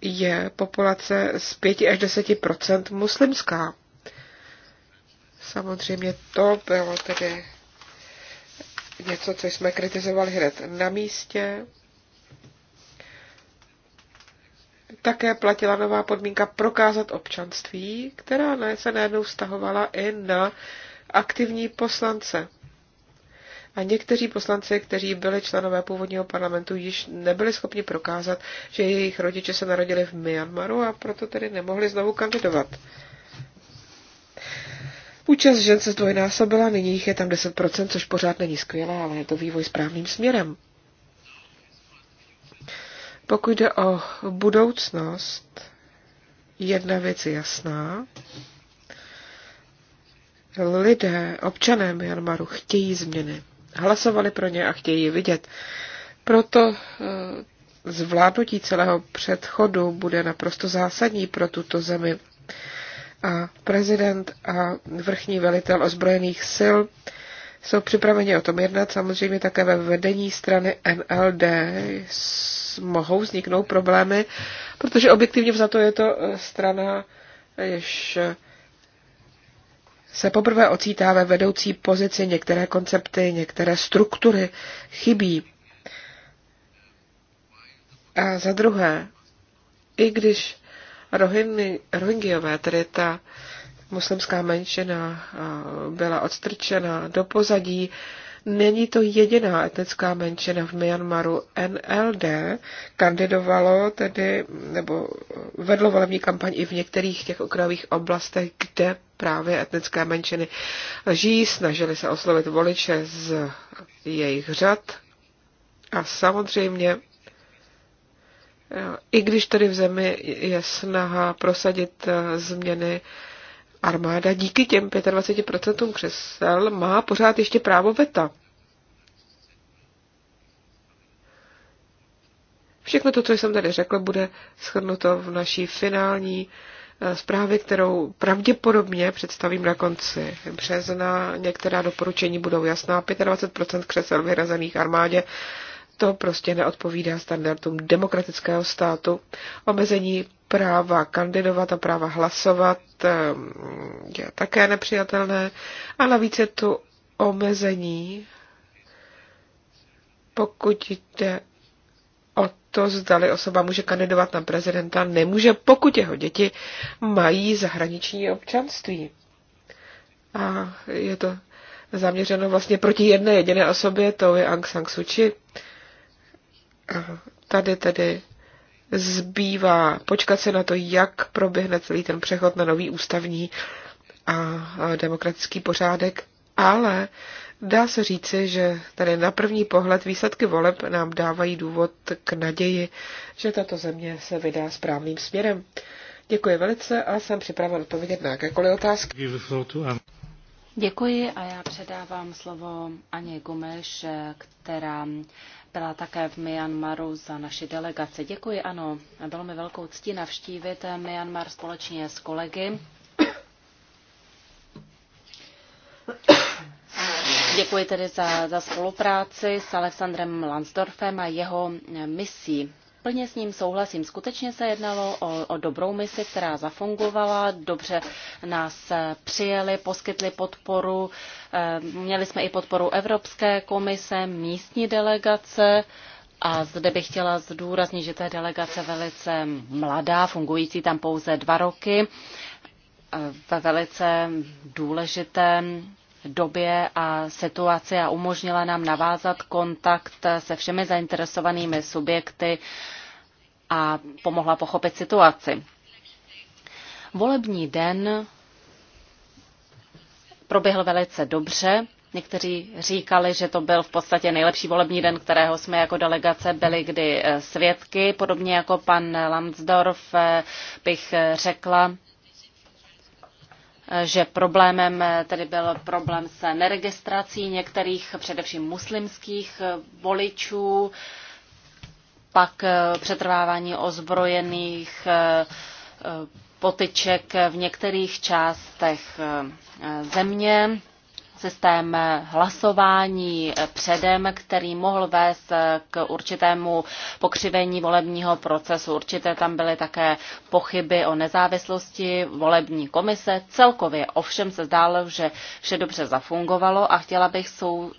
je populace z 5 až 10 muslimská. Samozřejmě to bylo tedy něco, co jsme kritizovali hned na místě. Také platila nová podmínka prokázat občanství, která se najednou vztahovala i na uh, aktivní poslance. A někteří poslanci, kteří byli členové původního parlamentu, již nebyli schopni prokázat, že jejich rodiče se narodili v Myanmaru a proto tedy nemohli znovu kandidovat. Účast žen se zdvojnásobila, nyní jich je tam 10%, což pořád není skvělé, ale je to vývoj správným směrem. Pokud jde o budoucnost, jedna věc je jasná lidé, občané Myanmaru chtějí změny. Hlasovali pro ně a chtějí je vidět. Proto eh, zvládnutí celého předchodu bude naprosto zásadní pro tuto zemi. A prezident a vrchní velitel ozbrojených sil jsou připraveni o tom jednat. Samozřejmě také ve vedení strany NLD mohou vzniknout problémy, protože objektivně za to je to eh, strana, jež eh, se poprvé ocítá ve vedoucí pozici, některé koncepty, některé struktury chybí. A za druhé, i když Rohingyové, tedy ta muslimská menšina, byla odstrčena do pozadí, Není to jediná etnická menšina v Myanmaru. NLD kandidovalo tedy, nebo vedlo volební kampaň i v některých těch okrajových oblastech, kde právě etnické menšiny žijí, snažili se oslovit voliče z jejich řad. A samozřejmě eh, i když tedy v zemi je snaha prosadit eh, změny armáda díky těm 25% křesel má pořád ještě právo veta. Všechno to, co jsem tady řekl, bude shrnuto v naší finální eh, zprávě, kterou pravděpodobně představím na konci března. Některá doporučení budou jasná. 25% křesel vyrazených armádě to prostě neodpovídá standardům demokratického státu. Omezení práva kandidovat a práva hlasovat ehm, je také nepřijatelné. A navíc je tu omezení, pokud jde o to, zdali osoba může kandidovat na prezidenta, nemůže, pokud jeho děti mají zahraniční občanství. A je to zaměřeno vlastně proti jedné jediné osobě, to je Aung San Suu Kyi tady tedy zbývá počkat se na to, jak proběhne celý ten přechod na nový ústavní a demokratický pořádek, ale dá se říci, že tady na první pohled výsledky voleb nám dávají důvod k naději, že tato země se vydá správným směrem. Děkuji velice a jsem připraven odpovědět na jakékoliv otázky. Děkuji a já předávám slovo Aně Gomeš, která byla také v Myanmaru za naši delegaci. Děkuji, ano, bylo mi velkou ctí navštívit Myanmar společně s kolegy. Děkuji tedy za, za spolupráci s Alexandrem Lansdorfem a jeho misí plně s ním souhlasím. Skutečně se jednalo o, o dobrou misi, která zafungovala, dobře nás eh, přijeli, poskytli podporu, eh, měli jsme i podporu Evropské komise, místní delegace. A zde bych chtěla zdůraznit, že ta delegace velice mladá, fungující tam pouze dva roky, eh, ve velice důležitém době a situaci a umožnila nám navázat kontakt se všemi zainteresovanými subjekty a pomohla pochopit situaci. Volební den proběhl velice dobře. Někteří říkali, že to byl v podstatě nejlepší volební den, kterého jsme jako delegace byli kdy eh, svědky. Podobně jako pan Lambsdorff eh, bych eh, řekla, že problémem eh, tedy byl problém se neregistrací některých, především muslimských eh, voličů, pak eh, přetrvávání ozbrojených potyček v některých částech země systém hlasování předem, který mohl vést k určitému pokřivení volebního procesu. Určité tam byly také pochyby o nezávislosti volební komise. Celkově ovšem se zdálo, že vše dobře zafungovalo a chtěla bych sou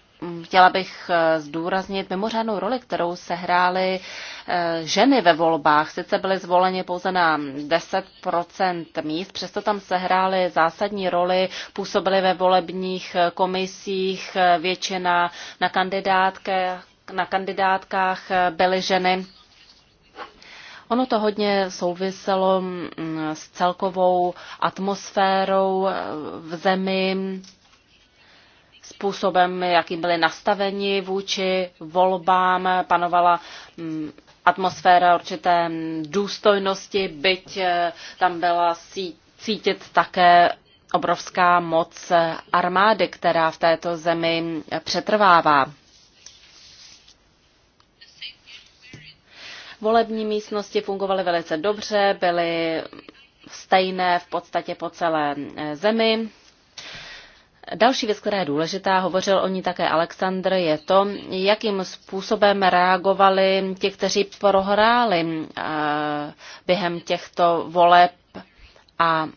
chtěla bych eh, zdůraznit mimořádnou roli, kterou se hrály eh, ženy ve volbách. Sice byly zvoleny pouze na 10% míst, přesto tam se hrály zásadní roli, působily ve volebních eh, komisích, většina na na kandidátkách byly ženy. Ono to hodně souviselo mm, s celkovou atmosférou v zemi, způsobem, jakým byli nastaveni vůči volbám, panovala mm, atmosféra určité důstojnosti, byť eh, tam byla cítit také obrovská moc armády, která v této zemi přetrvává. Volební místnosti fungovaly velice dobře, byly stejné v podstatě po celé eh, zemi. Další věc, která je důležitá, hovořil o ní také Alexandr, je to, jakým způsobem reagovali ti, kteří prohráli eh, během těchto voleb a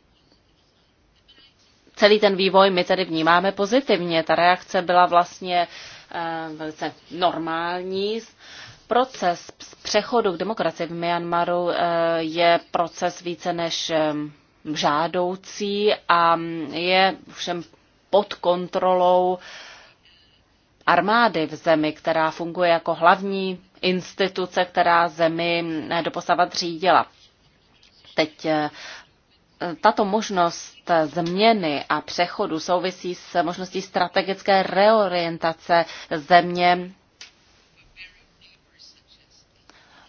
celý ten vývoj my tedy vnímáme pozitivně. Ta reakce byla vlastně eh, velice normální. Proces přechodu k demokracii v Myanmaru eh, je proces více než žádoucí a je všem pod kontrolou armády v zemi, která funguje jako hlavní instituce, která zemi doposavat řídila. Teď eh, tato možnost změny a přechodu souvisí s možností strategické reorientace země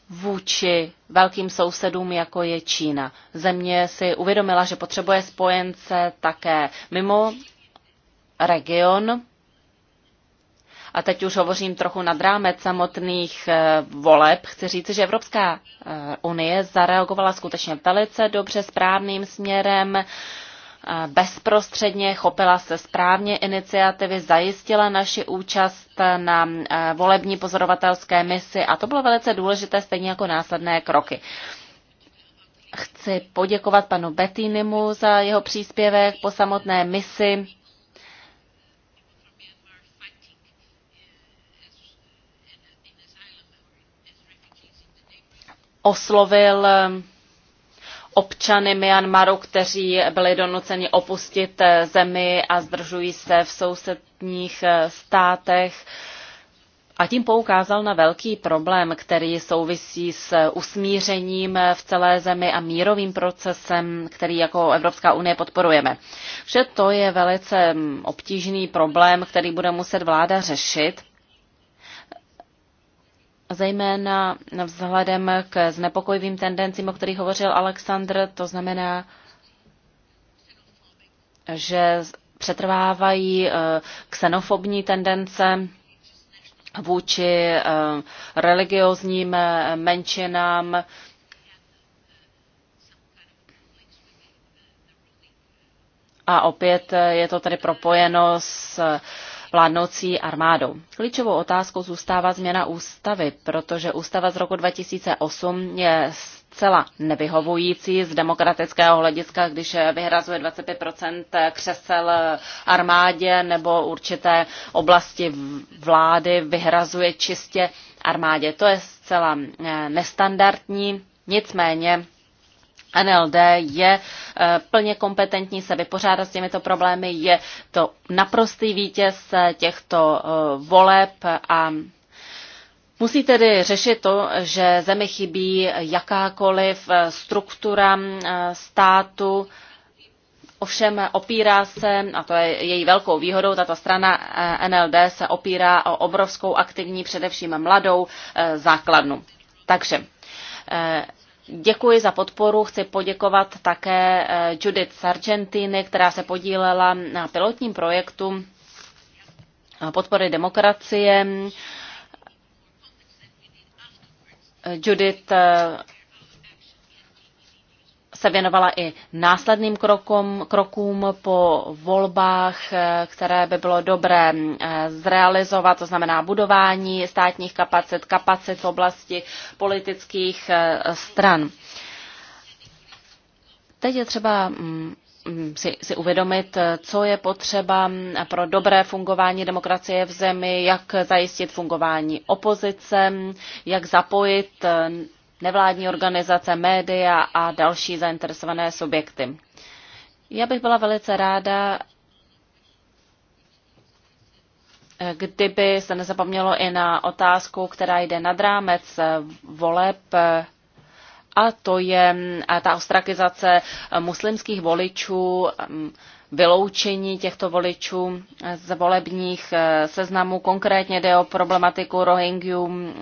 vůči velkým sousedům, jako je Čína. Země si uvědomila, že potřebuje spojence také mimo region, a teď už hovořím trochu nad rámec samotných eh, voleb, chci říct, že Evropská eh, unie zareagovala skutečně velice dobře správným směrem, eh, bezprostředně chopila se správně iniciativy, zajistila naši účast na volební pozorovatelské misi a to bylo velice důležité, stejně jako následné kroky. Chci poděkovat panu Bettinimu za jeho příspěvek po samotné misi oslovil eh, občany Myanmaru, kteří byli donuceni opustit eh, zemi a zdržují se v sousedních eh, státech. A tím poukázal na velký problém, který souvisí s usmířením v celé zemi a mírovým procesem, který jako Evropská unie podporujeme. Vše to je velice mm, obtížný problém, který bude muset vláda řešit zejména vzhledem k znepokojivým tendencím, o kterých hovořil Alexandr, to znamená, že přetrvávají eh, ksenofobní tendence vůči eh, religiozním eh, menšinám, A opět je to tedy propojeno s vládnoucí armádou. Klíčovou otázkou zůstává změna ústavy, protože ústava z roku 2008 je Cela nevyhovující z demokratického hlediska, když vyhrazuje 25 křesel armádě nebo určité oblasti vlády vyhrazuje čistě armádě. To je zcela eh, nestandardní, nicméně NLD je eh, plně kompetentní se vypořádat s těmito problémy, je to naprostý vítěz eh, těchto eh, voleb a Musí tedy řešit to, že zemi chybí jakákoliv struktura státu, ovšem opírá se, a to je její velkou výhodou, tato strana NLD se opírá o obrovskou aktivní, především mladou základnu. Takže Děkuji za podporu. Chci poděkovat také eh, Judith Sargentini, která se podílela na pilotním projektu podpory demokracie. Judith eh, se věnovala i následným krokom, krokům po volbách, eh, které by bylo dobré eh, zrealizovat, to znamená budování státních kapacit, kapacit v oblasti politických eh, stran. Teď je třeba mm, mm, si, si uvědomit, co je potřeba pro dobré fungování demokracie v zemi, jak zajistit fungování opozice, jak zapojit nevládní organizace, média a další zainteresované subjekty. Já bych byla velice ráda, kdyby se nezapomnělo i na otázku, která jde nad rámec voleb, a to je ta ostrakizace muslimských voličů, vyloučení těchto voličů z volebních seznamů. Konkrétně jde o problematiku Rohingyů,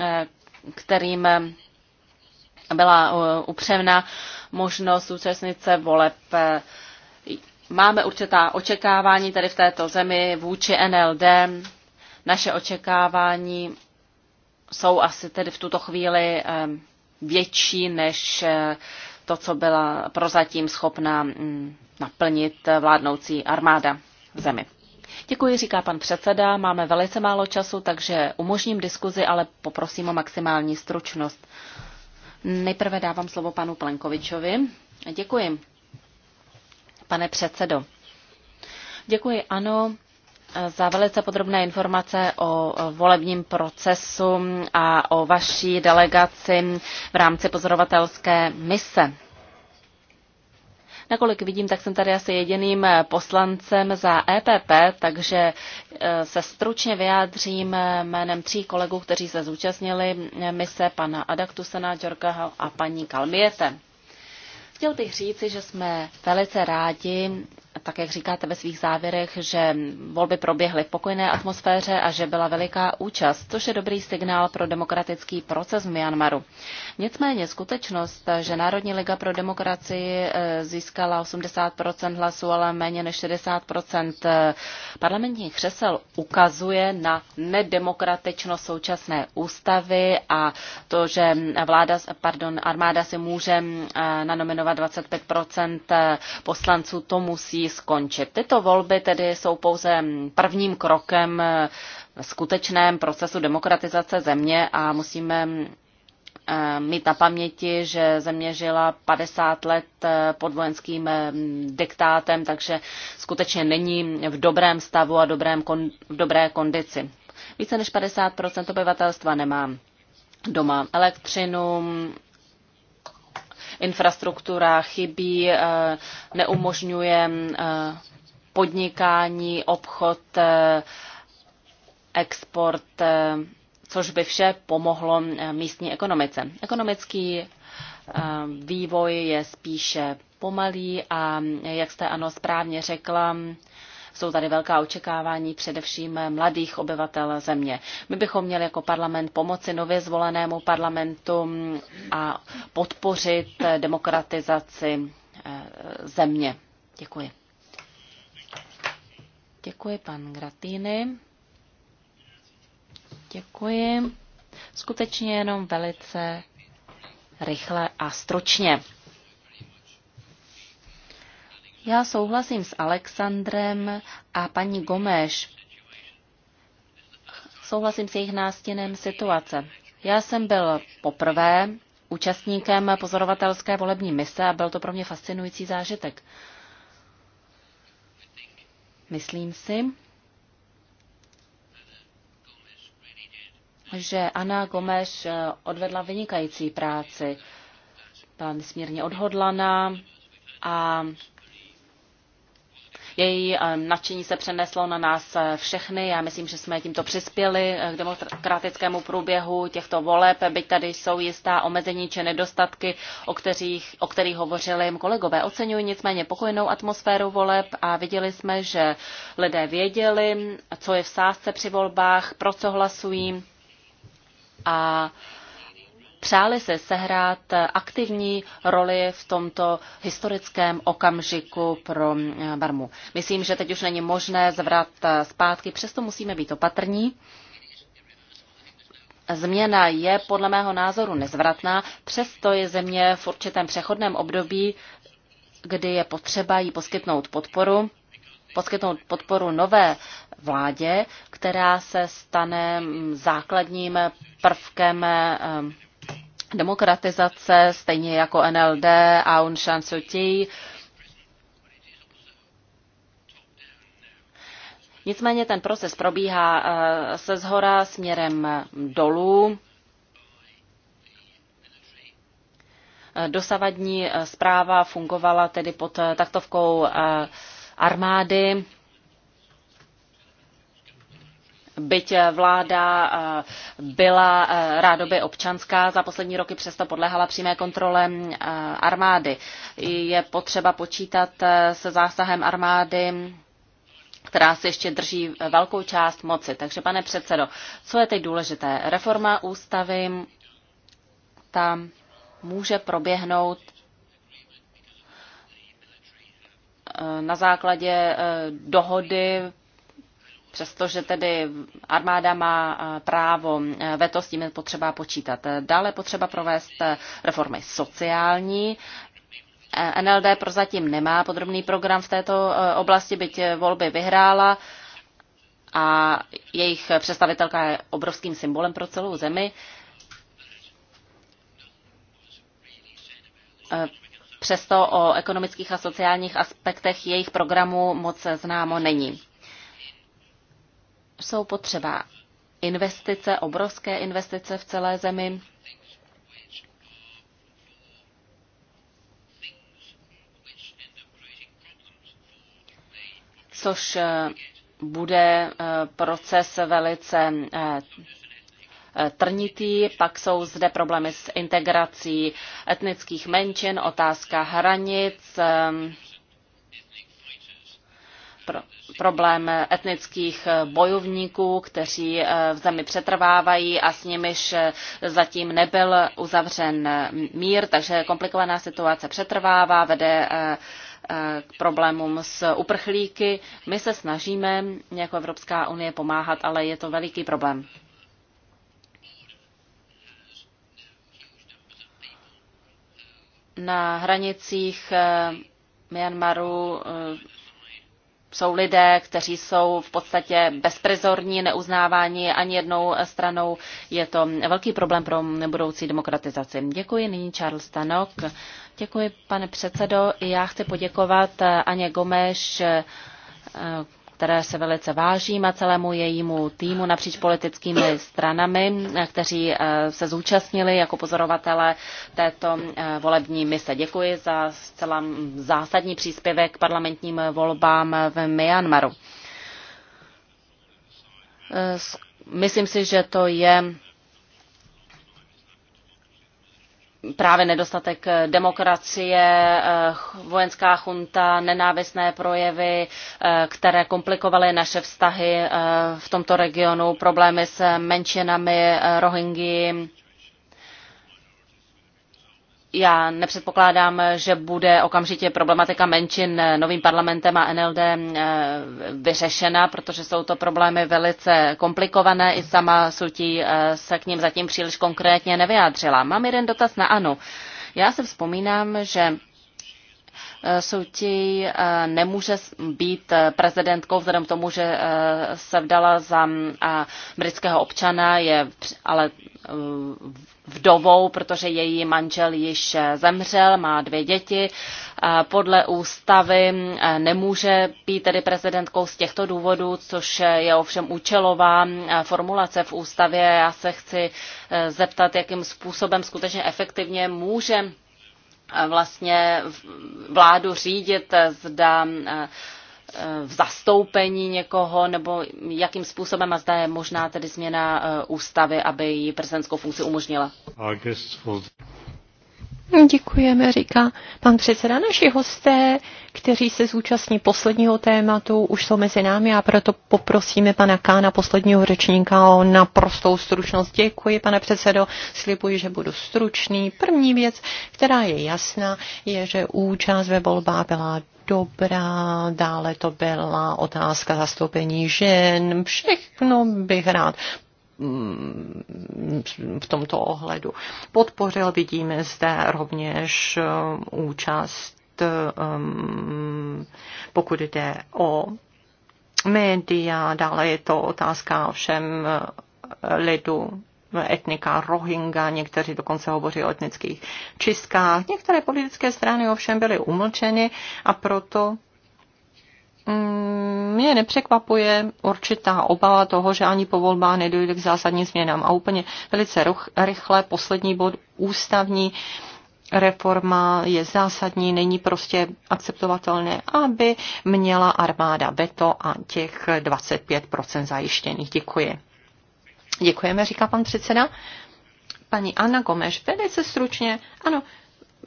kterým byla eh, upřena možnost účastnit se voleb. Eh, máme určitá očekávání tady v této zemi vůči NLD. Naše očekávání jsou asi tedy v tuto chvíli eh, větší než to, co byla prozatím schopná mm, naplnit vládnoucí armáda v zemi. Děkuji, říká pan předseda. Máme velice málo času, takže umožním diskuzi, ale poprosím o maximální stručnost. Nejprve dávám slovo panu Plenkovičovi. Děkuji, pane předsedo. Děkuji, ano, za velice podrobné informace o volebním procesu a o vaší delegaci v rámci pozorovatelské mise. Nakolik vidím, tak jsem tady asi jediným eh, poslancem za EPP, takže eh, se stručně vyjádřím eh, jménem tří kolegů, kteří se zúčastnili mise pana Adaktusena, Džorkaho a paní Kalmiete. Chtěl bych říci, že jsme velice rádi, tak jak říkáte ve svých závěrech, že volby proběhly v pokojné atmosféře a že byla veliká účast, což je dobrý signál pro demokratický proces v Myanmaru. Nicméně skutečnost, že Národní liga pro demokracii eh, získala 80 hlasů, ale méně než 60 eh, parlamentních křesel, ukazuje na nedemokratičnost současné ústavy a to, že eh, vláda, pardon, armáda si může nanominovat 25 poslanců, to musí skončit. Tyto volby tedy jsou pouze prvním krokem eh, v skutečném procesu demokratizace země a musíme eh, mít na paměti, že země žila 50 let eh, pod vojenským diktátem, takže skutečně není v dobrém stavu a dobrém kon, v dobré kondici. Více než 50 obyvatelstva nemá doma elektřinu, infrastruktura chybí, eh, neumožňuje eh, podnikání, obchod, eh, export, což by vše pomohlo místní ekonomice. Ekonomický vývoj je spíše pomalý a, jak jste ano správně řekla, jsou tady velká očekávání především mladých obyvatel země. My bychom měli jako parlament pomoci nově zvolenému parlamentu a podpořit demokratizaci eh, země. Děkuji. Děkuji, pan Gratýny. Děkuji. Skutečně jenom velice rychle a stročně. Já souhlasím s Alexandrem a paní Gomeš. Souhlasím s jejich nástěnem situace. Já jsem byl poprvé účastníkem pozorovatelské volební mise a byl to pro mě fascinující zážitek. Myslím si, že Anna Gomeš eh, odvedla vynikající práci. Byla nesmírně odhodlaná a její eh, nadšení se přeneslo na nás eh, všechny. Já myslím, že jsme tímto přispěli eh, k demokratickému průběhu těchto voleb, byť tady jsou jistá omezení či nedostatky, o kterých, o kterých hovořili kolegové. Oceňuji nicméně pokojnou atmosféru voleb a viděli jsme, že lidé věděli, co je v sázce při volbách, pro co hlasují a uh, přáli se sehrát aktivní roli v tomto historickém okamžiku pro eh, Barmu. Myslím, že teď už není možné zvrat eh, zpátky, přesto musíme být opatrní. Změna je podle mého názoru nezvratná, přesto je země v určitém přechodném období, kdy je potřeba jí poskytnout podporu, poskytnout podporu nové vládě, která se stane mm, základním prvkem eh, demokratizace, stejně jako NLD, Aung San Suu Kyi. Nicméně ten proces probíhá eh, se zhora směrem dolů. Eh, dosavadní zpráva eh, fungovala tedy pod taktovkou armády byť eh, vláda eh, byla eh, rádoby občanská, za poslední roky přesto podléhala přímé kontrole armády. Je potřeba počítat se zásahem armády která se ještě drží velkou část moci. Takže pane předsedo, co je teď důležité? Reforma ústavy tam může proběhnout na základě dohody přestože tedy armáda má eh, právo eh, veto, s tím je potřeba počítat. Dále potřeba provést eh, reformy sociální. NLD prozatím nemá podrobný program v této oblasti, byť volby vyhrála a jejich představitelka je obrovským symbolem pro celou zemi. Přesto o ekonomických a sociálních aspektech jejich programu moc známo není jsou potřeba investice, obrovské investice v celé zemi. Což eh, bude eh, proces velice eh, trnitý, pak jsou zde problémy s integrací etnických menšin, otázka hranic, problém etnických eh, bojovníků, kteří eh, v zemi přetrvávají a s nimiž eh, zatím nebyl uzavřen mír, takže komplikovaná situace přetrvává, vede k problémům s uprchlíky. My se snažíme jako Evropská unie pomáhat, ale je to veliký problém. Na hranicích Myanmaru jsou lidé, kteří jsou v podstatě bezprezorní, neuznávání ani jednou stranou. Je to velký problém pro budoucí demokratizaci. Děkuji. Nyní Charles Stanok. Děkuji, pane předsedo. Já chci poděkovat Aně Gomeš které se velice vážím a celému jejímu týmu napříč politickými stranami, kteří eh, se zúčastnili jako pozorovatele této eh, volební mise. Děkuji za zcela zásadní příspěvek k parlamentním volbám v Myanmaru. Eh, myslím si, že to je právě nedostatek demokracie, eh, vojenská chunta, nenávistné projevy, eh, které komplikovaly naše vztahy eh, v tomto regionu, problémy s menšinami, rohingy, já nepředpokládám, že bude okamžitě problematika menšin novým parlamentem a NLD eh, vyřešena, protože jsou to problémy velice komplikované. I sama Sutí eh, se k ním zatím příliš konkrétně nevyjádřila. Mám jeden dotaz na Anu. Já se vzpomínám, že eh, Souti nemůže být prezidentkou vzhledem k tomu, že se vdala za mm, britského občana, je ale vdovou, protože její manžel již eh, zemřel, má dvě děti. Eh, podle ústavy eh, nemůže být tedy prezidentkou z těchto důvodů, což je ovšem účelová formulace v ústavě. Já se chci zeptat, jakým způsobem skutečně efektivně může vlastně vládu řídit, zda v zastoupení někoho, nebo jakým způsobem a zda je možná tedy změna eh, ústavy, aby ji prezidentskou funkci umožnila. No, děkujeme, říká pan předseda. Naši hosté, kteří se zúčastní posledního tématu, už jsou mezi námi a proto poprosíme pana Kána, posledního řečníka, o naprostou stručnost. Děkuji, pane předsedo, slibuji, že budu stručný. První věc, která je jasná, je, že účast ve volbách byla dobrá, dále to byla otázka zastoupení žen, všechno bych rád mm, v tomto ohledu podpořil. Vidíme zde rovněž um, účast, um, pokud jde o média, dále je to otázka všem lidu etnika Rohingya, někteří dokonce hovoří o etnických čistkách. Některé politické strany ovšem byly umlčeny a proto mm, mě nepřekvapuje určitá obava toho, že ani po volbách nedojde k zásadním změnám. A úplně velice rychle poslední bod ústavní reforma je zásadní, není prostě akceptovatelné, aby měla armáda veto a těch 25% zajištěných. Děkuji. Děkujeme, říká pan předseda. Paní Anna Gomeš, velice stručně, ano,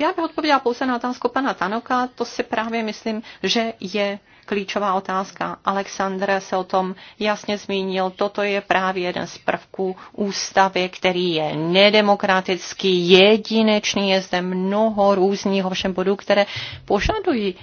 já bych odpověděla pouze na otázku pana Tanoka, to si právě myslím, že je klíčová otázka. Aleksandr se o tom jasně zmínil. Toto je právě jeden z prvků ústavy, který je nedemokratický, jedinečný, je zde mnoho různých ovšem bodů, které požadují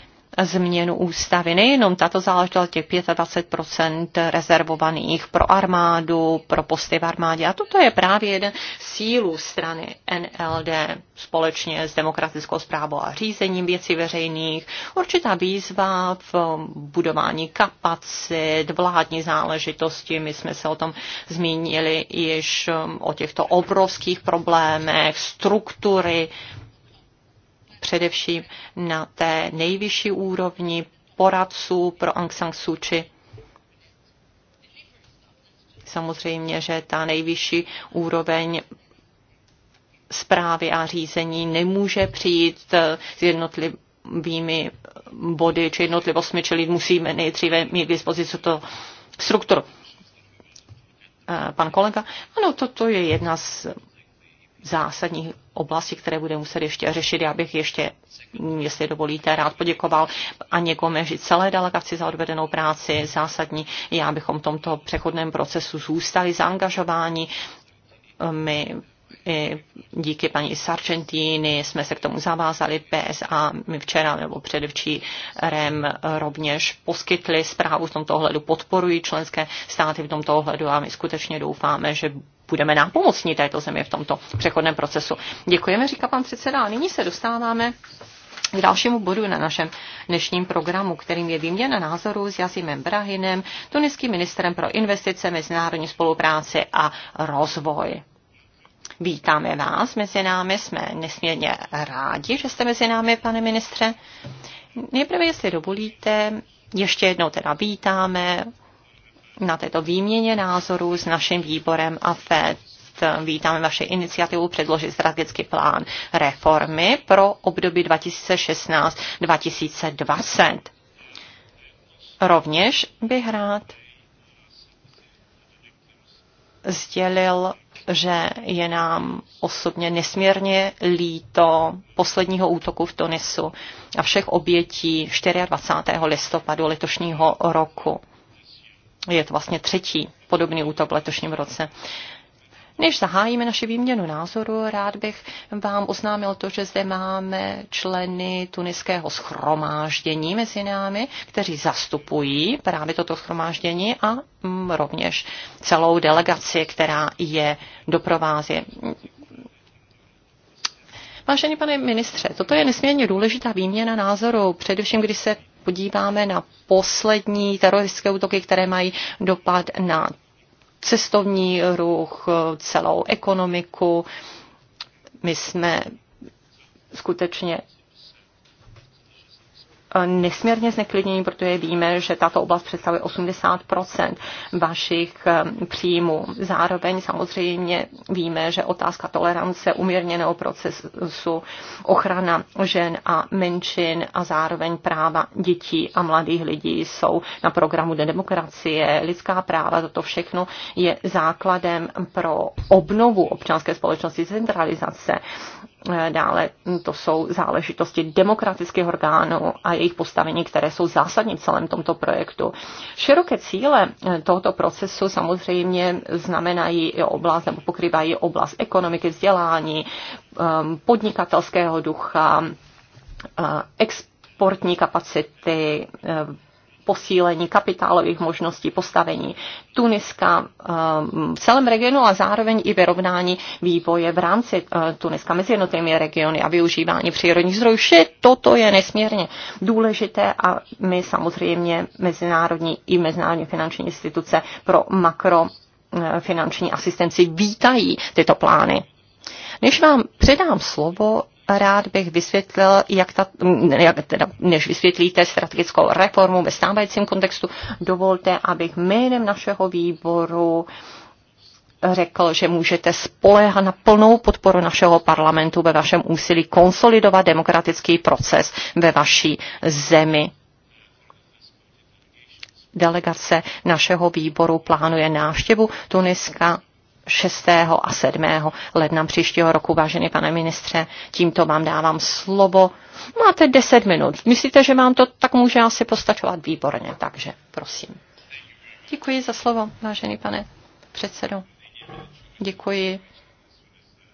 změnu ústavy. Nejenom tato záležitost těch 25 rezervovaných pro armádu, pro posty v armádě. A toto je právě jeden sílu strany NLD společně s demokratickou zprávou a řízením věcí veřejných. Určitá výzva v budování kapacit, vládní záležitosti. My jsme se o tom zmínili již um, o těchto obrovských problémech, struktury především na té nejvyšší úrovni poradců pro Aung San Suu Kyi. Samozřejmě, že ta nejvyšší úroveň zprávy a řízení nemůže přijít eh, s jednotlivými eh, body či jednotlivostmi, čili musíme nejdříve mít k dispozici to strukturu. Eh, pan kolega, ano, toto je jedna z zásadní oblasti, které bude muset ještě řešit. Já bych ještě, jestli dovolíte, rád poděkoval a někomu celé delegaci za odvedenou práci, zásadní. Já bychom v tomto přechodném procesu zůstali zaangažováni. My díky paní Sargentini jsme se k tomu zavázali PSA. My včera nebo předevčírem rovněž poskytli zprávu v tomto ohledu, podporují členské státy v tomto ohledu a my skutečně doufáme, že budeme nápomocní této zemi v tomto přechodném procesu. Děkujeme, říká pan předseda. A nyní se dostáváme k dalšímu bodu na našem dnešním programu, kterým je výměna názorů s Jazimem Brahinem, tuniským ministrem pro investice, mezinárodní spolupráci a rozvoj. Vítáme vás mezi námi, jsme nesmírně rádi, že jste mezi námi, pane ministře. Nejprve, jestli dovolíte, ještě jednou teda vítáme na této výměně názorů s naším výborem a FED. Vítáme vaši iniciativu předložit strategický plán reformy pro období 2016-2020. Rovněž bych rád sdělil, že je nám osobně nesmírně líto posledního útoku v Tunisu a všech obětí 24. listopadu letošního roku. Je to vlastně třetí podobný útok v letošním roce. Než zahájíme naši výměnu názoru, rád bych vám oznámil to, že zde máme členy tuniského schromáždění mezi námi, kteří zastupují právě toto schromáždění a mm, rovněž celou delegaci, která je doprovází. Vážený pane ministře, toto je nesmírně důležitá výměna názoru, především když se podíváme na poslední teroristické útoky, které mají dopad na cestovní ruch, celou ekonomiku, my jsme skutečně nesmírně zneklidnění, protože víme, že tato oblast představuje 80 vašich ehm, příjmů. Zároveň samozřejmě víme, že otázka tolerance, umírněného procesu, ochrana žen a menšin a zároveň práva dětí a mladých lidí jsou na programu demokracie, lidská práva, toto všechno je základem pro obnovu občanské společnosti, centralizace Eh, dále hm, to jsou záležitosti demokratických orgánů a jejich postavení, které jsou zásadní v celém tomto projektu. Široké cíle eh, tohoto procesu samozřejmě znamenají i oblast nebo pokrývají oblast ekonomiky, vzdělání, ehm, podnikatelského ducha, eh, exportní kapacity, posílení kapitálových možností, postavení Tuniska ehm, v celém regionu a zároveň i vyrovnání vývoje v rámci eh, Tuniska mezi jednotlivými regiony a využívání přírodních zdrojů. Vše toto je nesmírně důležité a my samozřejmě mezinárodní i mezinárodní finanční instituce pro makrofinanční eh, asistenci vítají tyto plány. Než vám předám slovo, rád bych vysvětlil, jak ta, jak teda, než vysvětlíte strategickou reformu ve stávajícím kontextu, dovolte, abych jménem našeho výboru řekl, že můžete spolehat na plnou podporu našeho parlamentu ve vašem úsilí konsolidovat demokratický proces ve vaší zemi delegace našeho výboru plánuje návštěvu Tuniska 6. a 7. ledna příštího roku, vážený pane ministře. Tímto vám dávám slovo. Máte 10 minut. Myslíte, že mám to tak může asi postačovat? Výborně, takže prosím. Děkuji za slovo, vážený pane předsedo. Děkuji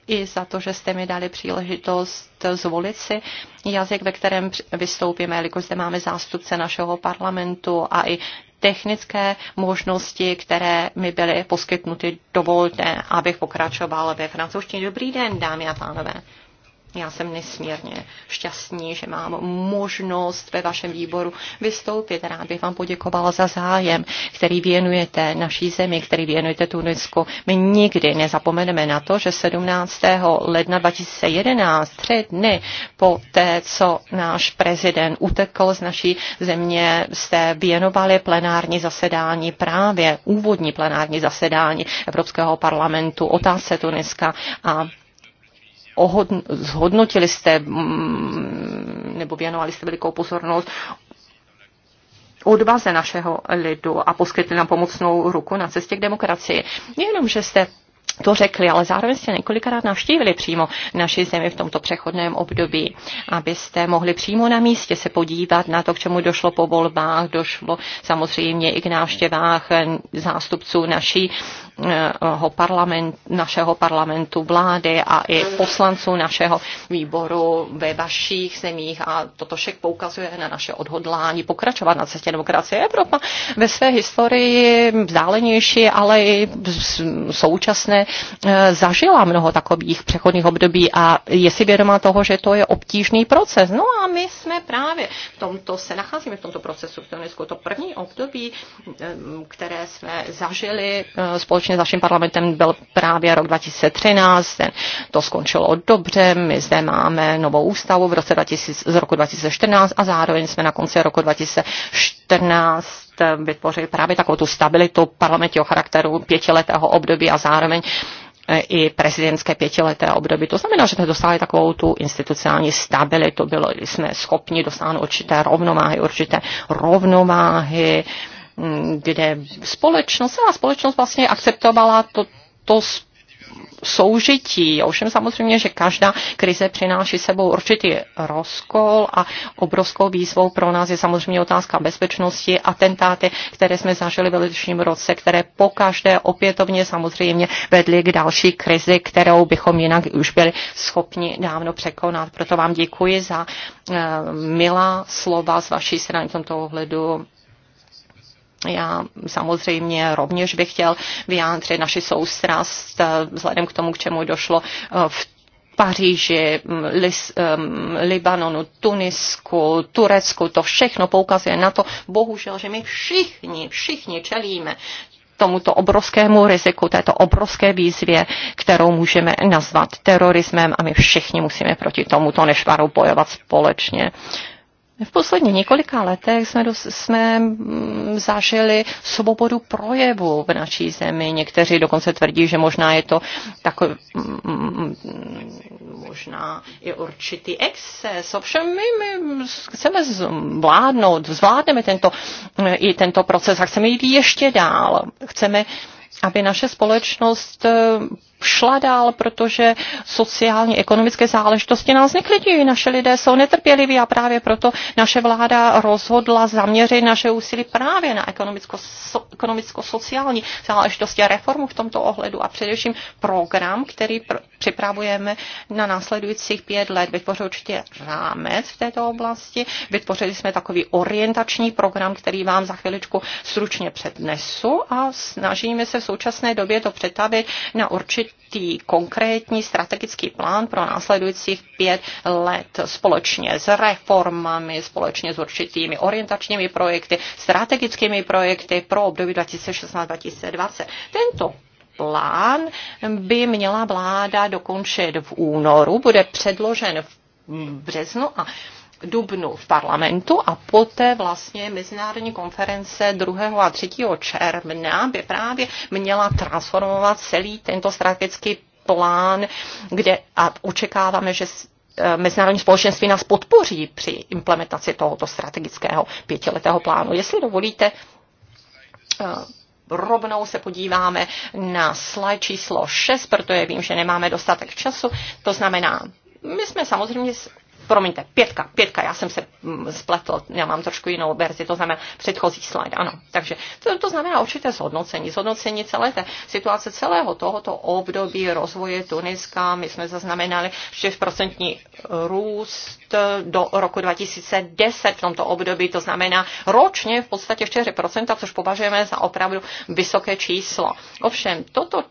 i za to, že jste mi dali příležitost zvolit si jazyk, ve kterém vystoupíme, jelikož zde máme zástupce našeho parlamentu a i technické možnosti, které mi byly poskytnuty. Dovolte, abych pokračoval ve francouzštině. Dobrý den, dámy a pánové. Já jsem nesmírně šťastný, že mám možnost ve vašem výboru vystoupit. Rád bych vám poděkovala za zájem, který věnujete naší zemi, který věnujete Tunisku. My nikdy nezapomeneme na to, že 17. ledna 2011, tři dny po té, co náš prezident utekl z naší země, jste věnovali plenární zasedání, právě úvodní plenární zasedání Evropského parlamentu, otázce Tuniska a zhodnotili jste mm, nebo věnovali jste velikou pozornost odvaze našeho lidu a poskytli nám pomocnou ruku na cestě k demokracii. Nejenom, že jste to řekli, ale zároveň jste několikrát navštívili přímo naši zemi v tomto přechodném období, abyste mohli přímo na místě se podívat na to, k čemu došlo po volbách, došlo samozřejmě i k návštěvách zástupců naší Eh, parlament, našeho parlamentu, vlády a i poslanců našeho výboru ve vašich zemích a toto však poukazuje na naše odhodlání pokračovat na cestě demokracie. Evropa ve své historii vzdálenější, ale i současné eh, zažila mnoho takových přechodných období a je si vědoma toho, že to je obtížný proces. No a my jsme právě v tomto, se nacházíme v tomto procesu v Tunisku. To první období, eh, které jsme zažili společně společně s naším parlamentem byl právě rok 2013, ten, to skončilo dobře, my zde máme novou ústavu v roce 2000, z roku 2014 a zároveň jsme na konci roku 2014 eh, vytvořili právě takovou tu stabilitu parlamentního charakteru pětiletého období a zároveň eh, i prezidentské pětileté období. To znamená, že jsme dostali takovou tu institucionální stabilitu, bylo jsme schopni dosáhnout určité rovnováhy, určité rovnováhy Mm, kde společnost, celá společnost vlastně akceptovala to, to soužití. Ovšem samozřejmě, že každá krize přináší sebou určitý rozkol a obrovskou výzvou pro nás je samozřejmě otázka bezpečnosti, atentáty, které jsme zažili v letošním roce, které po každé opětovně samozřejmě vedly k další krizi, kterou bychom jinak už byli schopni dávno překonat. Proto vám děkuji za eh, milá slova z vaší strany v tomto ohledu já samozřejmě rovněž bych chtěl vyjádřit naši soustrast eh, vzhledem k tomu, k čemu došlo eh, v Paříži, mm, Lis, um, Libanonu, Tunisku, Turecku, to všechno poukazuje na to, bohužel, že my všichni, všichni čelíme tomuto obrovskému riziku, této obrovské výzvě, kterou můžeme nazvat terorismem a my všichni musíme proti tomuto nešvaru bojovat společně. Uh, v poslední několika letech jsme, dos, jsme mm, zažili svobodu projevu v naší zemi. Někteří dokonce tvrdí, že možná je to takový, mm, mm, možná i určitý exces. Ovšem my, my chceme zvládnout, zvládneme tento, i tento proces a chceme jít ještě dál. Chceme aby naše společnost šla dál, protože sociálně ekonomické záležitosti nás neklidňují. Naše lidé jsou netrpěliví a právě proto naše vláda rozhodla zaměřit naše úsilí právě na ekonomicko-sociální záležitosti a reformu v tomto ohledu a především program, který pr- připravujeme na následujících pět let. Vytvořil určitě rámec v této oblasti. Vytvořili jsme takový orientační program, který vám za chviličku stručně přednesu a snažíme se v současné době to přetavit na určitě určitý konkrétní strategický plán pro následujících pět let společně s reformami, společně s určitými orientačními projekty, strategickými projekty pro období 2016-2020. Tento plán by měla vláda dokončit v únoru, bude předložen v březnu a dubnu v parlamentu a poté vlastně mezinárodní konference 2. a 3. června by právě měla transformovat celý tento strategický plán, kde a očekáváme, že e, mezinárodní společenství nás podpoří při implementaci tohoto strategického pětiletého plánu. Jestli dovolíte, e, rovnou se podíváme na slide číslo 6, protože vím, že nemáme dostatek času. To znamená, my jsme samozřejmě promiňte, pětka, pětka, já jsem se mm, spletl, já mám trošku jinou verzi, to znamená předchozí slide, ano. Takže to, to znamená určité zhodnocení, zhodnocení celé té situace, celého tohoto období rozvoje Tuniska. My jsme zaznamenali 6% růst do roku 2010 v tomto období, to znamená ročně v podstatě 4%, což považujeme za opravdu vysoké číslo. Ovšem, toto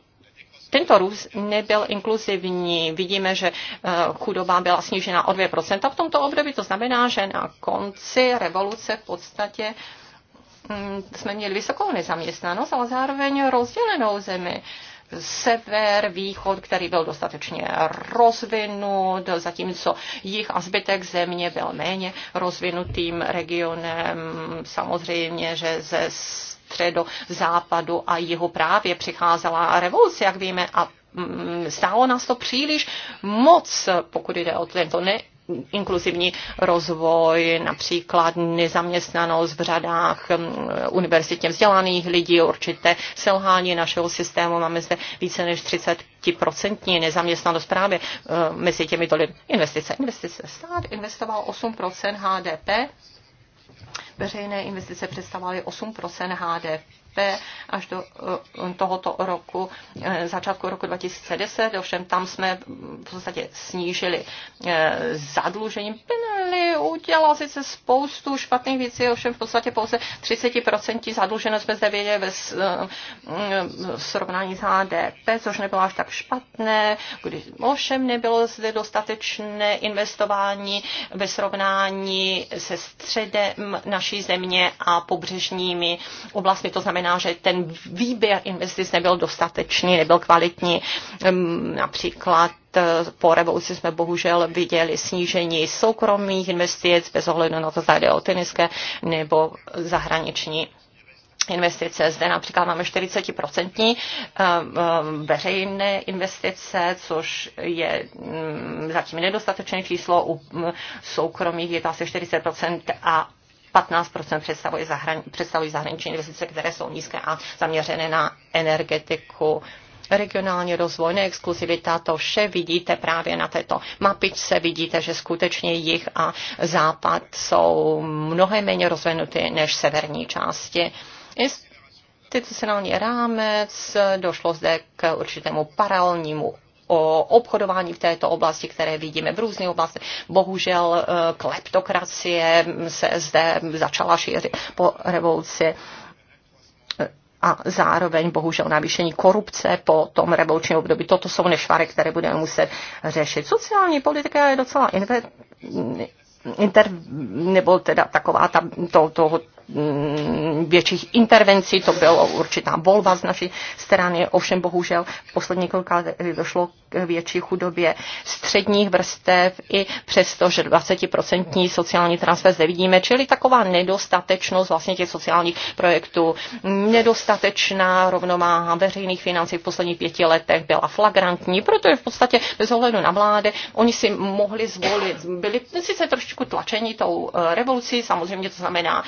tento růst nebyl inkluzivní. Vidíme, že eh, chudoba byla snížena o 2% v tomto období. To znamená, že na konci revoluce v podstatě mm, jsme měli vysokou nezaměstnanost, ale zároveň rozdělenou zemi sever, východ, který byl dostatečně rozvinut, zatímco jich a zbytek země byl méně rozvinutým regionem. Samozřejmě, že ze středo, západu a jihu právě přicházela revoluce, jak víme, a mm, stálo nás to příliš moc, pokud jde o tento ne, inkluzivní rozvoj, například nezaměstnanost v řadách mm, univerzitně vzdělaných lidí, určité selhání našeho systému. Máme zde více než 30% nezaměstnanost právě e, mezi těmi tolik Investice. Investice. Stát investoval 8% HDP veřejné investice představovaly 8 HDP HDP až do eh, tohoto roku, eh, začátku roku 2010, ovšem tam jsme v podstatě snížili eh, zadlužení. Pinelli udělal sice spoustu špatných věcí, ovšem v podstatě pouze 30% zadluženost jsme zde věděli ve srovnání s HDP, což nebylo až tak špatné, když ovšem nebylo zde dostatečné investování ve srovnání se středem naší země a pobřežními oblastmi, to znamená znamená, že ten výběr investic nebyl dostatečný, nebyl kvalitní. Například eh, po revoluci jsme bohužel viděli snížení soukromých investic bez ohledu na to, zda jde o teniské nebo zahraniční investice. Zde například máme 40% eh, eh, veřejné investice, což je mm, zatím nedostatečné číslo. U soukromých je to asi 40% a 15% představují, zahrani- představují zahraniční investice, které jsou nízké a zaměřené na energetiku, regionální rozvoj, neexkluzivita, to vše vidíte právě na této mapičce. Vidíte, že skutečně jich a západ jsou mnohem méně rozvinuty než severní části. Institucionální rámec, došlo zde k určitému paralelnímu o obchodování v této oblasti, které vidíme v různých oblastech. Bohužel eh, kleptokracie se zde začala šířit po revoluci a zároveň bohužel navýšení korupce po tom revolučním období. Toto jsou nešvary, které budeme muset řešit. Sociální politika je docela inve, inter nebo teda taková ta, to, to, Mm, větších intervencí, to byla určitá volba z naší strany, ovšem bohužel v posledních několika došlo k větší chudobě středních vrstev i přesto, že 20% sociální transfer zde vidíme, čili taková nedostatečnost vlastně těch sociálních projektů, nedostatečná rovnováha veřejných financí v posledních pěti letech byla flagrantní, protože v podstatě bez ohledu na vlády oni si mohli zvolit, byli sice trošičku tlačeni tou eh, revolucí, samozřejmě to znamená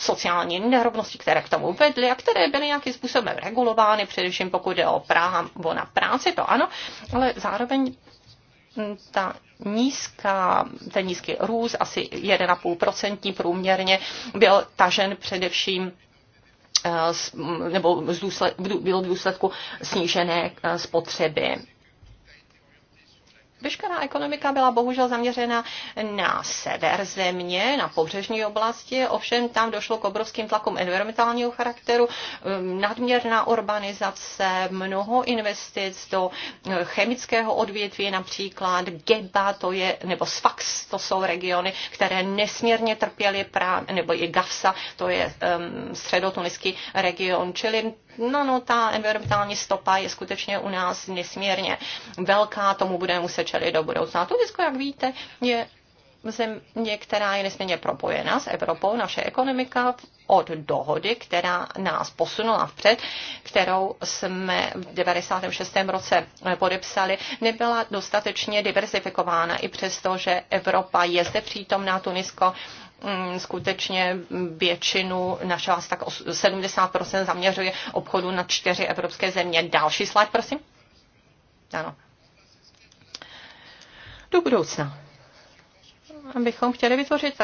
sociální nerovnosti, které k tomu vedly a které byly nějakým způsobem regulovány, především pokud jde o právo na práci, to ano, ale zároveň mm, ta nízká, ten nízký růst, asi 1,5% průměrně, byl tažen především eh, nebo z důsled, byl v důsledku snížené eh, spotřeby Veškerá ekonomika byla bohužel zaměřena na sever země, na pobřežní oblasti, ovšem tam došlo k obrovským tlakům environmentálního charakteru, nadměrná urbanizace, mnoho investic do e, chemického odvětví, například Geba, to je, nebo Sfax, to jsou regiony, které nesmírně trpěly právě, nebo i Gafsa, to je um, středotuniský region, čili No, no, ta environmentální stopa je skutečně u nás nesmírně velká, tomu budeme muset čelit do budoucna. Turecko, jak víte, je země, která je nesmírně propojena s Evropou, naše ekonomika od dohody, která nás posunula vpřed, kterou jsme v 96. roce podepsali, nebyla dostatečně diversifikována, i přesto, že Evropa je zde přítomná, Tunisko Mm, skutečně většinu, naše asi tak 70% zaměřuje obchodu na čtyři evropské země. Další slide, prosím. Ano. Do budoucna. Abychom chtěli vytvořit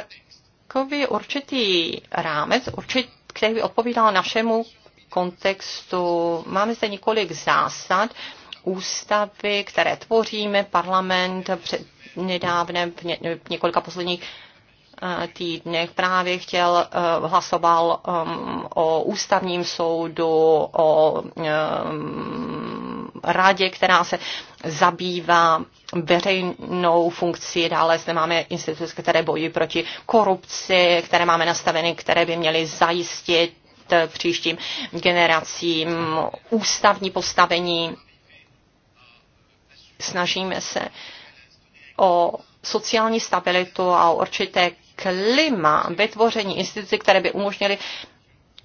takový určitý rámec, určit, který by odpovídal našemu kontextu. Máme zde několik zásad ústavy, které tvoříme, parlament před nedávnem v, ně, v několika posledních týdnech právě chtěl, eh, hlasoval eh, o ústavním soudu, o eh, radě, která se zabývá veřejnou funkci, dále zde máme instituce, které bojují proti korupci, které máme nastaveny, které by měly zajistit příštím generacím ústavní postavení. Snažíme se o sociální stabilitu a určité klima, vytvoření institucí, které by umožnily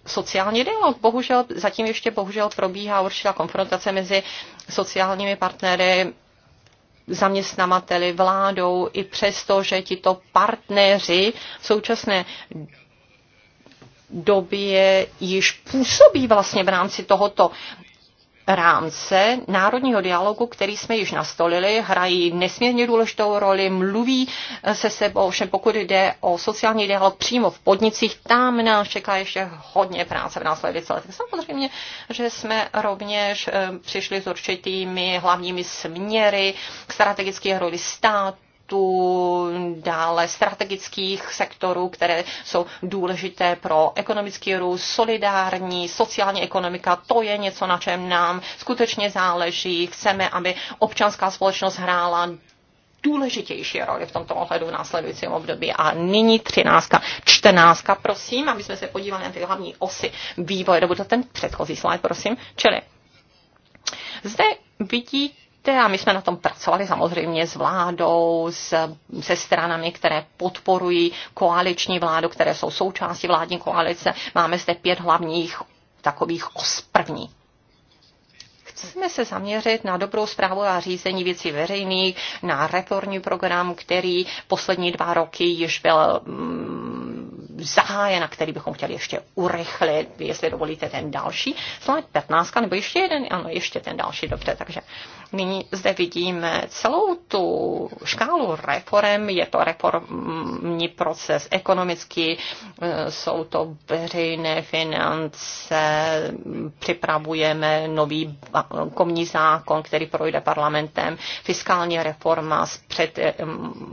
sociální dialog. Bohužel zatím ještě bohužel probíhá určitá konfrontace mezi sociálními partnery, zaměstnavateli, vládou, i přesto, že tito partneři v současné době již působí vlastně v rámci tohoto rámce národního dialogu, který jsme již nastolili, hrají nesmírně důležitou roli, mluví eh, se sebou, ovšem pokud jde o sociální dialog přímo v podnicích, tam nás čeká ještě hodně práce v následujících letech. Samozřejmě, že jsme rovněž eh, přišli s určitými hlavními směry k strategické roli státu, produktů, dále strategických sektorů, které jsou důležité pro ekonomický růst, solidární, sociální ekonomika, to je něco, na čem nám skutečně záleží. Chceme, aby občanská společnost hrála důležitější roli v tomto ohledu v následujícím období. A nyní 13. 14. prosím, aby jsme se podívali na ty hlavní osy vývoje. Nebo to ten předchozí slide, prosím. Čili zde vidíte, a my jsme na tom pracovali samozřejmě s vládou, s, se stranami, které podporují koaliční vládu, které jsou součástí vládní koalice. Máme zde pět hlavních takových os první Chceme se zaměřit na dobrou zprávu a řízení věcí veřejných, na reformní program, který poslední dva roky již byl mm, zahájen a který bychom chtěli ještě urychlit, jestli dovolíte ten další. Slide 15, nebo ještě jeden, ano, ještě ten další, dobře, takže nyní zde vidíme celou tu škálu reform, je to reformní proces ekonomický, eh, jsou to veřejné finance, připravujeme nový komní zákon, který projde parlamentem, fiskální reforma z před eh,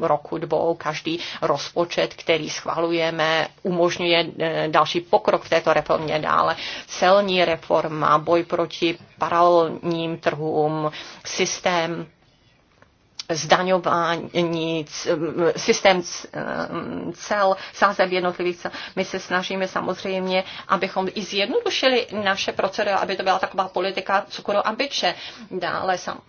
roku dvou, každý rozpočet, který schvalujeme, umožňuje eh, další pokrok v této reformě dále. Celní reforma, boj proti paralelním trhům, systém zdaňování, systém cel, sázeb jednotlivých cel. My se snažíme samozřejmě, abychom i zjednodušili naše procedury, aby to byla taková politika cukru a byče. Dále sam,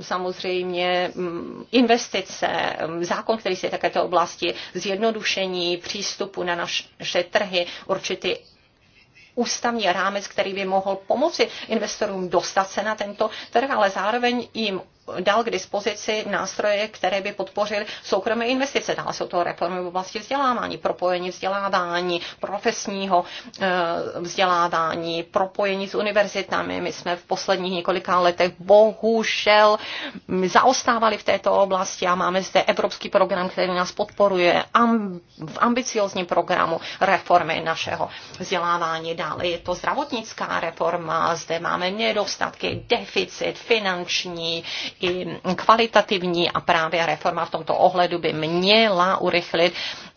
samozřejmě mm, investice, mm, zákon, který se také té oblasti, zjednodušení přístupu na naše trhy, určitý ústavní rámec, který by mohl pomoci investorům dostat se na tento trh, ale zároveň jim dal k dispozici nástroje, které by podpořily soukromé investice. Dále jsou to reformy v oblasti vzdělávání, propojení vzdělávání, profesního eh, vzdělávání, propojení s univerzitami. My jsme v posledních několika letech bohužel zaostávali v této oblasti a máme zde evropský program, který nás podporuje v ambiciozním programu reformy našeho vzdělávání. Dále je to zdravotnická reforma, zde máme nedostatky, deficit finanční, i kvalitativní a právě reforma v tomto ohledu by měla urychlit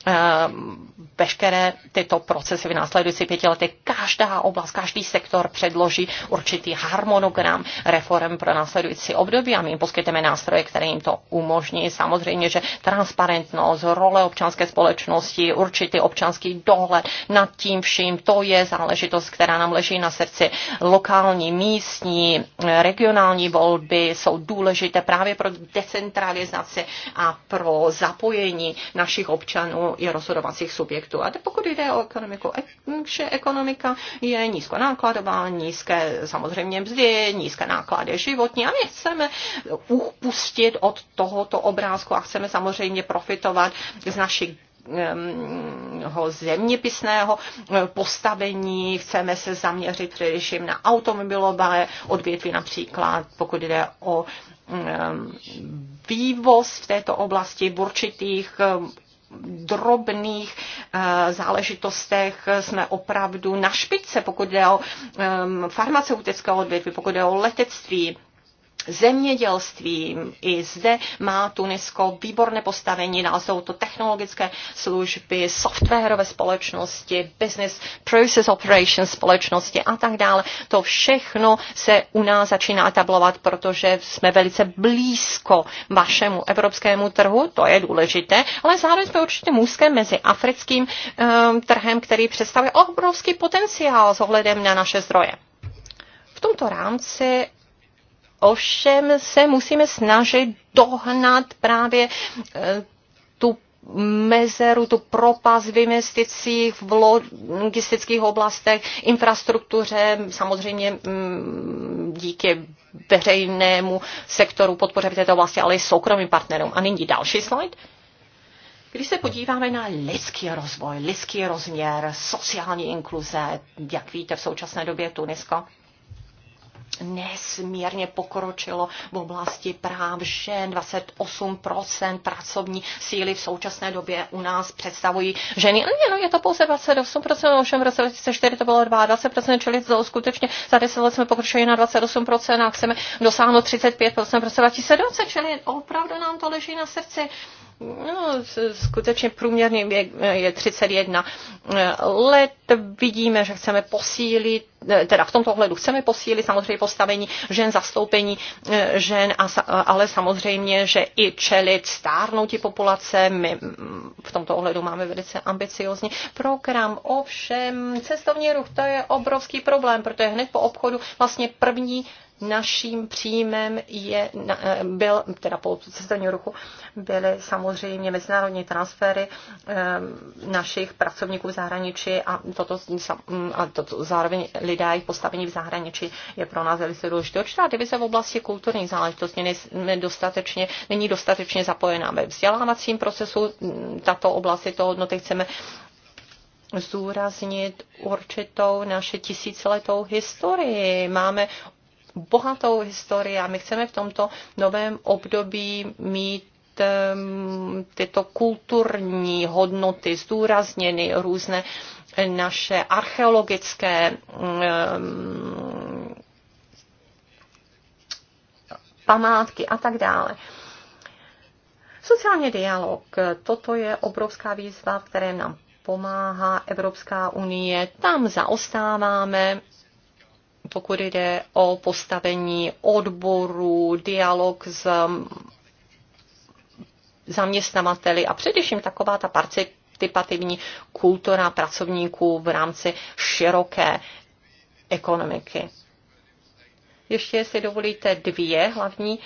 Ehm, veškeré tyto procesy v následující pěti letech. Každá oblast, každý sektor předloží určitý harmonogram reform pro následující období a my jim poskytujeme nástroje, které jim to umožní. Samozřejmě, že transparentnost, role občanské společnosti, určitý občanský dohled nad tím vším, to je záležitost, která nám leží na srdci. Lokální, místní, regionální volby jsou důležité právě pro decentralizaci a pro zapojení našich občanů orgánů i rozhodovacích subjektů. A pokud jde o ekonomiku, že ekonomika je nízkonákladová, nízké samozřejmě mzdy, nízké náklady životní a my chceme upustit od tohoto obrázku a chceme samozřejmě profitovat z našich zeměpisného eh, postavení. Chceme se zaměřit především na automobilové odvětví například, pokud jde o vývoz v této oblasti v určitých drobných eh, záležitostech jsme opravdu na špičce, pokud jde o ehm, farmaceutické odvětví, pokud jde o letectví, zemědělstvím. I zde má Tunisko výborné postavení, nás jsou to technologické služby, softwarové společnosti, business process operations společnosti a tak dále. To všechno se u nás začíná tablovat, protože jsme velice blízko vašemu evropskému trhu, to je důležité, ale zároveň jsme určitě můzkem mezi africkým um, trhem, který představuje obrovský potenciál s ohledem na naše zdroje. V tomto rámci ovšem se musíme snažit dohnat právě eh, tu mezeru, tu propast v investicích, v logistických oblastech, infrastruktuře, samozřejmě mm, díky veřejnému sektoru podpoře v této oblasti, ale i soukromým partnerům. A nyní další slide. Když se podíváme na lidský rozvoj, lidský rozměr, sociální inkluze, jak víte v současné době Tunisko nesmírně pokročilo v oblasti práv žen. 28% pracovní síly v současné době u nás představují ženy. Ne, no je to pouze 28%, ovšem v roce 2004 to bylo 22%, čili to skutečně za 10 let jsme pokročili na 28% a chceme dosáhnout 35% v roce 2020, čili opravdu nám to leží na srdci no, skutečně průměrný věk eh, je 31 eh, let. Vidíme, že chceme posílit, eh, teda v tomto ohledu chceme posílit samozřejmě postavení žen, zastoupení žen, a, ale samozřejmě, že i čelit stárnoutí populace. My mm, v tomto ohledu máme velice ambiciozní program. Ovšem, cestovní ruch, to je obrovský problém, protože hned po obchodu vlastně první naším příjmem je, eh, byl, teda po cestovního ruchu, byly samozřejmě mezinárodní transfery eh, našich pracovníků v zahraničí a toto, mm, a toto zároveň lidé, jejich postavení v zahraničí je pro nás velice důležité. Určitá divize v oblasti kulturních záležitostí dostatečně, není dostatečně zapojená ve vzdělávacím procesu. Mm, tato oblast je to hodnoty chceme zúraznit určitou naše tisíciletou historii. Máme bohatou historii a my chceme v tomto novém období mít tyto kulturní hodnoty zdůrazněny, různé naše archeologické památky a tak dále. Sociální dialog, toto je obrovská výzva, které nám pomáhá Evropská unie. Tam zaostáváme pokud jde o postavení odboru, dialog s zaměstnavateli a především taková ta participativní kultura pracovníků v rámci široké ekonomiky. Ještě, si dovolíte, dvě hlavní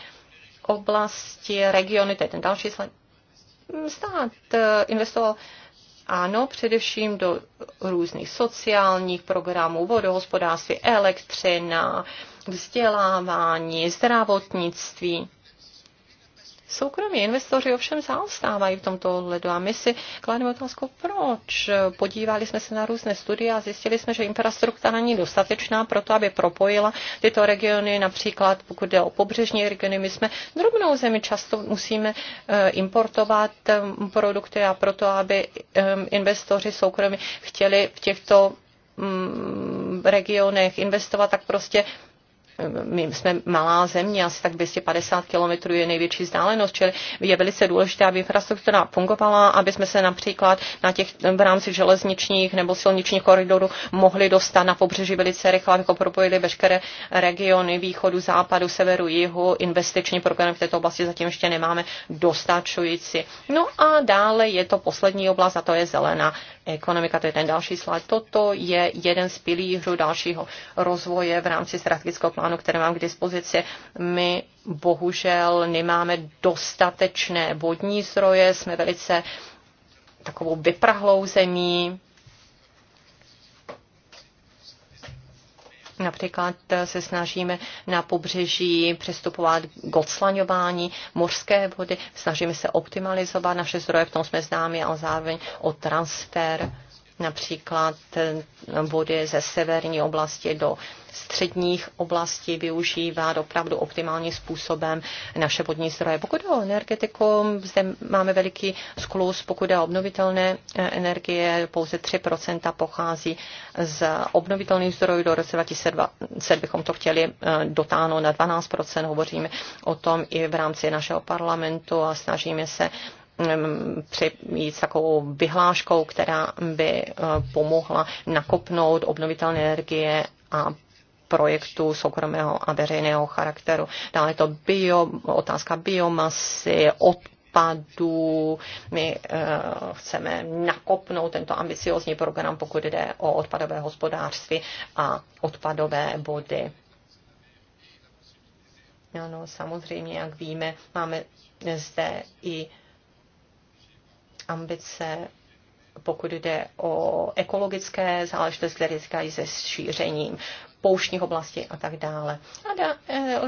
oblasti, regiony, to je ten další slide. Stát eh, investoval ano, především do různých sociálních programů, vodohospodářství, elektřina, vzdělávání, zdravotnictví. Soukromí investoři ovšem zaostávají v tomto ohledu a my si klademe otázku, proč. Podívali jsme se na různé studie a zjistili jsme, že infrastruktura není dostatečná pro to, aby propojila tyto regiony, například pokud jde o pobřežní regiony. My jsme drobnou zemi, často musíme eh, importovat eh, produkty a proto, aby eh, investoři soukromí chtěli v těchto mm, regionech investovat, tak prostě my jsme malá země, asi tak 250 kilometrů je největší vzdálenost, čili je velice důležité, aby infrastruktura fungovala, aby jsme se například na těch, v rámci železničních nebo silničních koridorů mohli dostat na pobřeží velice rychle, jako propojili veškeré regiony východu, západu, severu, jihu. Investiční program v této oblasti zatím ještě nemáme dostačující. No a dále je to poslední oblast a to je zelená ekonomika, to je ten další slide. Toto je jeden z pilířů dalšího rozvoje v rámci strategického plánu, které mám k dispozici. My bohužel nemáme dostatečné vodní zdroje, jsme velice takovou vyprahlou zemí, Například eh, se snažíme na pobřeží přestupovat k odslaňování mořské vody, snažíme se optimalizovat naše zdroje, v tom jsme známi, a zároveň o transfer například eh, vody ze severní oblasti do středních oblastí využívat opravdu optimálním způsobem naše vodní zdroje. Pokud o energetiku, zde máme veliký sklus, pokud je o obnovitelné eh, energie, pouze 3% pochází z obnovitelných zdrojů. Do roce 2020 bychom to chtěli eh, dotáhnout na 12%. Hovoříme o tom i v rámci našeho parlamentu a snažíme se Mm, přijít takovou vyhláškou, která by eh, pomohla nakopnout obnovitelné energie a projektu soukromého a veřejného charakteru. Dále je to bio, otázka biomasy, odpadů. My e, chceme nakopnout tento ambiciozní program, pokud jde o odpadové hospodářství a odpadové body. Ano, samozřejmě, jak víme, máme zde i ambice, pokud jde o ekologické záležitosti, které říkají se šířením pouštních oblasti a tak dále. A dále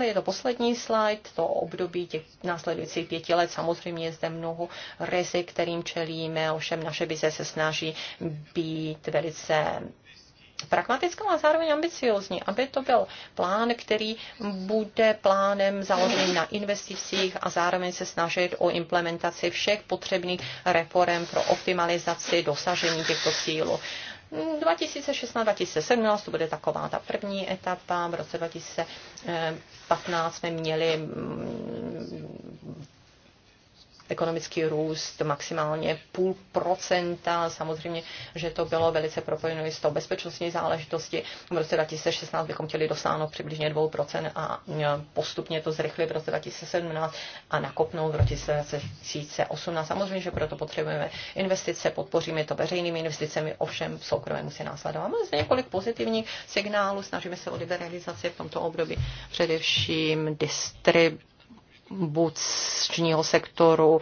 eh, je to poslední slide, to období těch následujících pěti let. Samozřejmě je zde mnoho rizik, kterým čelíme, ovšem naše vize se snaží být velice pragmatickou a zároveň ambiciozní, aby to byl plán, který bude plánem založený na investicích a zároveň se snažit o implementaci všech potřebných reform pro optimalizaci dosažení těchto cílů. 2016-2017 to bude taková ta první etapa. V roce 2015 eh, jsme měli mm, ekonomický růst maximálně půl procenta. Samozřejmě, že to bylo velice propojeno i s tou bezpečnostní záležitosti. V roce 2016 bychom chtěli dosáhnout přibližně 2% a e, postupně to zrychlit v roce 2017 a nakopnout v roce 2018. Samozřejmě, že proto potřebujeme investice, podpoříme to veřejnými investicemi, ovšem soukromé musí následovat. Máme zde několik pozitivních signálů, snažíme se o liberalizaci v tomto období, především distrib bučního sektoru,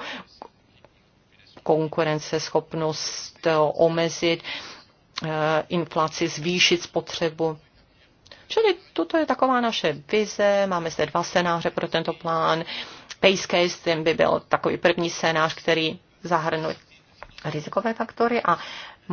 konkurenceschopnost eh, omezit, eh, inflaci zvýšit spotřebu. Čili toto je taková naše vize, máme zde dva scénáře pro tento plán. Base case, ten by byl takový první scénář, který zahrnuje rizikové faktory a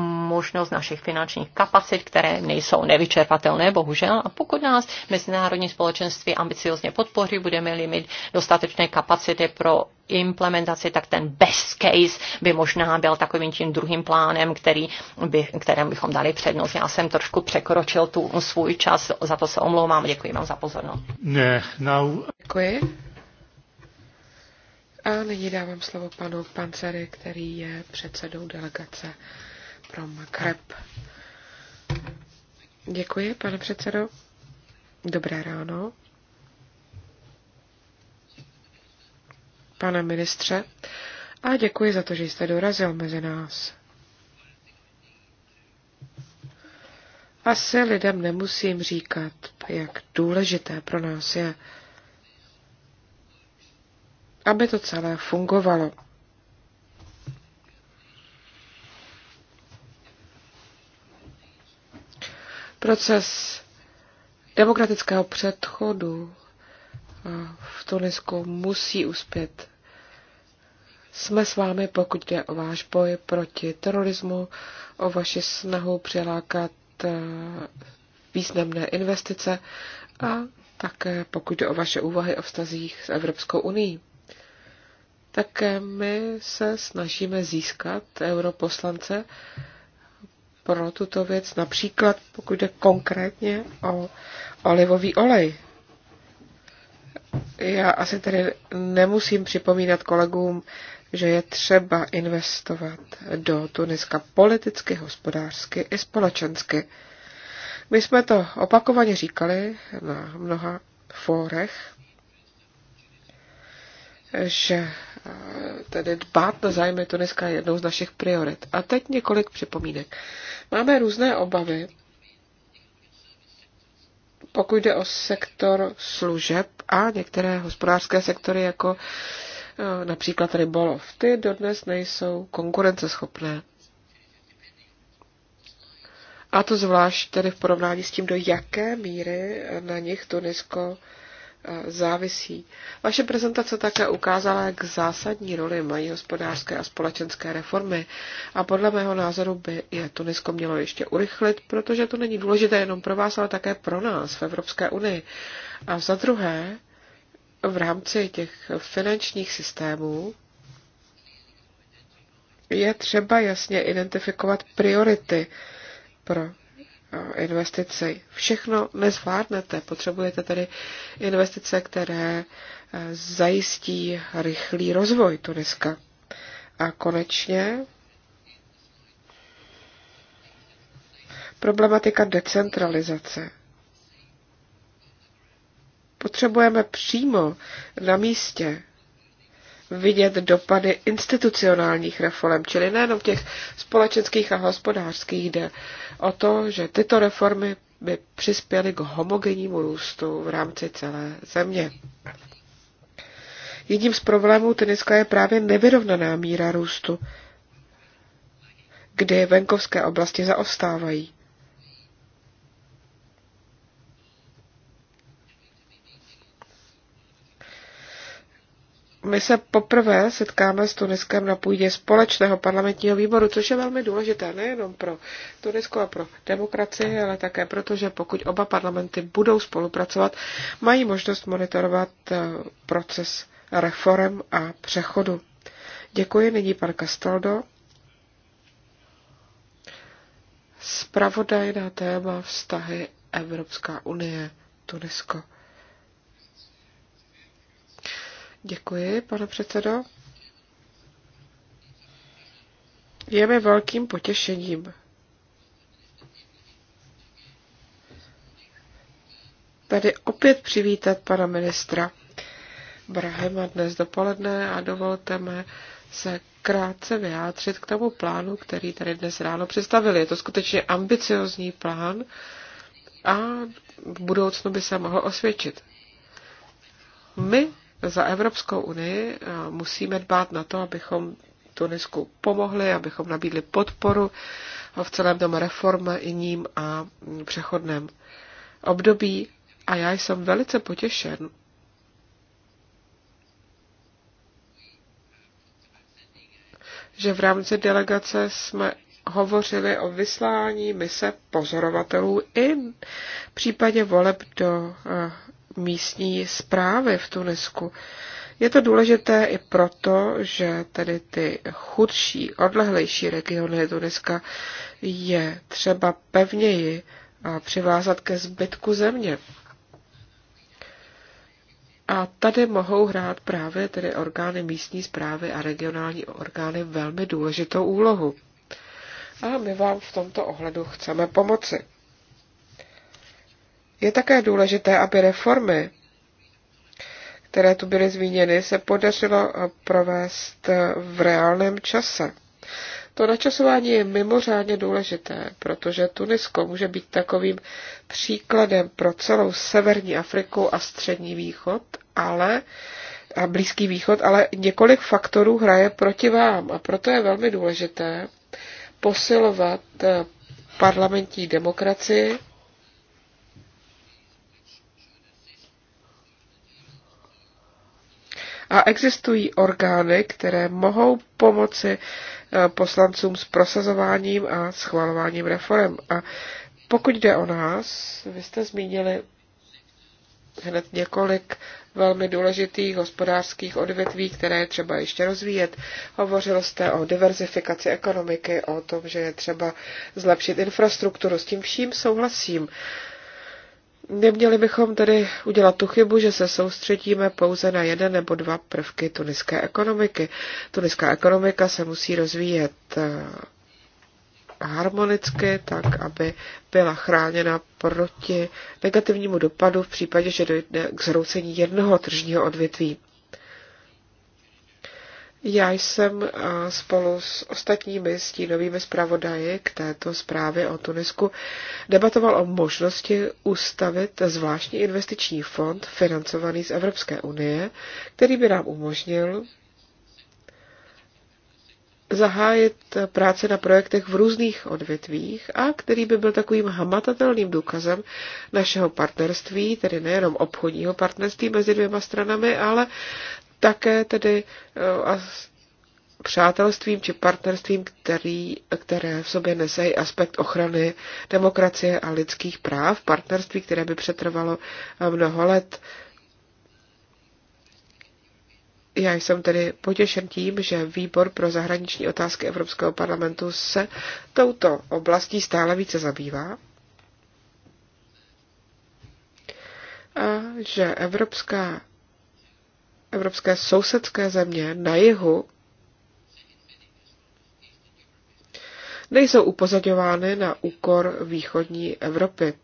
možnost našich finančních kapacit, které nejsou nevyčerpatelné, bohužel. A pokud nás mezinárodní společenství ambiciozně podpoří, budeme-li mít dostatečné kapacity pro implementaci, tak ten best case by možná byl takovým tím druhým plánem, který by, kterém bychom dali přednost. Já jsem trošku překročil tu svůj čas, za to se omlouvám. Děkuji vám za pozornost. Ne, now... Děkuji. A nyní dávám slovo panu Panceri, který je předsedou delegace pro Magreb. Děkuji, pane předsedo. Dobré ráno. Pane ministře, a děkuji za to, že jste dorazil mezi nás. Asi lidem nemusím říkat, jak důležité pro nás je, aby to celé fungovalo. Proces demokratického předchodu v Tunisku musí uspět. Jsme s vámi, pokud jde o váš boj proti terorismu, o vaši snahu přilákat eh, významné investice a také pokud jde o vaše úvahy o vztazích s Evropskou unii. Také my se snažíme získat europoslance, pro tuto věc, například pokud jde konkrétně o olivový olej. Já asi tady nemusím připomínat kolegům, že je třeba investovat do Tuniska politicky, hospodářsky i společensky. My jsme to opakovaně říkali na mnoha fórech že eh, tedy dbát na zájmy dneska je jednou z našich priorit. A teď několik připomínek. Máme různé obavy, pokud jde o sektor služeb a některé hospodářské sektory, jako eh, například rybolov, ty dodnes nejsou konkurenceschopné. A to zvlášť tedy v porovnání s tím, do jaké míry na nich Tunisko Eh, závisí. Vaše prezentace také ukázala, jak zásadní roli mají hospodářské a společenské reformy a podle mého názoru by je Tunisko mělo ještě urychlit, protože to není důležité jenom pro vás, ale také pro nás v Evropské unii. A za druhé, v rámci těch finančních systémů je třeba jasně identifikovat priority pro Eh, investici. Všechno nezvládnete, potřebujete tedy investice, které eh, zajistí rychlý rozvoj Tuniska. A konečně problematika decentralizace. Potřebujeme přímo na místě vidět dopady institucionálních reform, čili nejenom těch společenských a hospodářských. Jde o to, že tyto reformy by přispěly k homogennímu růstu v rámci celé země. Jedním z problémů Tuniska je právě nevyrovnaná míra růstu, kdy venkovské oblasti zaostávají. my se poprvé setkáme s Tuniskem na půdě společného parlamentního výboru, což je velmi důležité nejenom pro Tunisko a pro demokracii, ale také proto, že pokud oba parlamenty budou spolupracovat, mají možnost monitorovat eh, proces reform a přechodu. Děkuji, nyní pan Castaldo. Spravodaj na téma vztahy Evropská unie Tunisko. Děkuji, pane předsedo. Je mi velkým potěšením tady opět přivítat pana ministra Brahema dnes dopoledne a dovolte mi se krátce vyjádřit k tomu plánu, který tady dnes ráno představili. Je to skutečně ambiciozní plán a v budoucnu by se mohl osvědčit. My za Evropskou unii eh, musíme dbát na to, abychom Tunisku pomohli, abychom nabídli podporu v celém tom reformním a přechodném období. A já jsem velice potěšen, že v rámci delegace jsme hovořili o vyslání mise pozorovatelů i v případě voleb do eh, místní zprávy v Tunisku. Je to důležité i proto, že tedy ty chudší, odlehlejší regiony Tuniska je třeba pevněji přivázat ke zbytku země. A tady mohou hrát právě tedy orgány místní zprávy a regionální orgány velmi důležitou úlohu. A my vám v tomto ohledu chceme pomoci. Je také důležité, aby reformy, které tu byly zmíněny, se podařilo eh, provést eh, v reálném čase. To načasování je mimořádně důležité, protože Tunisko může být takovým příkladem pro celou severní Afriku a střední východ, ale a Blízký východ, ale několik faktorů hraje proti vám a proto je velmi důležité posilovat eh, parlamentní demokracii a existují orgány, které mohou pomoci eh, poslancům s prosazováním a schvalováním reform. A pokud jde o nás, vy jste zmínili hned několik velmi důležitých hospodářských odvětví, které je třeba ještě rozvíjet. Hovořil jste o diverzifikaci ekonomiky, o tom, že je třeba zlepšit infrastrukturu. S tím vším souhlasím. Uh, Neměli bychom tedy udělat tu chybu, že se soustředíme pouze na jeden nebo dva prvky tuniské ekonomiky. Tuniská ekonomika se musí rozvíjet eh, harmonicky, tak aby byla chráněna proti negativnímu dopadu v případě, že dojde k zhroucení jednoho tržního odvětví. Já jsem eh, spolu s ostatními stínovými zpravodaji k této zprávě o Tunisku debatoval o možnosti ustavit zvláštní investiční fond financovaný z Evropské unie, který by nám umožnil zahájit práce na projektech v různých odvětvích a který by byl takovým hamatatelným důkazem našeho partnerství, tedy nejenom obchodního partnerství mezi dvěma stranami, ale také tedy eh, a přátelstvím či partnerstvím, který, které v sobě i aspekt ochrany demokracie a lidských práv, partnerství, které by přetrvalo eh, mnoho let. Já jsem tedy potěšen tím, že Výbor pro zahraniční otázky Evropského parlamentu se touto oblastí stále více zabývá a že Evropská evropské sousedské země na jihu nejsou upozorňovány na úkor východní Evropy.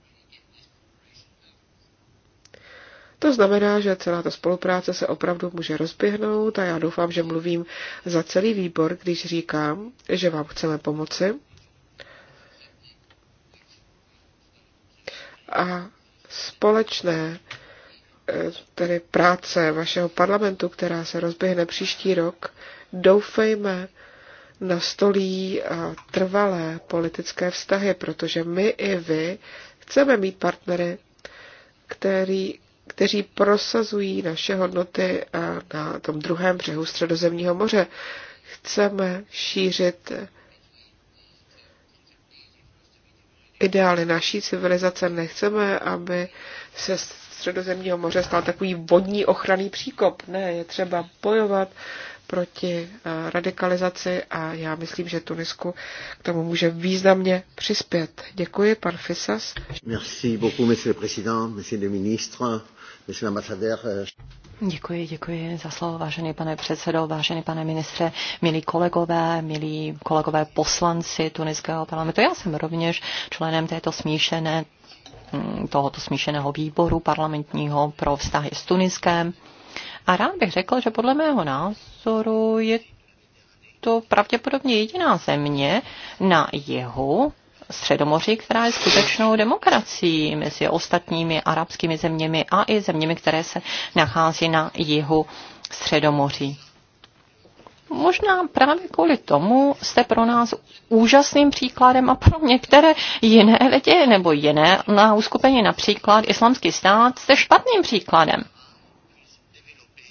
To znamená, že celá ta spolupráce se opravdu může rozběhnout a já doufám, že mluvím za celý výbor, když říkám, že vám chceme pomoci. A společné tedy práce vašeho parlamentu, která se rozběhne příští rok, doufejme, nastolí trvalé politické vztahy, protože my i vy chceme mít partnery, který, kteří prosazují naše hodnoty na tom druhém břehu Středozemního moře. Chceme šířit ideály naší civilizace. Nechceme, aby se středozemního moře stal takový vodní ochranný příkop. Ne, je třeba bojovat proti eh, radikalizaci a já myslím, že Tunisku k tomu může významně přispět. Děkuji, pan Fisas. Merci beaucoup, monsieur le président, monsieur le ministre, monsieur l'ambassadeur. Eh. Děkuji, děkuji za slovo, vážený pane předsedo, vážený pane ministře, milí kolegové, milí kolegové poslanci Tuniského parlamentu. Já jsem rovněž členem této smíšené Hm, tohoto smíšeného výboru parlamentního pro vztahy s Tuniskem. A rád bych řekl, že podle mého názoru je to pravděpodobně jediná země na jihu Středomoří, která je skutečnou demokracií mezi ostatními arabskými zeměmi a i zeměmi, které se nachází na jihu Středomoří. Možná právě kvůli tomu jste pro nás úžasným příkladem a pro některé jiné lidi nebo jiné na uskupení například islamský stát jste špatným příkladem.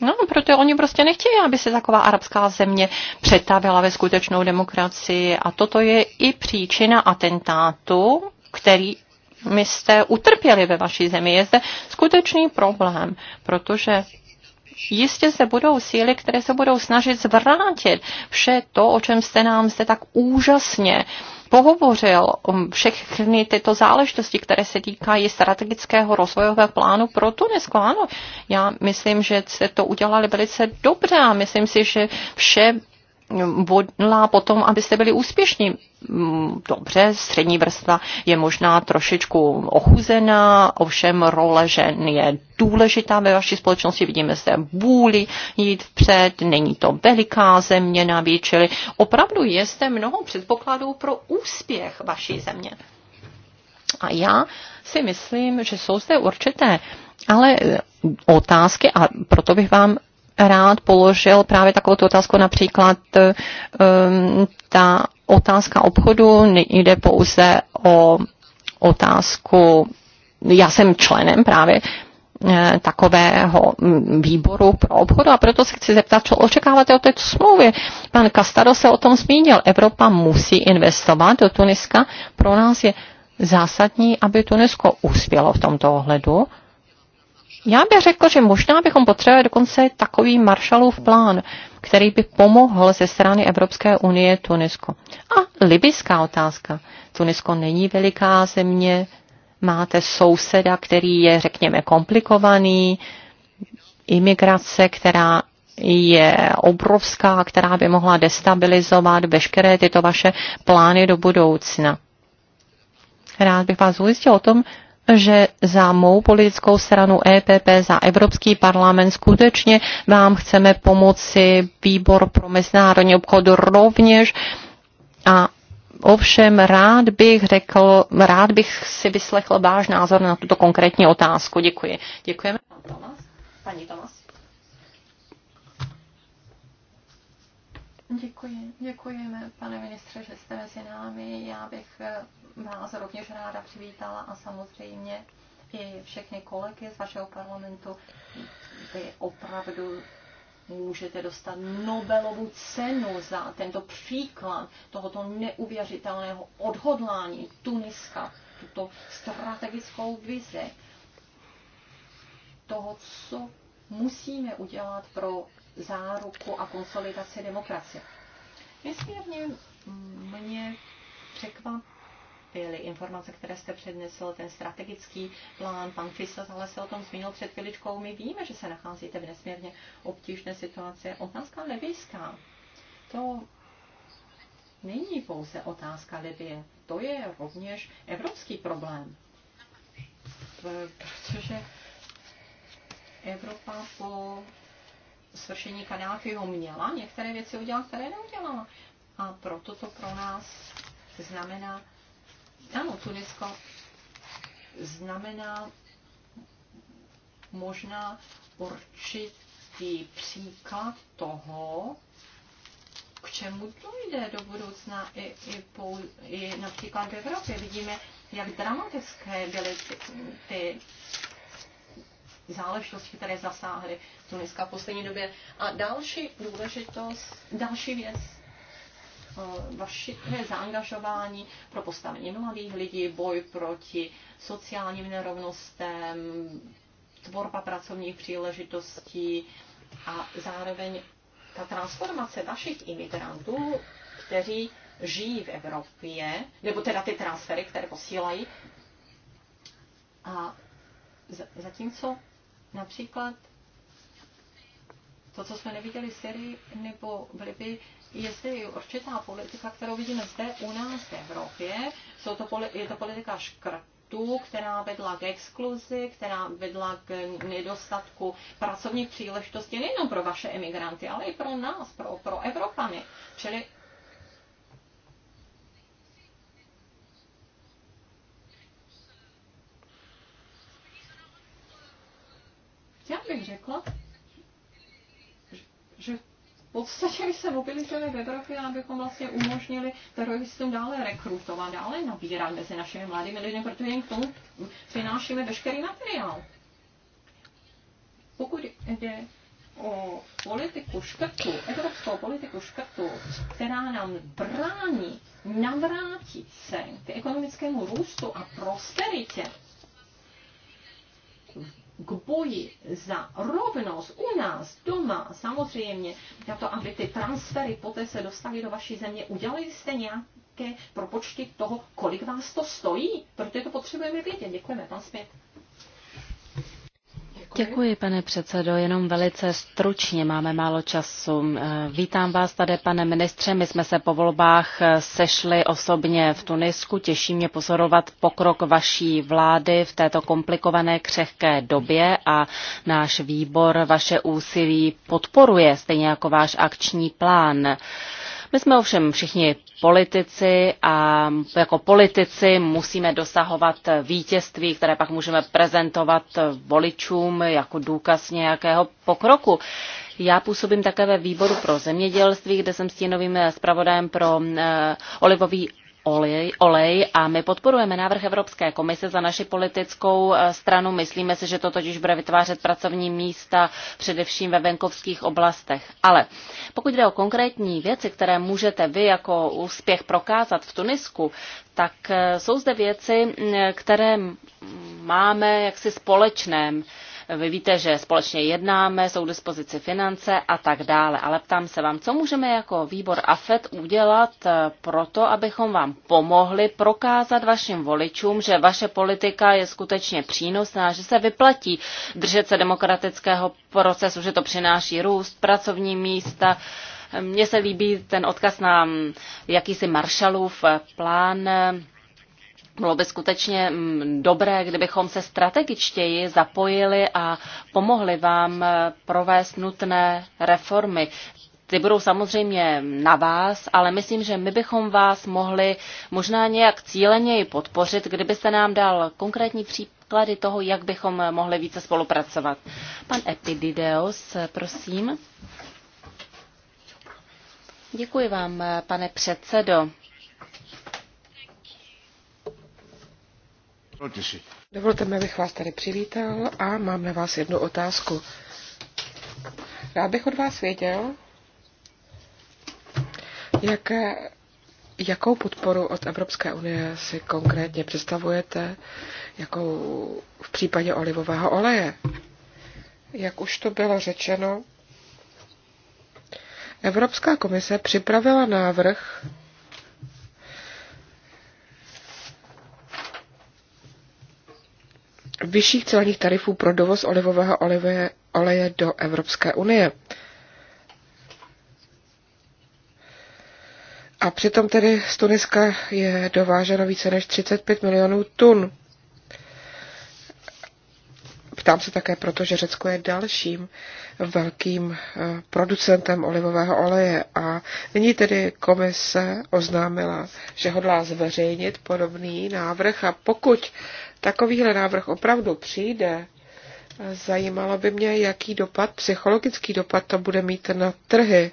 No, protože oni prostě nechtějí, aby se taková arabská země přetavila ve skutečnou demokracii a toto je i příčina atentátu, který my jste utrpěli ve vaší zemi. Je zde skutečný problém, protože jistě se budou síly, které se budou snažit zvrátit vše to, o čem jste nám zde tak úžasně pohovořil um, všechny tyto záležitosti, které se týkají strategického rozvojového plánu pro Tunisko. Ano, já myslím, že se to udělali velice dobře a myslím si, že vše vodla potom, abyste byli úspěšní. Dobře, střední vrstva je možná trošičku ochuzená, ovšem role žen je důležitá ve vaší společnosti. Vidíme se vůli jít vpřed, není to veliká země navíc, čili opravdu je mnoho předpokladů pro úspěch vaší země. A já si myslím, že jsou zde určité ale otázky a proto bych vám rád položil právě takovou otázku, například um, ta otázka obchodu nejde pouze o otázku, já jsem členem právě eh, takového výboru pro obchod a proto se chci zeptat, co očekáváte o této smlouvě. Pan Kastado se o tom zmínil. Evropa musí investovat do Tuniska. Pro nás je zásadní, aby Tunisko uspělo v tomto ohledu já bych řekl, že možná bychom potřebovali dokonce takový Marshallův plán, který by pomohl ze strany Evropské unie Tunisko. A libyská otázka. Tunisko není veliká země, máte souseda, který je, řekněme, komplikovaný, imigrace, která je obrovská, která by mohla destabilizovat veškeré tyto vaše plány do budoucna. Rád bych vás ujistil o tom, že za mou politickou stranu EPP, za Evropský parlament skutečně vám chceme pomoci výbor pro mezinárodní obchod rovněž a Ovšem rád bych řekl, rád bych si vyslechl váš názor na tuto konkrétní otázku. Děkuji. Děkujeme. Pan Tomas. Paní Tomas. Děkuji. Děkujeme, pane ministře, že jste mezi námi. Já bych eh, vás rovněž ráda přivítala a samozřejmě i všechny kolegy z vašeho parlamentu. Vy opravdu můžete dostat Nobelovu cenu za tento příklad tohoto neuvěřitelného odhodlání Tuniska, tuto strategickou vizi toho, co musíme udělat pro záruku a konsolidaci demokracie. Nesmírně mě překvapilo, byly informace, které jste přednesl, ten strategický plán, pan Fisas, ale se o tom zmínil před chviličkou. My víme, že se nacházíte v nesmírně obtížné situaci. Otázka libyská. To není pouze otázka Libie. To je rovněž evropský problém. Eh, protože Evropa po svršení Kadáfiho měla některé věci udělat, které neudělala. A proto to pro nás znamená ano, Tunisko znamená možná určitý příklad toho, k čemu dojde do budoucna i, i, pou, i například v Evropě. Vidíme, jak dramatické byly ty, ty záležitosti, které zasáhly Tuniska v poslední době. A další důležitost, další věc, Eh, vaše eh, zaangažování pro postavení mladých lidí, boj proti sociálním nerovnostem, tvorba pracovních příležitostí a zároveň ta transformace vašich imigrantů, kteří žijí v Evropě, nebo teda ty transfery, které posílají. A zatímco například to, co jsme neviděli v Syrii nebo v Libii, je zde určitá politika, kterou vidíme zde u nás v Evropě. Jsou to, je to politika škrt která vedla k exkluzi, která vedla k nedostatku pracovních příležitostí nejenom pro vaše emigranty, ale i pro nás, pro, pro Evropany. Čili Já bych řekla, podstatě by se mobilizovali v Evropě, abychom vlastně umožnili teroristům dále rekrutovat, dále nabírat mezi našimi mladými lidmi, protože jim k tomu přinášíme veškerý materiál. Pokud jde o politiku škrtu, evropskou politiku škrtu, která nám brání navrátit se k ekonomickému růstu a prosperitě, k boji za rovnost u nás doma, samozřejmě, na to, aby ty transfery poté se dostaly do vaší země, udělali jste nějaké propočty toho, kolik vás to stojí? Protože to potřebujeme vědět. Děkujeme, pan Smět. Děkuji, pane předsedo. Jenom velice stručně máme málo času. Eh, vítám vás tady, pane ministře. My jsme se po volbách eh, sešli osobně v Tunisku. Těší mě pozorovat pokrok vaší vlády v této komplikované křehké době a náš výbor vaše úsilí podporuje, stejně jako váš akční plán. My jsme ovšem všichni politici a jako politici musíme dosahovat vítězství, které pak můžeme prezentovat voličům jako důkaz nějakého pokroku. Já působím také ve výboru pro zemědělství, kde jsem stínovým zpravodajem pro eh, olivový olej, olej a my podporujeme návrh Evropské komise za naši politickou eh, stranu. Myslíme si, že to totiž bude vytvářet pracovní místa především ve venkovských oblastech. Ale pokud jde o konkrétní věci, které můžete vy jako úspěch prokázat v Tunisku, tak eh, jsou zde věci, mm, které máme jaksi společném. Vy víte, že společně jednáme, jsou k dispozici finance a tak dále. Ale ptám se vám, co můžeme jako výbor AFET udělat eh, pro to, abychom vám pomohli prokázat vašim voličům, že vaše politika je skutečně přínosná, že se vyplatí držet se demokratického procesu, že to přináší růst, pracovní místa, mně se líbí ten odkaz na mm, jakýsi Marshallův eh, plán eh, bylo by skutečně mm, dobré, kdybychom se strategičtěji zapojili a pomohli vám eh, provést nutné reformy. Ty budou samozřejmě na vás, ale myslím, že my bychom vás mohli možná nějak cíleněji podpořit, kdybyste nám dal konkrétní příklady toho, jak bychom mohli více spolupracovat. Pan Epidideos, prosím. Děkuji vám, eh, pane předsedo. Dovolte mi, abych vás tady přivítal a mám na vás jednu otázku. Rád bych od vás věděl, jak, jakou podporu od Evropské unie si konkrétně představujete, jakou v případě olivového oleje. Jak už to bylo řečeno, Evropská komise připravila návrh vyšších celních tarifů pro dovoz olivového oleje, oleje do Evropské unie. A přitom tedy z Tuniska je dováženo více než 35 milionů tun. Ptám se také proto, že Řecko je dalším velkým eh, producentem olivového oleje a nyní tedy komise oznámila, že hodlá zveřejnit podobný návrh a pokud takovýhle návrh opravdu přijde, zajímalo by mě, jaký dopad, psychologický dopad to bude mít na trhy.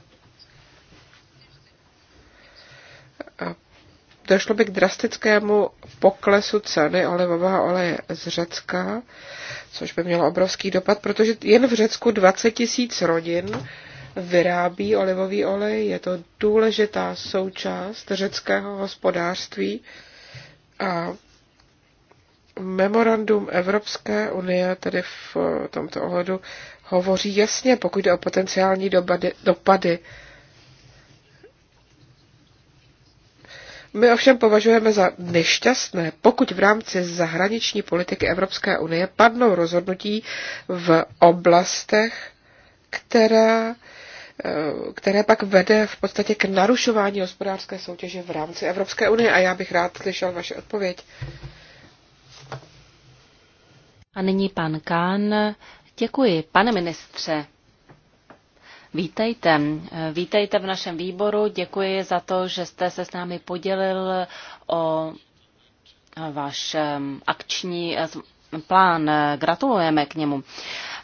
A došlo by k drastickému poklesu ceny olivového oleje z Řecka, což by mělo obrovský dopad, protože jen v Řecku 20 tisíc rodin vyrábí olivový olej. Je to důležitá součást řeckého hospodářství a memorandum Evropské unie tedy v tomto ohledu hovoří jasně, pokud jde o potenciální dopady, dopady. My ovšem považujeme za nešťastné, pokud v rámci zahraniční politiky Evropské unie padnou rozhodnutí v oblastech, která, eh, které pak vede v podstatě k narušování hospodářské soutěže v rámci Evropské unie. A já bych rád slyšel vaše odpověď. A nyní pan Kán. Děkuji, pane ministře. Vítejte. Vítejte v našem výboru. Děkuji za to, že jste se s námi podělil o váš akční plán. Gratulujeme k němu.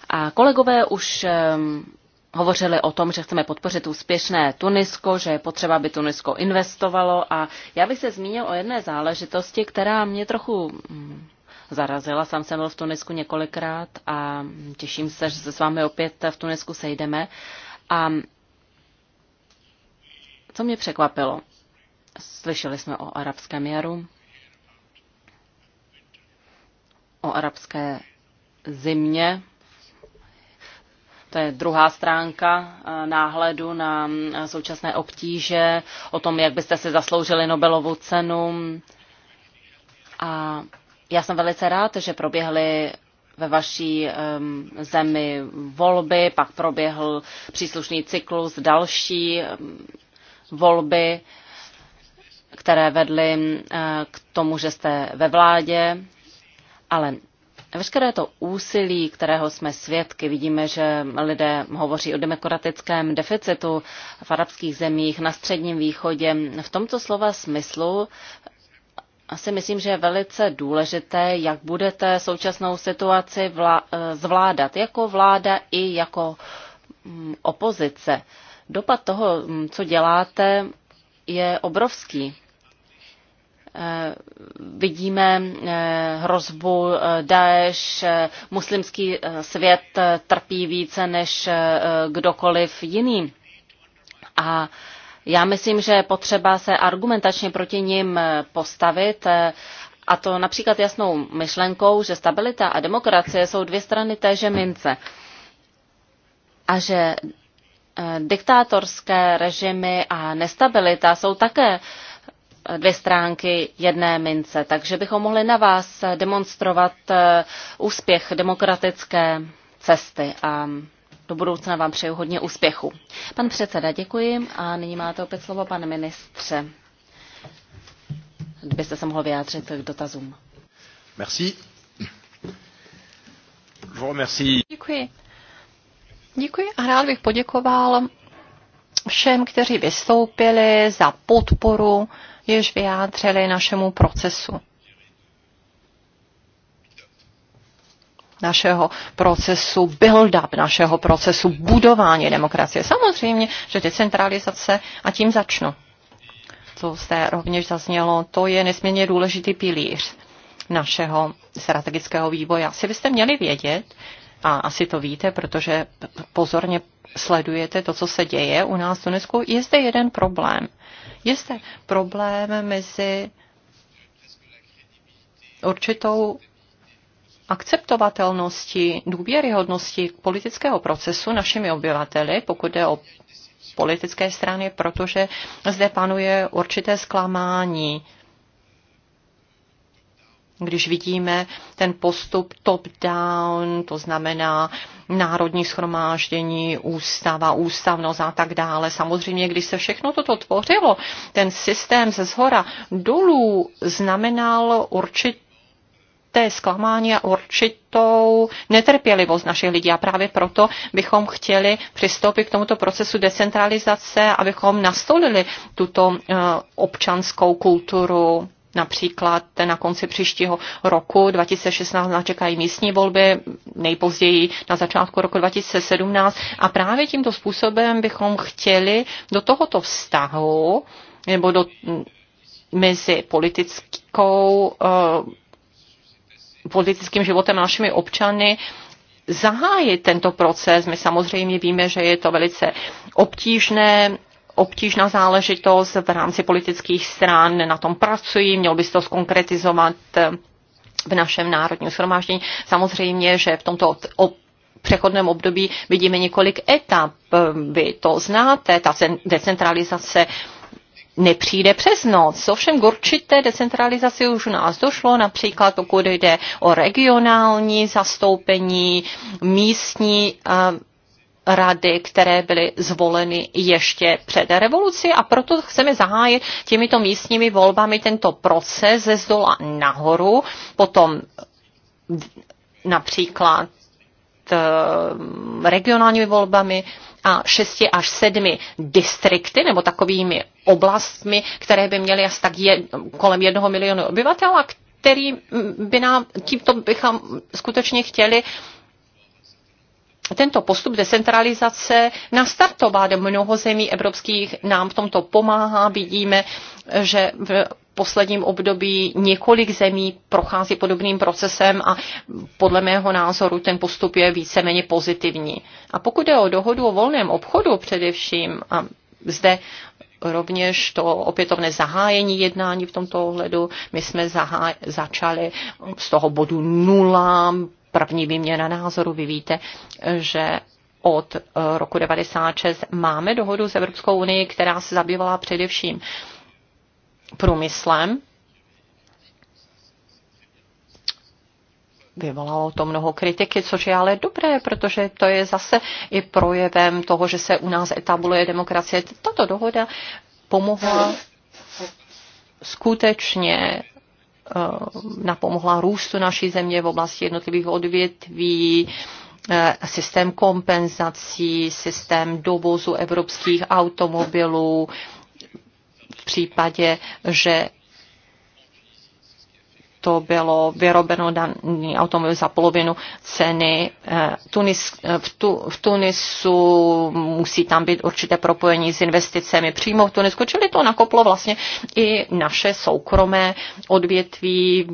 A kolegové už hovořili o tom, že chceme podpořit úspěšné Tunisko, že je potřeba, aby Tunisko investovalo a já bych se zmínil o jedné záležitosti, která mě trochu zarazila. Sám jsem byl v Tunisku několikrát a těším se, že se s vámi opět v Tunisku sejdeme. A co mě překvapilo? Slyšeli jsme o arabském jaru, o arabské zimě. To je druhá stránka eh, náhledu na eh, současné obtíže, o tom, jak byste si zasloužili Nobelovu cenu. A já jsem velice rád, že proběhly ve vaší um, zemi volby, pak proběhl příslušný cyklus další um, volby, které vedly uh, k tomu, že jste ve vládě, ale veškeré to úsilí, kterého jsme svědky, vidíme, že lidé hovoří o demokratickém deficitu v arabských zemích, na středním východě. V tomto slova smyslu asi myslím, že je velice důležité, jak budete současnou situaci vla- eh, zvládat jako vláda i jako mm, opozice. Dopad toho, mm, co děláte, je obrovský. Eh, vidíme eh, hrozbu Daesh, muslimský svět trpí více než kdokoliv jiný. A já myslím, že je potřeba se argumentačně proti ním eh, postavit eh, a to například jasnou myšlenkou, že stabilita a demokracie jsou dvě strany téže mince. A že eh, diktátorské režimy a nestabilita jsou také dvě stránky jedné mince. Takže bychom mohli na vás demonstrovat úspěch demokratické cesty. A do budoucna vám přeju hodně úspěchu. Pan předseda, děkuji a nyní máte opět slovo, pan ministře. Kdybyste se mohl vyjádřit k dotazům. Merci. Merci. Děkuji. Děkuji a rád bych poděkoval všem, kteří vystoupili za podporu, jež vyjádřili našemu procesu. našeho procesu build-up, našeho procesu budování demokracie. Samozřejmě, že decentralizace, a tím začnu, co jste rovněž zaznělo, to je nesmírně důležitý pilíř našeho strategického vývoje. Asi byste měli vědět, a asi to víte, protože pozorně sledujete to, co se děje u nás v Tunisku, je zde jeden problém. Je zde problém mezi určitou akceptovatelnosti, důvěryhodnosti politického procesu našimi obyvateli, pokud jde o politické strany, protože zde panuje určité zklamání když vidíme ten postup top-down, to znamená národní schromáždění, ústava, ústavnost a tak dále. Samozřejmě, když se všechno toto tvořilo, ten systém ze zhora dolů znamenal určit určité zklamání a určitou netrpělivost našich lidí a právě proto bychom chtěli přistoupit k tomuto procesu decentralizace, abychom nastolili tuto eh, občanskou kulturu Například na konci příštího roku 2016 nás čekají místní volby, nejpozději na začátku roku 2017 a právě tímto způsobem bychom chtěli do tohoto vztahu nebo do, mezi politickou eh, politickým životem našimi občany zahájit tento proces. My samozřejmě víme, že je to velice obtížné, obtížná záležitost v rámci politických stran, na tom pracují, měl by se to skonkretizovat eh, v našem národním shromáždění. Samozřejmě, že v tomto přechodném období vidíme několik etap. Eh, vy to znáte, ta decentralizace nepřijde přes noc. Ovšem k určité decentralizaci už u nás došlo, například pokud jde o regionální zastoupení, místní eh, rady, které byly zvoleny ještě před revoluci a proto chceme zahájit těmito místními volbami tento proces ze zdola nahoru, potom například eh, regionálními volbami, a šesti až sedmi distrikty nebo takovými oblastmi, které by měly asi tak je, kolem jednoho milionu obyvatel a který by nám, tímto bychom skutečně chtěli tento postup decentralizace nastartovat. Mnoho zemí evropských nám v tomto pomáhá. Vidíme, že v posledním období několik zemí prochází podobným procesem a podle mého názoru ten postup je víceméně pozitivní. A pokud je o dohodu o volném obchodu především, a zde rovněž to opětovné zahájení jednání v tomto ohledu. My jsme zahá- začali z toho bodu nula, první výměna názoru. Vy víte, že od roku 96 máme dohodu s Evropskou unii, která se zabývala především průmyslem. Vyvolalo to mnoho kritiky, což je ale dobré, protože to je zase i projevem toho, že se u nás etabluje demokracie. Tato dohoda pomohla skutečně eh, napomohla růstu naší země v oblasti jednotlivých odvětví, eh, systém kompenzací, systém dovozu evropských automobilů, v případě, že to bylo vyrobeno daný automobil za polovinu ceny. Eh, Tunis, eh, v, tu, v Tunisu musí tam být určité propojení s investicemi přímo v Tunisku, čili to nakoplo vlastně i naše soukromé odvětví.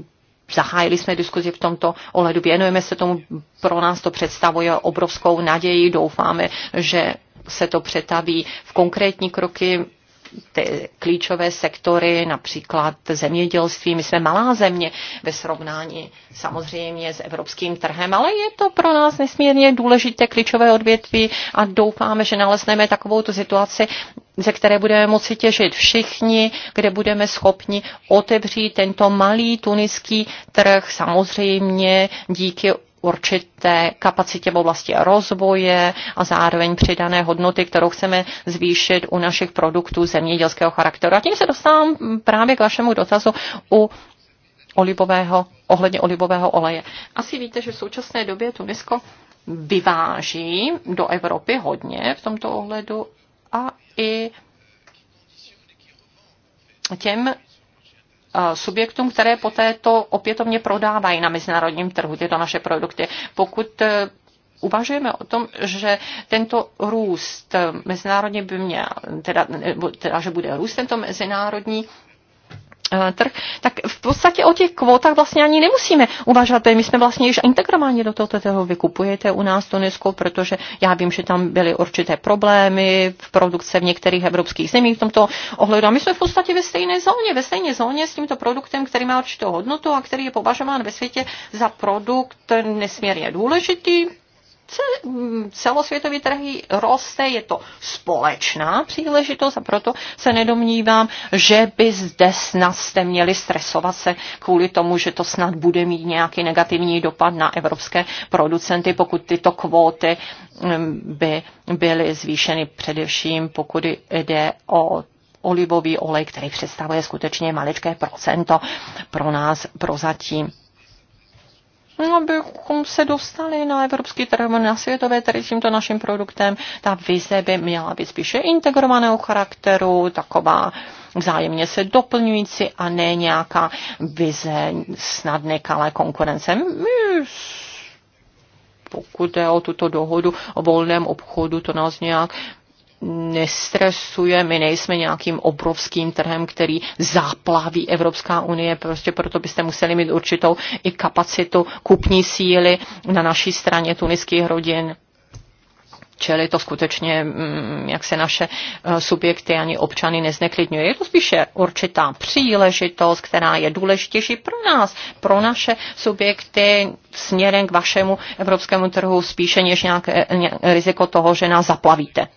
Zahájili jsme diskuzi v tomto ohledu, věnujeme se tomu, pro nás to představuje obrovskou naději, doufáme, že se to přetaví v konkrétní kroky ty klíčové sektory, například zemědělství. My jsme malá země ve srovnání samozřejmě s evropským trhem, ale je to pro nás nesmírně důležité klíčové odvětví a doufáme, že nalezneme takovou tu situaci, ze které budeme moci těžit všichni, kde budeme schopni otevřít tento malý tuniský trh, samozřejmě díky určité kapacitě v oblasti rozvoje a zároveň přidané hodnoty, kterou chceme zvýšit u našich produktů zemědělského charakteru. A tím se dostávám právě k vašemu dotazu u olivového, ohledně olivového oleje. Asi víte, že v současné době Tunisko vyváží do Evropy hodně v tomto ohledu a i těm Eh, subjektům, které poté to opětovně prodávají na mezinárodním trhu, tyto naše produkty. Pokud eh, uvažujeme o tom, že tento růst mezinárodně by měl, teda, teda že bude růst tento mezinárodní Eh, trh, tak v podstatě o těch kvótách vlastně ani nemusíme uvažovat, protože my jsme vlastně již integrováni do tohoto trhu. vykupujete. u nás to Tunisko, protože já vím, že tam byly určité problémy v produkce v některých evropských zemích v tomto ohledu. A my jsme v podstatě ve stejné zóně, ve stejné zóně s tímto produktem, který má určitou hodnotu a který je považován ve světě za produkt nesmírně důležitý, Mm, celosvětový trhy roste, je to společná příležitost a proto se nedomnívám, že by zde snad jste měli stresovat se kvůli tomu, že to snad bude mít nějaký negativní dopad na evropské producenty, pokud tyto kvóty mm, by byly zvýšeny především, pokud jde o olivový olej, který představuje skutečně maličké procento pro nás prozatím abychom se dostali na evropský trh, na světové trh tímto naším produktem. Ta vize by měla být spíše integrovaného charakteru, taková vzájemně se doplňující a ne nějaká vize snad nekalé konkurence. My pokud je o tuto dohodu o volném obchodu, to nás nějak nestresuje, my nejsme nějakým obrovským trhem, který záplaví Evropská unie, prostě proto byste museli mít určitou i kapacitu kupní síly na naší straně tuniských rodin. Čili to skutečně, mm, jak se naše eh, subjekty ani občany nezneklidňuje. Je to spíše určitá příležitost, která je důležitější pro nás, pro naše subjekty směrem k vašemu evropskému trhu, spíše než nějaké riziko toho, že nás zaplavíte.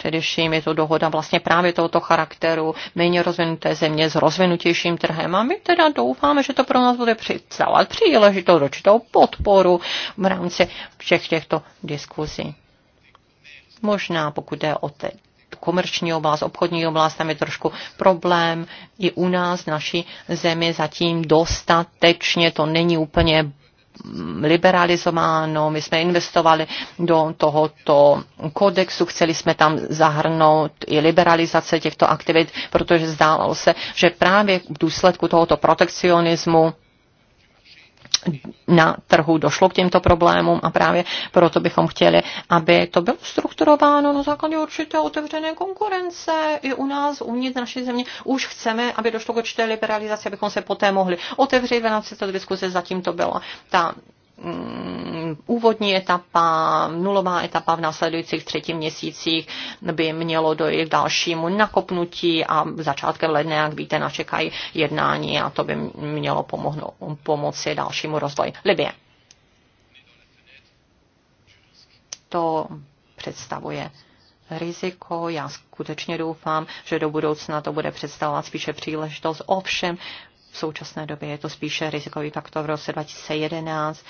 Především je to dohoda vlastně právě tohoto charakteru, méně rozvinuté země s rozvinutějším trhem. A my teda doufáme, že to pro nás bude představovat příležitou určitou podporu v rámci všech těchto diskuzí. Možná pokud jde o ty komerční oblast, obchodní oblast, tam je trošku problém. I u nás, naší zemi, zatím dostatečně to není úplně liberalizováno, my jsme investovali do tohoto kodexu, chceli jsme tam zahrnout i liberalizace těchto aktivit, protože zdálo se, že právě v důsledku tohoto protekcionismu na trhu došlo k těmto problémům a právě proto bychom chtěli, aby to bylo strukturováno na základě určité otevřené konkurence. I u nás, uvnitř naší země, už chceme, aby došlo k určité liberalizaci, abychom se poté mohli otevřít v rámci této diskuze Zatím to byla ta Mm, úvodní etapa, nulová etapa v následujících třetím měsících by mělo dojít k dalšímu nakopnutí a začátkem ledna, jak víte, načekají jednání a to by mělo pomoci dalšímu rozvoji. Libie. To představuje riziko. Já skutečně doufám, že do budoucna to bude představovat spíše příležitost. Ovšem, v současné době je to spíše rizikový faktor. V roce 2011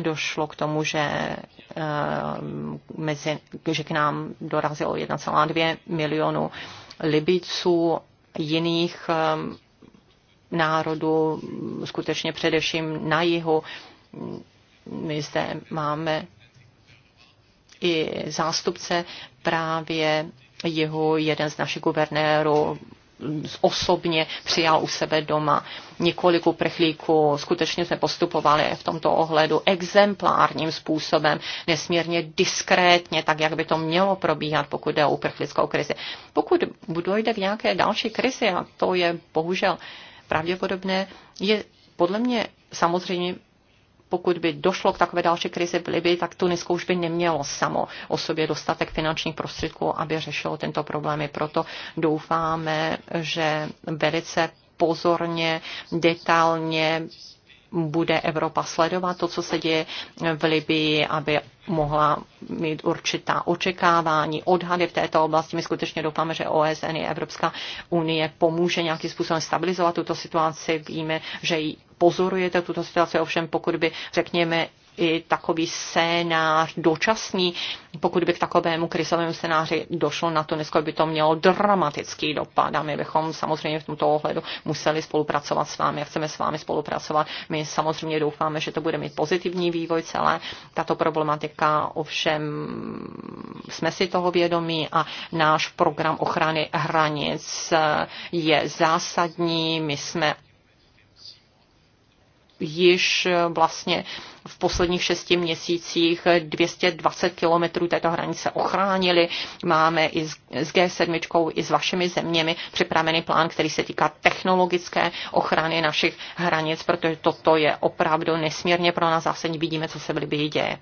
došlo k tomu, že, eh, mezi, že k nám dorazilo 1,2 milionu Libiců, jiných eh, národů, skutečně především na jihu. My zde máme i zástupce právě jeho jeden z našich guvernérů osobně přijal u sebe doma několik uprchlíků. Skutečně se postupovali v tomto ohledu exemplárním způsobem, nesmírně diskrétně, tak jak by to mělo probíhat, pokud jde o uprchlickou krizi. Pokud dojde k nějaké další krizi, a to je bohužel pravděpodobné, je podle mě samozřejmě pokud by došlo k takové další krizi v Libii, tak Tunisko už by nemělo samo o sobě dostatek finančních prostředků, aby řešilo tento problém. I Proto doufáme, že velice pozorně, detailně bude Evropa sledovat to, co se děje v Libii, aby mohla mít určitá očekávání, odhady v této oblasti. My skutečně doufáme, že OSN i Evropská unie pomůže nějakým způsobem stabilizovat tuto situaci. Víme, že pozorujete tuto situaci, ovšem pokud by, řekněme, i takový scénář dočasný, pokud by k takovému krizovému scénáři došlo na to dneska by to mělo dramatický dopad a my bychom samozřejmě v tomto ohledu museli spolupracovat s vámi a chceme s vámi spolupracovat. My samozřejmě doufáme, že to bude mít pozitivní vývoj celé. Tato problematika ovšem jsme si toho vědomí a náš program ochrany hranic je zásadní. My jsme již eh, vlastně v posledních šesti měsících 220 eh, kilometrů této hranice ochránili. Máme i s G7, i s vašimi zeměmi připravený plán, který se týká technologické ochrany našich hranic, protože toto je opravdu nesmírně pro nás zásadní. Vidíme, co se v Libii děje.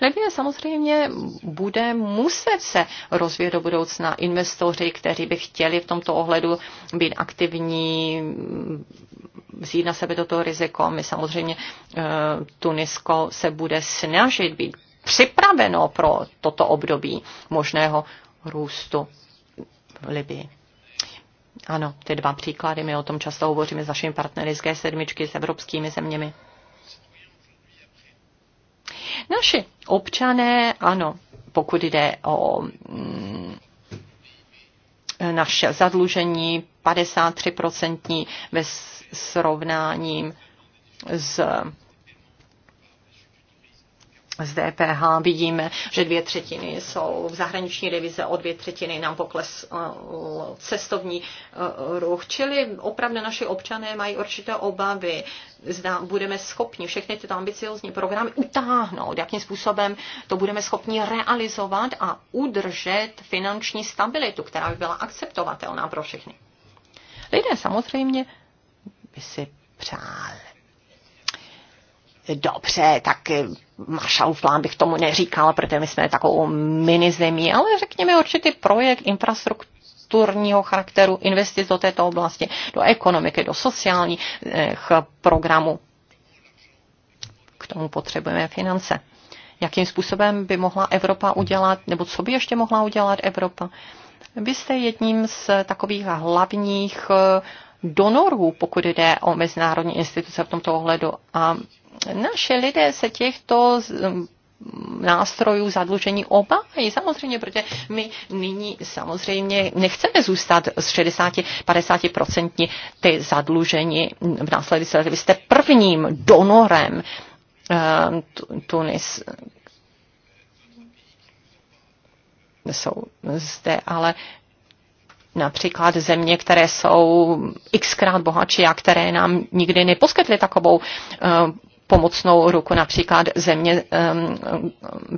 Libie samozřejmě bude muset se rozvíjet do budoucna. Investoři, kteří by chtěli v tomto ohledu být aktivní, vzít na sebe toto riziko. My samozřejmě eh, Tunisko se bude snažit být připraveno pro toto období možného růstu v Libii. Ano, ty dva příklady, my o tom často hovoříme s našimi partnery z G7, s evropskými zeměmi. Naši občané, ano, pokud jde o mm, naše zadlužení 53% ve srovnáním s z DPH vidíme, že dvě třetiny jsou v zahraniční revize, o dvě třetiny nám pokles eh, cestovní eh, ruch. Čili opravdu naši občané mají určité obavy, zda budeme schopni všechny tyto ambiciozní programy utáhnout, jakým způsobem to budeme schopni realizovat a udržet finanční stabilitu, která by byla akceptovatelná pro všechny. Lidé samozřejmě by si přáli. Dobře, tak Marshallův plán bych tomu neříkal, protože my jsme takovou minizemí, ale řekněme určitý projekt infrastruktury strukturního charakteru investic do této oblasti, do ekonomiky, do sociálních eh, programů. K tomu potřebujeme finance. Jakým způsobem by mohla Evropa udělat, nebo co by ještě mohla udělat Evropa? Vy jste jedním z takových hlavních eh, donorů, pokud jde o mezinárodní instituce v tomto ohledu. A naše lidé se těchto nástrojů zadlužení obávají. Samozřejmě, protože my nyní samozřejmě nechceme zůstat z 60-50% ty zadlužení v následující letech. Vy jste prvním donorem uh, Tunis. Jsou zde ale například země, které jsou xkrát bohatší a které nám nikdy neposkytly takovou uh, pomocnou ruku například země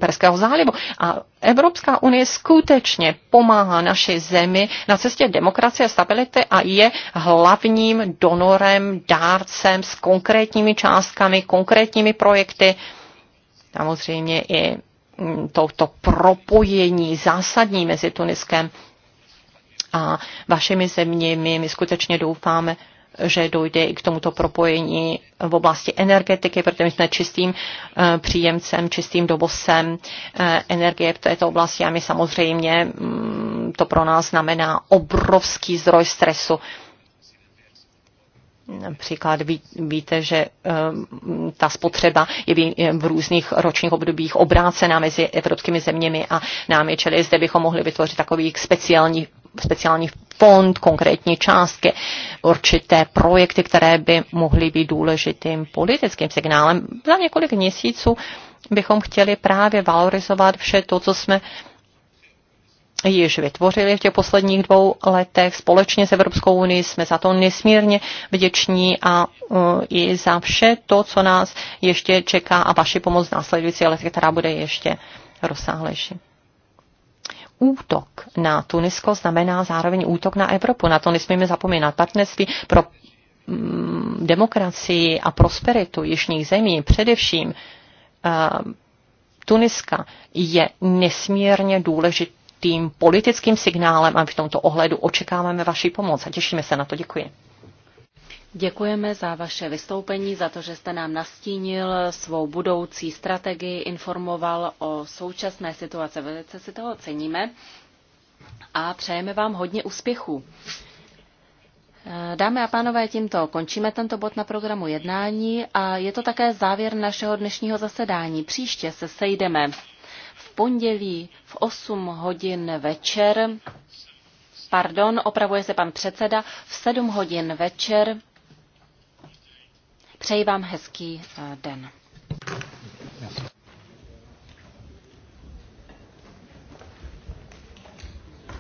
Perského zálivu. A Evropská unie skutečně pomáhá naši zemi na cestě demokracie a stability a je hlavním donorem, dárcem s konkrétními částkami, konkrétními projekty, samozřejmě i mm, touto propojení zásadní mezi Tuniskem a vašimi zeměmi. My skutečně doufáme, že dojde i k tomuto propojení v oblasti energetiky, protože my jsme čistým eh, příjemcem, čistým dovozcem eh, energie v této oblasti a my samozřejmě mm, to pro nás znamená obrovský zdroj stresu. Například ví, víte, že um, ta spotřeba je v, v různých ročních obdobích obrácená mezi evropskými zeměmi a námi, čili zde bychom mohli vytvořit takový speciální speciální fond, konkrétní částky, určité projekty, které by mohly být důležitým politickým signálem. Za několik měsíců bychom chtěli právě valorizovat vše to, co jsme již vytvořili v těch posledních dvou letech. Společně s Evropskou unii jsme za to nesmírně vděční a uh, i za vše to, co nás ještě čeká a vaši pomoc v následující letech, která bude ještě rozsáhlejší útok na Tunisko znamená zároveň útok na Evropu. Na to nesmíme zapomínat. Partnerství pro mm, demokracii a prosperitu jižních zemí, především eh, Tuniska, je nesmírně důležitým politickým signálem a v tomto ohledu očekáváme vaši pomoc a těšíme se na to. Děkuji. Děkujeme za vaše vystoupení, za to, že jste nám nastínil svou budoucí strategii, informoval o současné situaci. Velice si toho ceníme a přejeme vám hodně úspěchů. Dámy a pánové, tímto končíme tento bod na programu jednání a je to také závěr našeho dnešního zasedání. Příště se sejdeme v pondělí v 8 hodin večer. Pardon, opravuje se pan předseda, v 7 hodin večer Přeji vám hezký eh, den.